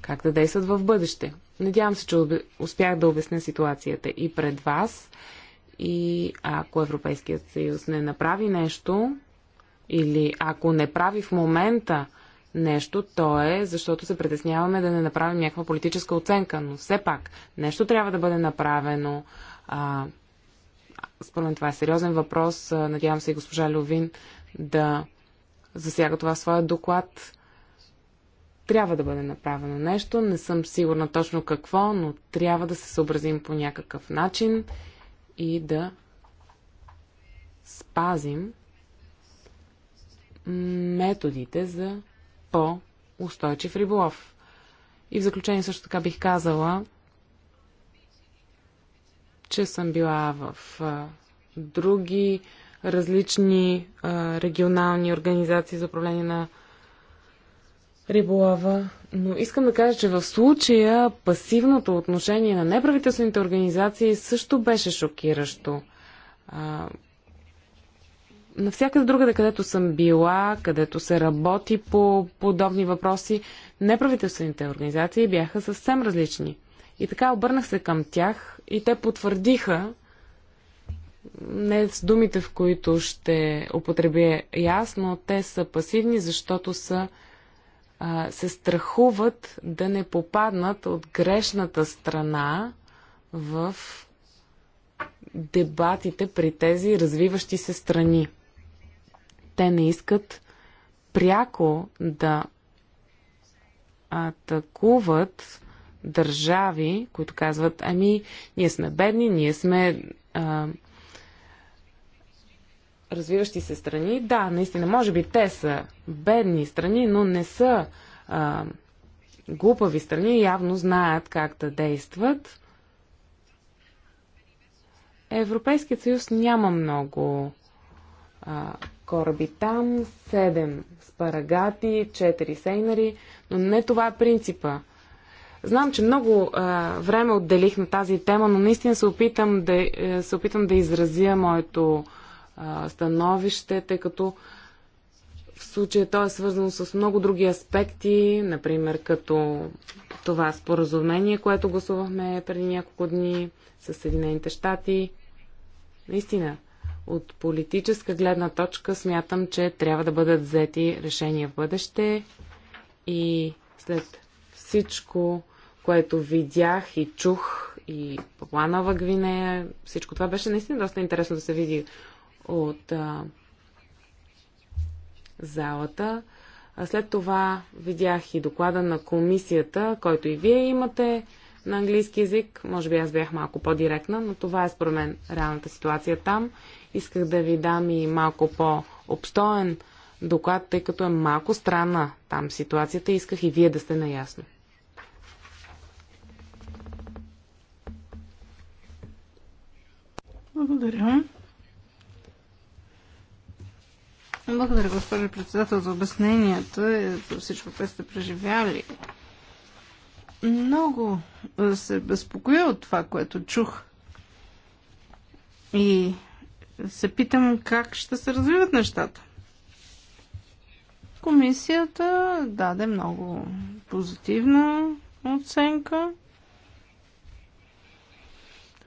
как да действат в бъдеще. Надявам се, че успях да обясня ситуацията и пред вас. И ако Европейският съюз не направи нещо, или ако не прави в момента нещо, то е защото се притесняваме да не направим някаква политическа оценка, но все пак нещо трябва да бъде направено. А, според мен това е сериозен въпрос. Надявам се и госпожа Лювин да засяга това в своя доклад. Трябва да бъде направено нещо. Не съм сигурна точно какво, но трябва да се съобразим по някакъв начин и да спазим методите за по-устойчив риболов. И в заключение също така бих казала, че съм била в а, други различни а, регионални организации за управление на риболова. Но искам да кажа, че в случая пасивното отношение на неправителствените организации също беше шокиращо. А, навсякъде другаде, където съм била, където се работи по подобни въпроси, неправителствените организации бяха съвсем различни. И така обърнах се към тях и те потвърдиха, не с думите, в които ще употребя аз, но те са пасивни, защото са, а, се страхуват да не попаднат от грешната страна в дебатите при тези развиващи се страни те не искат пряко да атакуват държави, които казват, ами, ние сме бедни, ние сме а, развиващи се страни. Да, наистина, може би те са бедни страни, но не са а, глупави страни, явно знаят как да действат. Европейският съюз няма много а, кораби там, 7 спарагати, 4 сейнари, но не това е принципа. Знам, че много а, време отделих на тази тема, но наистина се опитам да, е, се опитам да изразя моето а, становище, тъй като в случая то е свързано с много други аспекти, например като това споразумение, което гласувахме преди няколко дни с Съединените щати. Наистина, от политическа гледна точка смятам, че трябва да бъдат взети решения в бъдеще и след всичко, което видях и чух и Папуанова Гвинея, всичко това беше наистина доста интересно да се види от а, залата. А след това видях и доклада на комисията, който и вие имате на английски язик. Може би аз бях малко по-директна, но това е според мен реалната ситуация там. Исках да ви дам и малко по-обстоен доклад, тъй като е малко странна там ситуацията. Исках и вие да сте наясно. Благодаря. Благодаря, госпожо председател, за обясненията и за всичко, което сте преживяли. Много се безпокоя от това, което чух. И се питам как ще се развиват нещата. Комисията даде много позитивна оценка.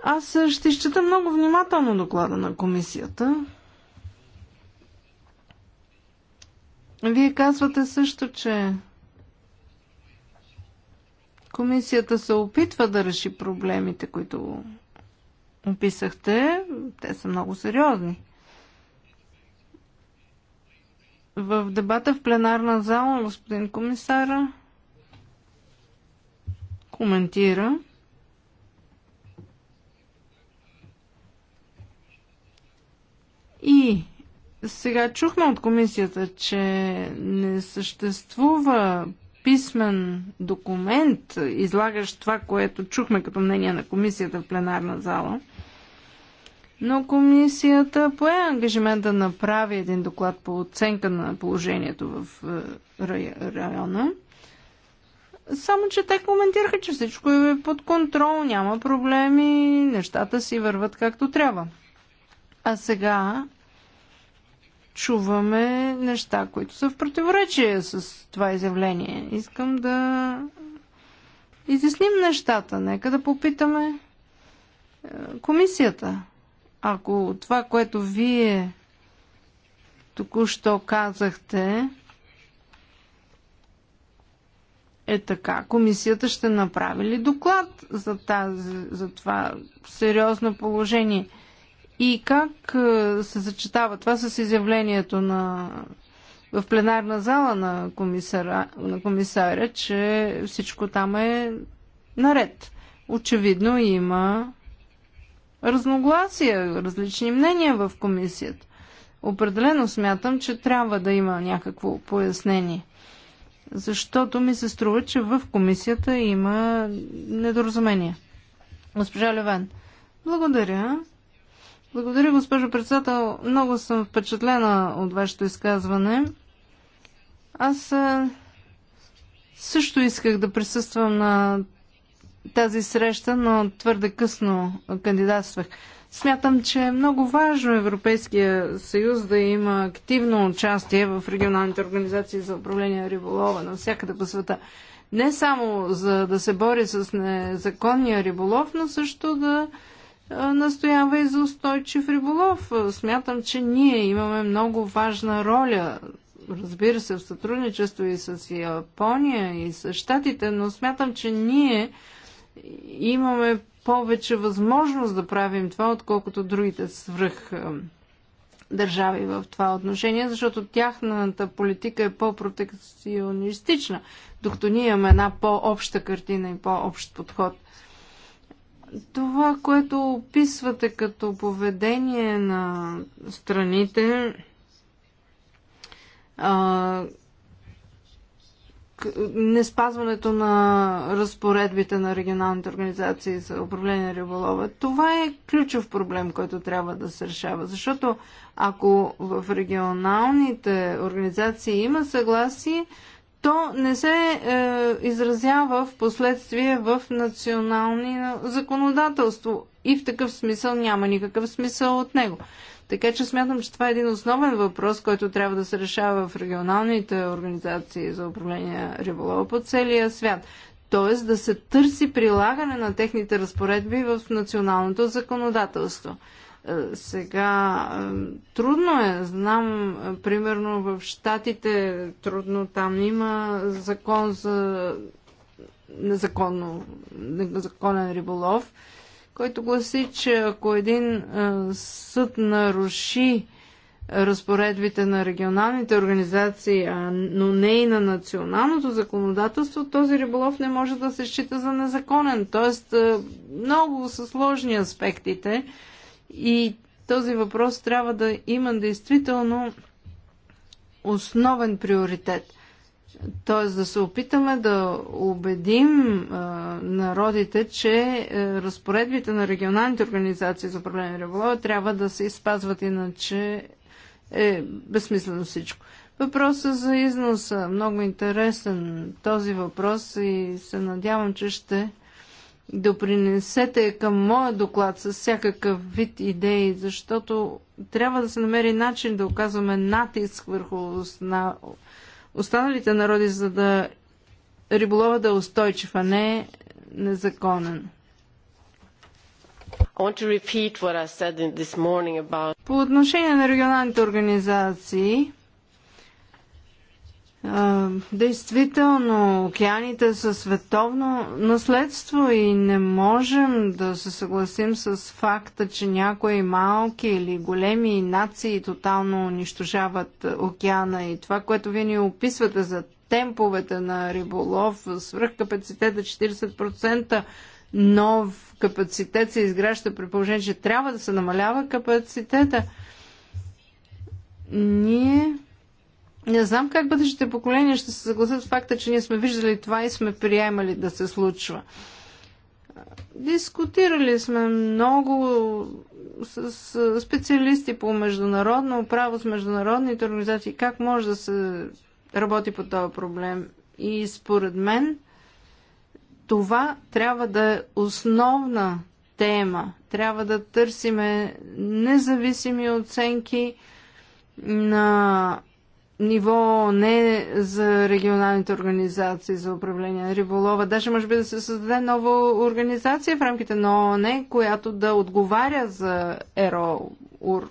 Аз ще изчета много внимателно доклада на комисията. Вие казвате също, че комисията се опитва да реши проблемите, които описахте, те са много сериозни. В дебата в пленарна зала господин комисара коментира и сега чухме от комисията, че не съществува писмен документ, излагащ това, което чухме като мнение на комисията в пленарна зала – но комисията пое ангажимент да направи един доклад по оценка на положението в е, района. Само, че те коментираха, че всичко е под контрол, няма проблеми, нещата си върват както трябва. А сега чуваме неща, които са в противоречие с това изявление. Искам да изясним нещата. Нека да попитаме е, комисията ако това, което вие току-що казахте, е така, комисията ще направи ли доклад за, тази, за това сериозно положение? И как е, се зачитава това с изявлението на, в пленарна зала на комисара, на комисаря, че всичко там е наред? Очевидно има разногласия, различни мнения в комисията. Определено смятам, че трябва да има някакво пояснение. Защото ми се струва, че в комисията има недоразумение. Госпожа Левен, благодаря. Благодаря, госпожо председател. Много съм впечатлена от вашето изказване. Аз също исках да присъствам на тази среща, но твърде късно кандидатствах. Смятам, че е много важно Европейския съюз да има активно участие в регионалните организации за управление на риболова навсякъде по света. Не само за да се бори с незаконния риболов, но също да настоява и за устойчив риболов. Смятам, че ние имаме много важна роля, разбира се, в сътрудничество и с Япония, и с Штатите, но смятам, че ние имаме повече възможност да правим това, отколкото другите свръх държави в това отношение, защото тяхната политика е по-протекционистична, докато ние имаме една по-обща картина и по-общ подход. Това, което описвате като поведение на страните, неспазването на разпоредбите на регионалните организации за управление на риболова. Това е ключов проблем, който трябва да се решава, защото ако в регионалните организации има съгласие, то не се е, изразява в последствие в национални законодателство и в такъв смисъл няма никакъв смисъл от него. Така че смятам, че това е един основен въпрос, който трябва да се решава в регионалните организации за управление риболова по целия свят. Тоест да се търси прилагане на техните разпоредби в националното законодателство. Е, сега, е, трудно е. Знам, е, примерно в Штатите трудно там има закон за незаконно, незаконен риболов който гласи, че ако един е, съд наруши разпоредбите на регионалните организации, но не и на националното законодателство, този риболов не може да се счита за незаконен. Тоест, е, много са сложни аспектите и този въпрос трябва да има действително основен приоритет. Тоест да се опитаме да убедим а, народите, че а, разпоредбите на регионалните организации за управление на риболова трябва да се изпазват, иначе е безсмислено всичко. Въпросът за износа много интересен този въпрос и се надявам, че ще допринесете към моя доклад с всякакъв вид идеи, защото трябва да се намери начин да оказваме натиск върху останалите народи, за да риболова да е устойчив, а не незаконен. About... По отношение на регионалните организации, действително, океаните са световно наследство и не можем да се съгласим с факта, че някои малки или големи нации тотално унищожават океана. И това, което вие ни описвате за темповете на риболов, свръхкапацитета 40%, нов капацитет се изгражда при положение, че трябва да се намалява капацитета. Ние не знам как бъдещите поколения ще се съгласят с факта, че ние сме виждали това и сме приемали да се случва. Дискутирали сме много с специалисти по международно право, с международните организации, как може да се работи по този проблем. И според мен това трябва да е основна тема. Трябва да търсиме независими оценки на ниво не за регионалните организации за управление на риболова. Даже може би да се създаде нова организация в рамките на ООН, която да отговаря за ЕРОУР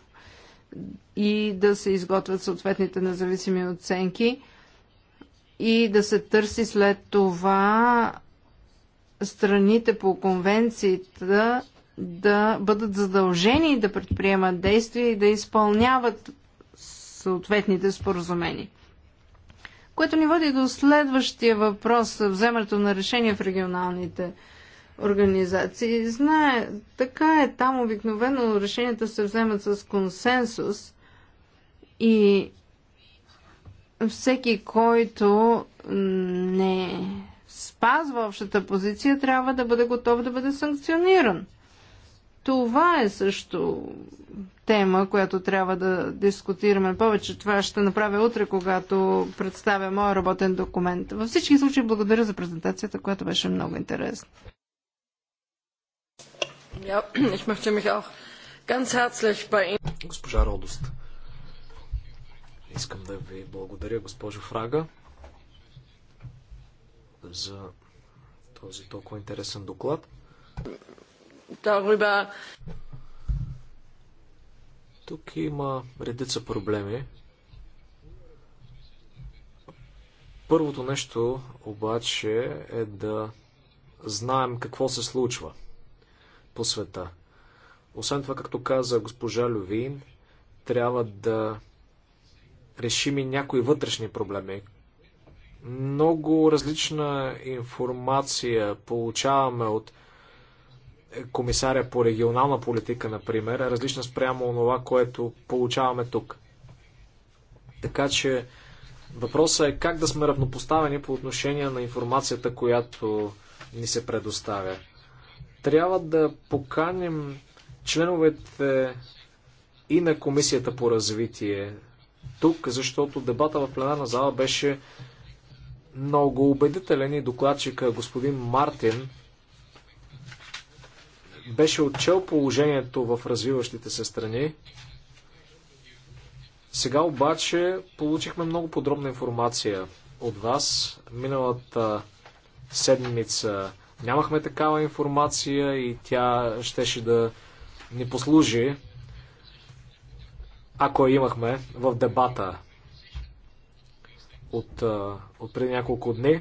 и да се изготвят съответните независими оценки и да се търси след това страните по конвенцията да бъдат задължени да предприемат действия и да изпълняват съответните споразумения. Което ни води до следващия въпрос, вземането на решение в регионалните организации. Знае, така е, там обикновено решенията се вземат с консенсус и всеки, който не спазва общата позиция, трябва да бъде готов да бъде санкциониран. Това е също тема, която трябва да дискутираме повече. Това ще направя утре, когато представя моя работен документ. Във всички случаи благодаря за презентацията, която беше много интересна. Госпожа Родост, искам да ви благодаря, госпожо Фрага, за този толкова интересен доклад darüber. Тук има редица проблеми. Първото нещо обаче е да знаем какво се случва по света. Освен това, както каза госпожа Лювин, трябва да решим и някои вътрешни проблеми. Много различна информация получаваме от комисаря по регионална политика, например, е различна спрямо това, което получаваме тук. Така че въпросът е как да сме равнопоставени по отношение на информацията, която ни се предоставя. Трябва да поканим членовете и на Комисията по развитие тук, защото дебата в пленарна зала беше много убедителен и докладчика господин Мартин беше отчел положението в развиващите се страни. Сега обаче получихме много подробна информация от вас. Миналата седмица нямахме такава информация и тя щеше да ни послужи, ако я имахме в дебата от, от преди няколко дни.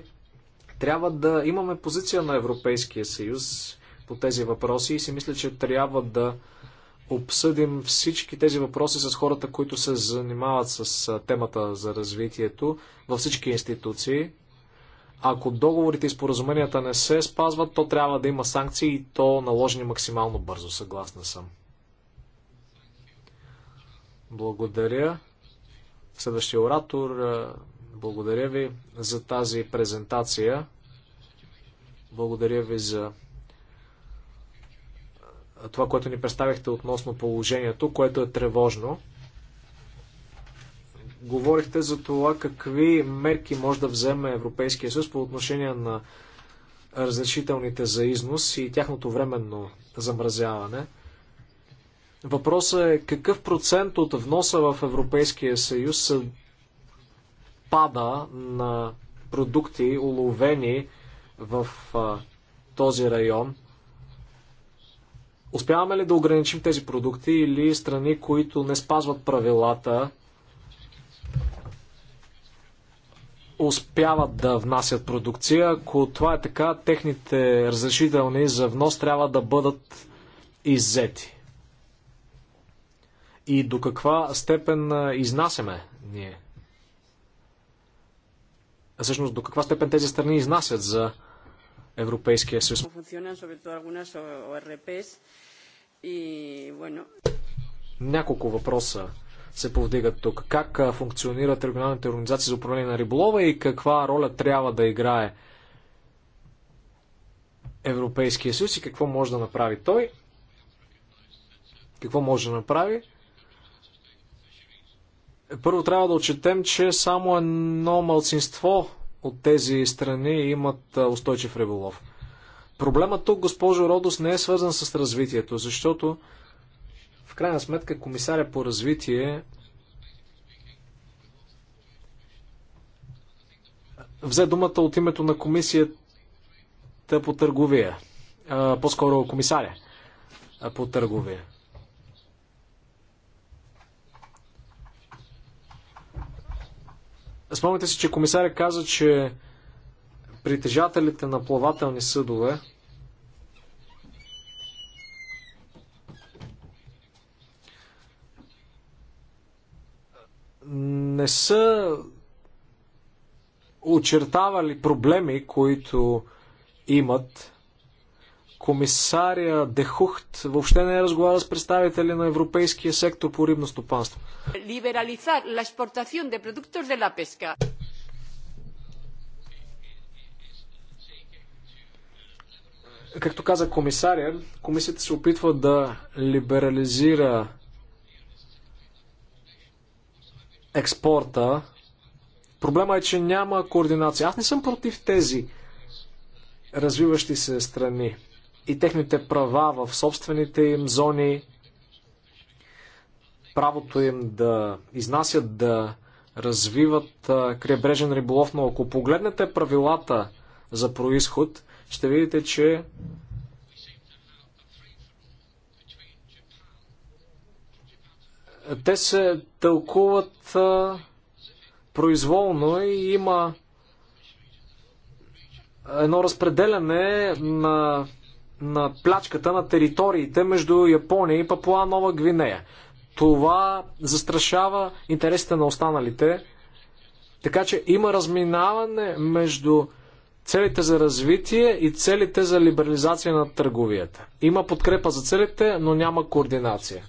Трябва да имаме позиция на Европейския съюз по тези въпроси и си мисля, че трябва да обсъдим всички тези въпроси с хората, които се занимават с темата за развитието във всички институции. Ако договорите и споразуменията не се спазват, то трябва да има санкции и то наложени максимално бързо, съгласна съм. Благодаря. Следващия оратор, благодаря ви за тази презентация. Благодаря ви за това, което ни представихте относно положението, което е тревожно. Говорихте за това какви мерки може да вземе Европейския съюз по отношение на разрешителните за износ и тяхното временно замразяване. Въпросът е какъв процент от вноса в Европейския съюз пада на продукти, уловени в а, този район. Успяваме ли да ограничим тези продукти или страни, които не спазват правилата, успяват да внасят продукция? Ако това е така, техните разрешителни за внос трябва да бъдат иззети. И до каква степен изнасяме ние? Всъщност, до каква степен тези страни изнасят за Европейския съюз. Няколко въпроса се повдигат тук. Как функционират регионалните организации за управление на риболова и каква роля трябва да играе Европейския съюз и какво може да направи той? Какво може да направи? Първо трябва да отчетем, че само едно малцинство от тези страни имат устойчив риболов. Проблемът тук, госпожо Родос, не е свързан с развитието, защото в крайна сметка комисаря по развитие взе думата от името на комисията по търговия. По-скоро комисаря по търговия. Спомняте си, че комисаря каза, че притежателите на плавателни съдове не са очертавали проблеми, които имат комисаря Дехухт въобще не е разговарял с представители на европейския сектор по рибно стопанство. Либерализар Както каза комисаря, комисията се опитва да либерализира експорта. Проблема е, че няма координация. Аз не съм против тези развиващи се страни и техните права в собствените им зони, правото им да изнасят, да развиват крайбрежен риболов, но ако погледнете правилата за происход, ще видите, че те се тълкуват произволно и има едно разпределяне на на плячката на териториите между Япония и Папуа Нова Гвинея. Това застрашава интересите на останалите. Така че има разминаване между целите за развитие и целите за либерализация на търговията. Има подкрепа за целите, но няма координация.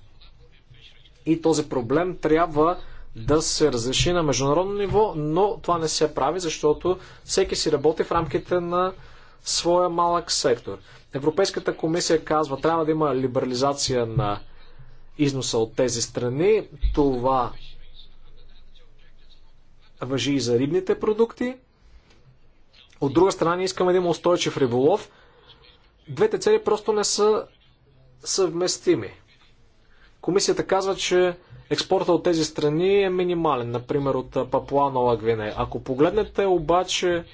И този проблем трябва да се разреши на международно ниво, но това не се прави, защото всеки си работи в рамките на своя малък сектор. Европейската комисия казва, трябва да има либерализация на износа от тези страни. Това въжи и за рибните продукти. От друга страна, ние искаме да има устойчив риболов. Двете цели просто не са съвместими. Комисията казва, че експорта от тези страни е минимален, например от Папуа Нова Гвинея. Ако погледнете обаче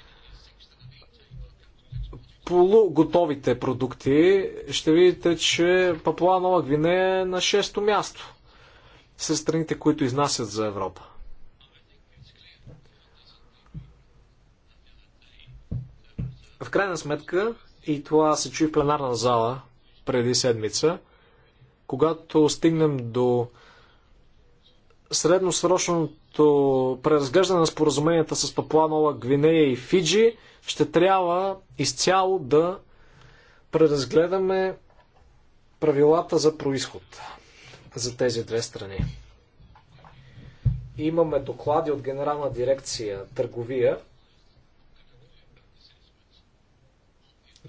полуготовите продукти, ще видите, че Папуа Нова Гвинея е на 6-то място с страните, които изнасят за Европа. В крайна сметка, и това се чуи в пленарна зала преди седмица, когато стигнем до средносрочното преразглеждане на споразуменията с Папуа Нова Гвинея и Фиджи ще трябва изцяло да преразгледаме правилата за происход за тези две страни. Имаме доклади от Генерална дирекция търговия.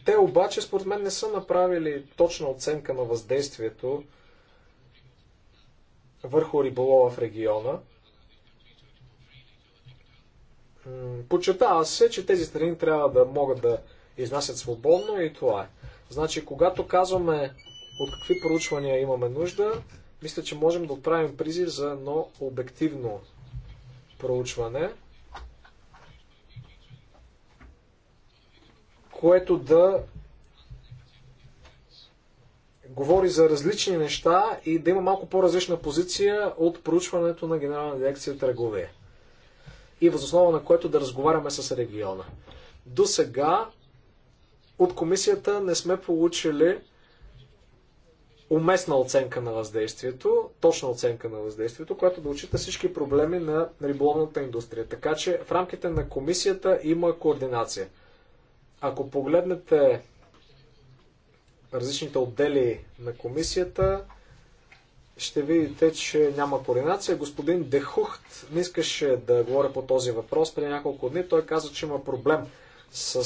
Те обаче, според мен, не са направили точна оценка на въздействието върху риболова в региона. подчертава се, че тези страни трябва да могат да изнасят свободно и това е. Значи, когато казваме от какви проучвания имаме нужда, мисля, че можем да отправим призив за едно обективно проучване, което да говори за различни неща и да има малко по-различна позиция от проучването на Генерална дирекция търговия. И възоснова на което да разговаряме с региона. До сега от комисията не сме получили уместна оценка на въздействието, точна оценка на въздействието, която да отчита всички проблеми на риболовната индустрия. Така че в рамките на комисията има координация. Ако погледнете различните отдели на комисията, ще видите, че няма координация. Господин Дехухт не искаше да говоря по този въпрос преди няколко дни. Той каза, че има проблем с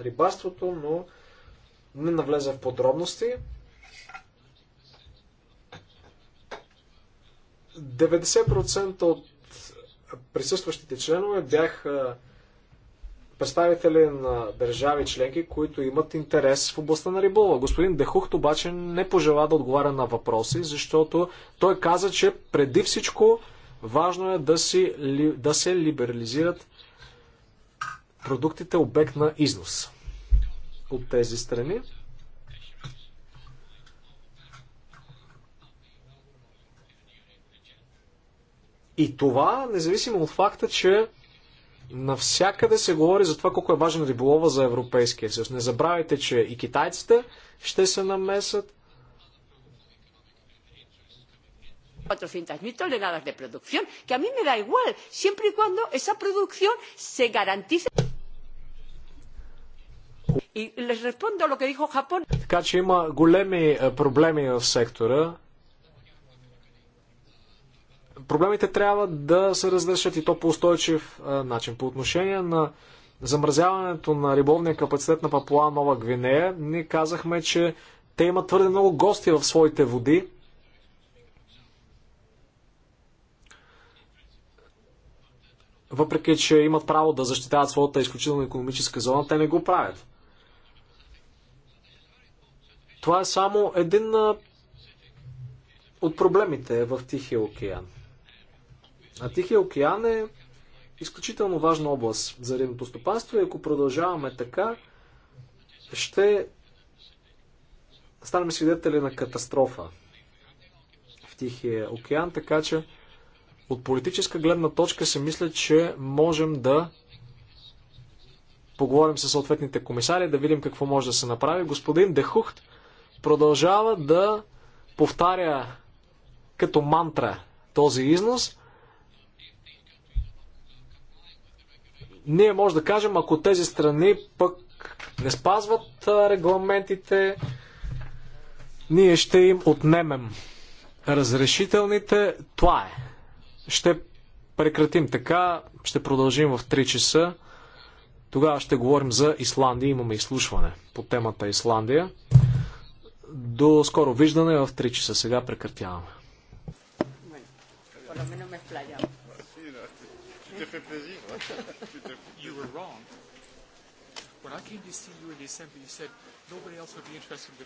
рибарството, но не навлезе в подробности. 90% от присъстващите членове бяха представители на държави членки, които имат интерес в областта на риболова. Господин Дехухт обаче не пожела да отговаря на въпроси, защото той каза, че преди всичко важно е да, си, да се либерализират продуктите обект на износ от тези страни. И това, независимо от факта, че Навсякъде се говори за това колко е важен риболова за Европейския съюз. Не забравяйте, че и китайците ще се намесат. Така че има големи е, проблеми в сектора проблемите трябва да се разрешат и то по устойчив начин. По отношение на замразяването на рибовния капацитет на Папуа Нова Гвинея, ние казахме, че те имат твърде много гости в своите води. Въпреки, че имат право да защитават своята изключително економическа зона, те не го правят. Това е само един от проблемите в Тихия океан. А Тихия океан е изключително важна област за рибното стопанство и ако продължаваме така, ще станем свидетели на катастрофа в Тихия океан, така че от политическа гледна точка се мисля, че можем да поговорим с съответните комисари, да видим какво може да се направи. Господин Дехухт продължава да повтаря като мантра този износ – ние може да кажем, ако тези страни пък не спазват регламентите, ние ще им отнемем разрешителните. Това е. Ще прекратим така, ще продължим в 3 часа. Тогава ще говорим за Исландия. Имаме изслушване по темата Исландия. До скоро виждане в 3 часа. Сега прекратяваме t'es fait plaisir. You were wrong. When I came to see you in December, you said nobody else would be interested in the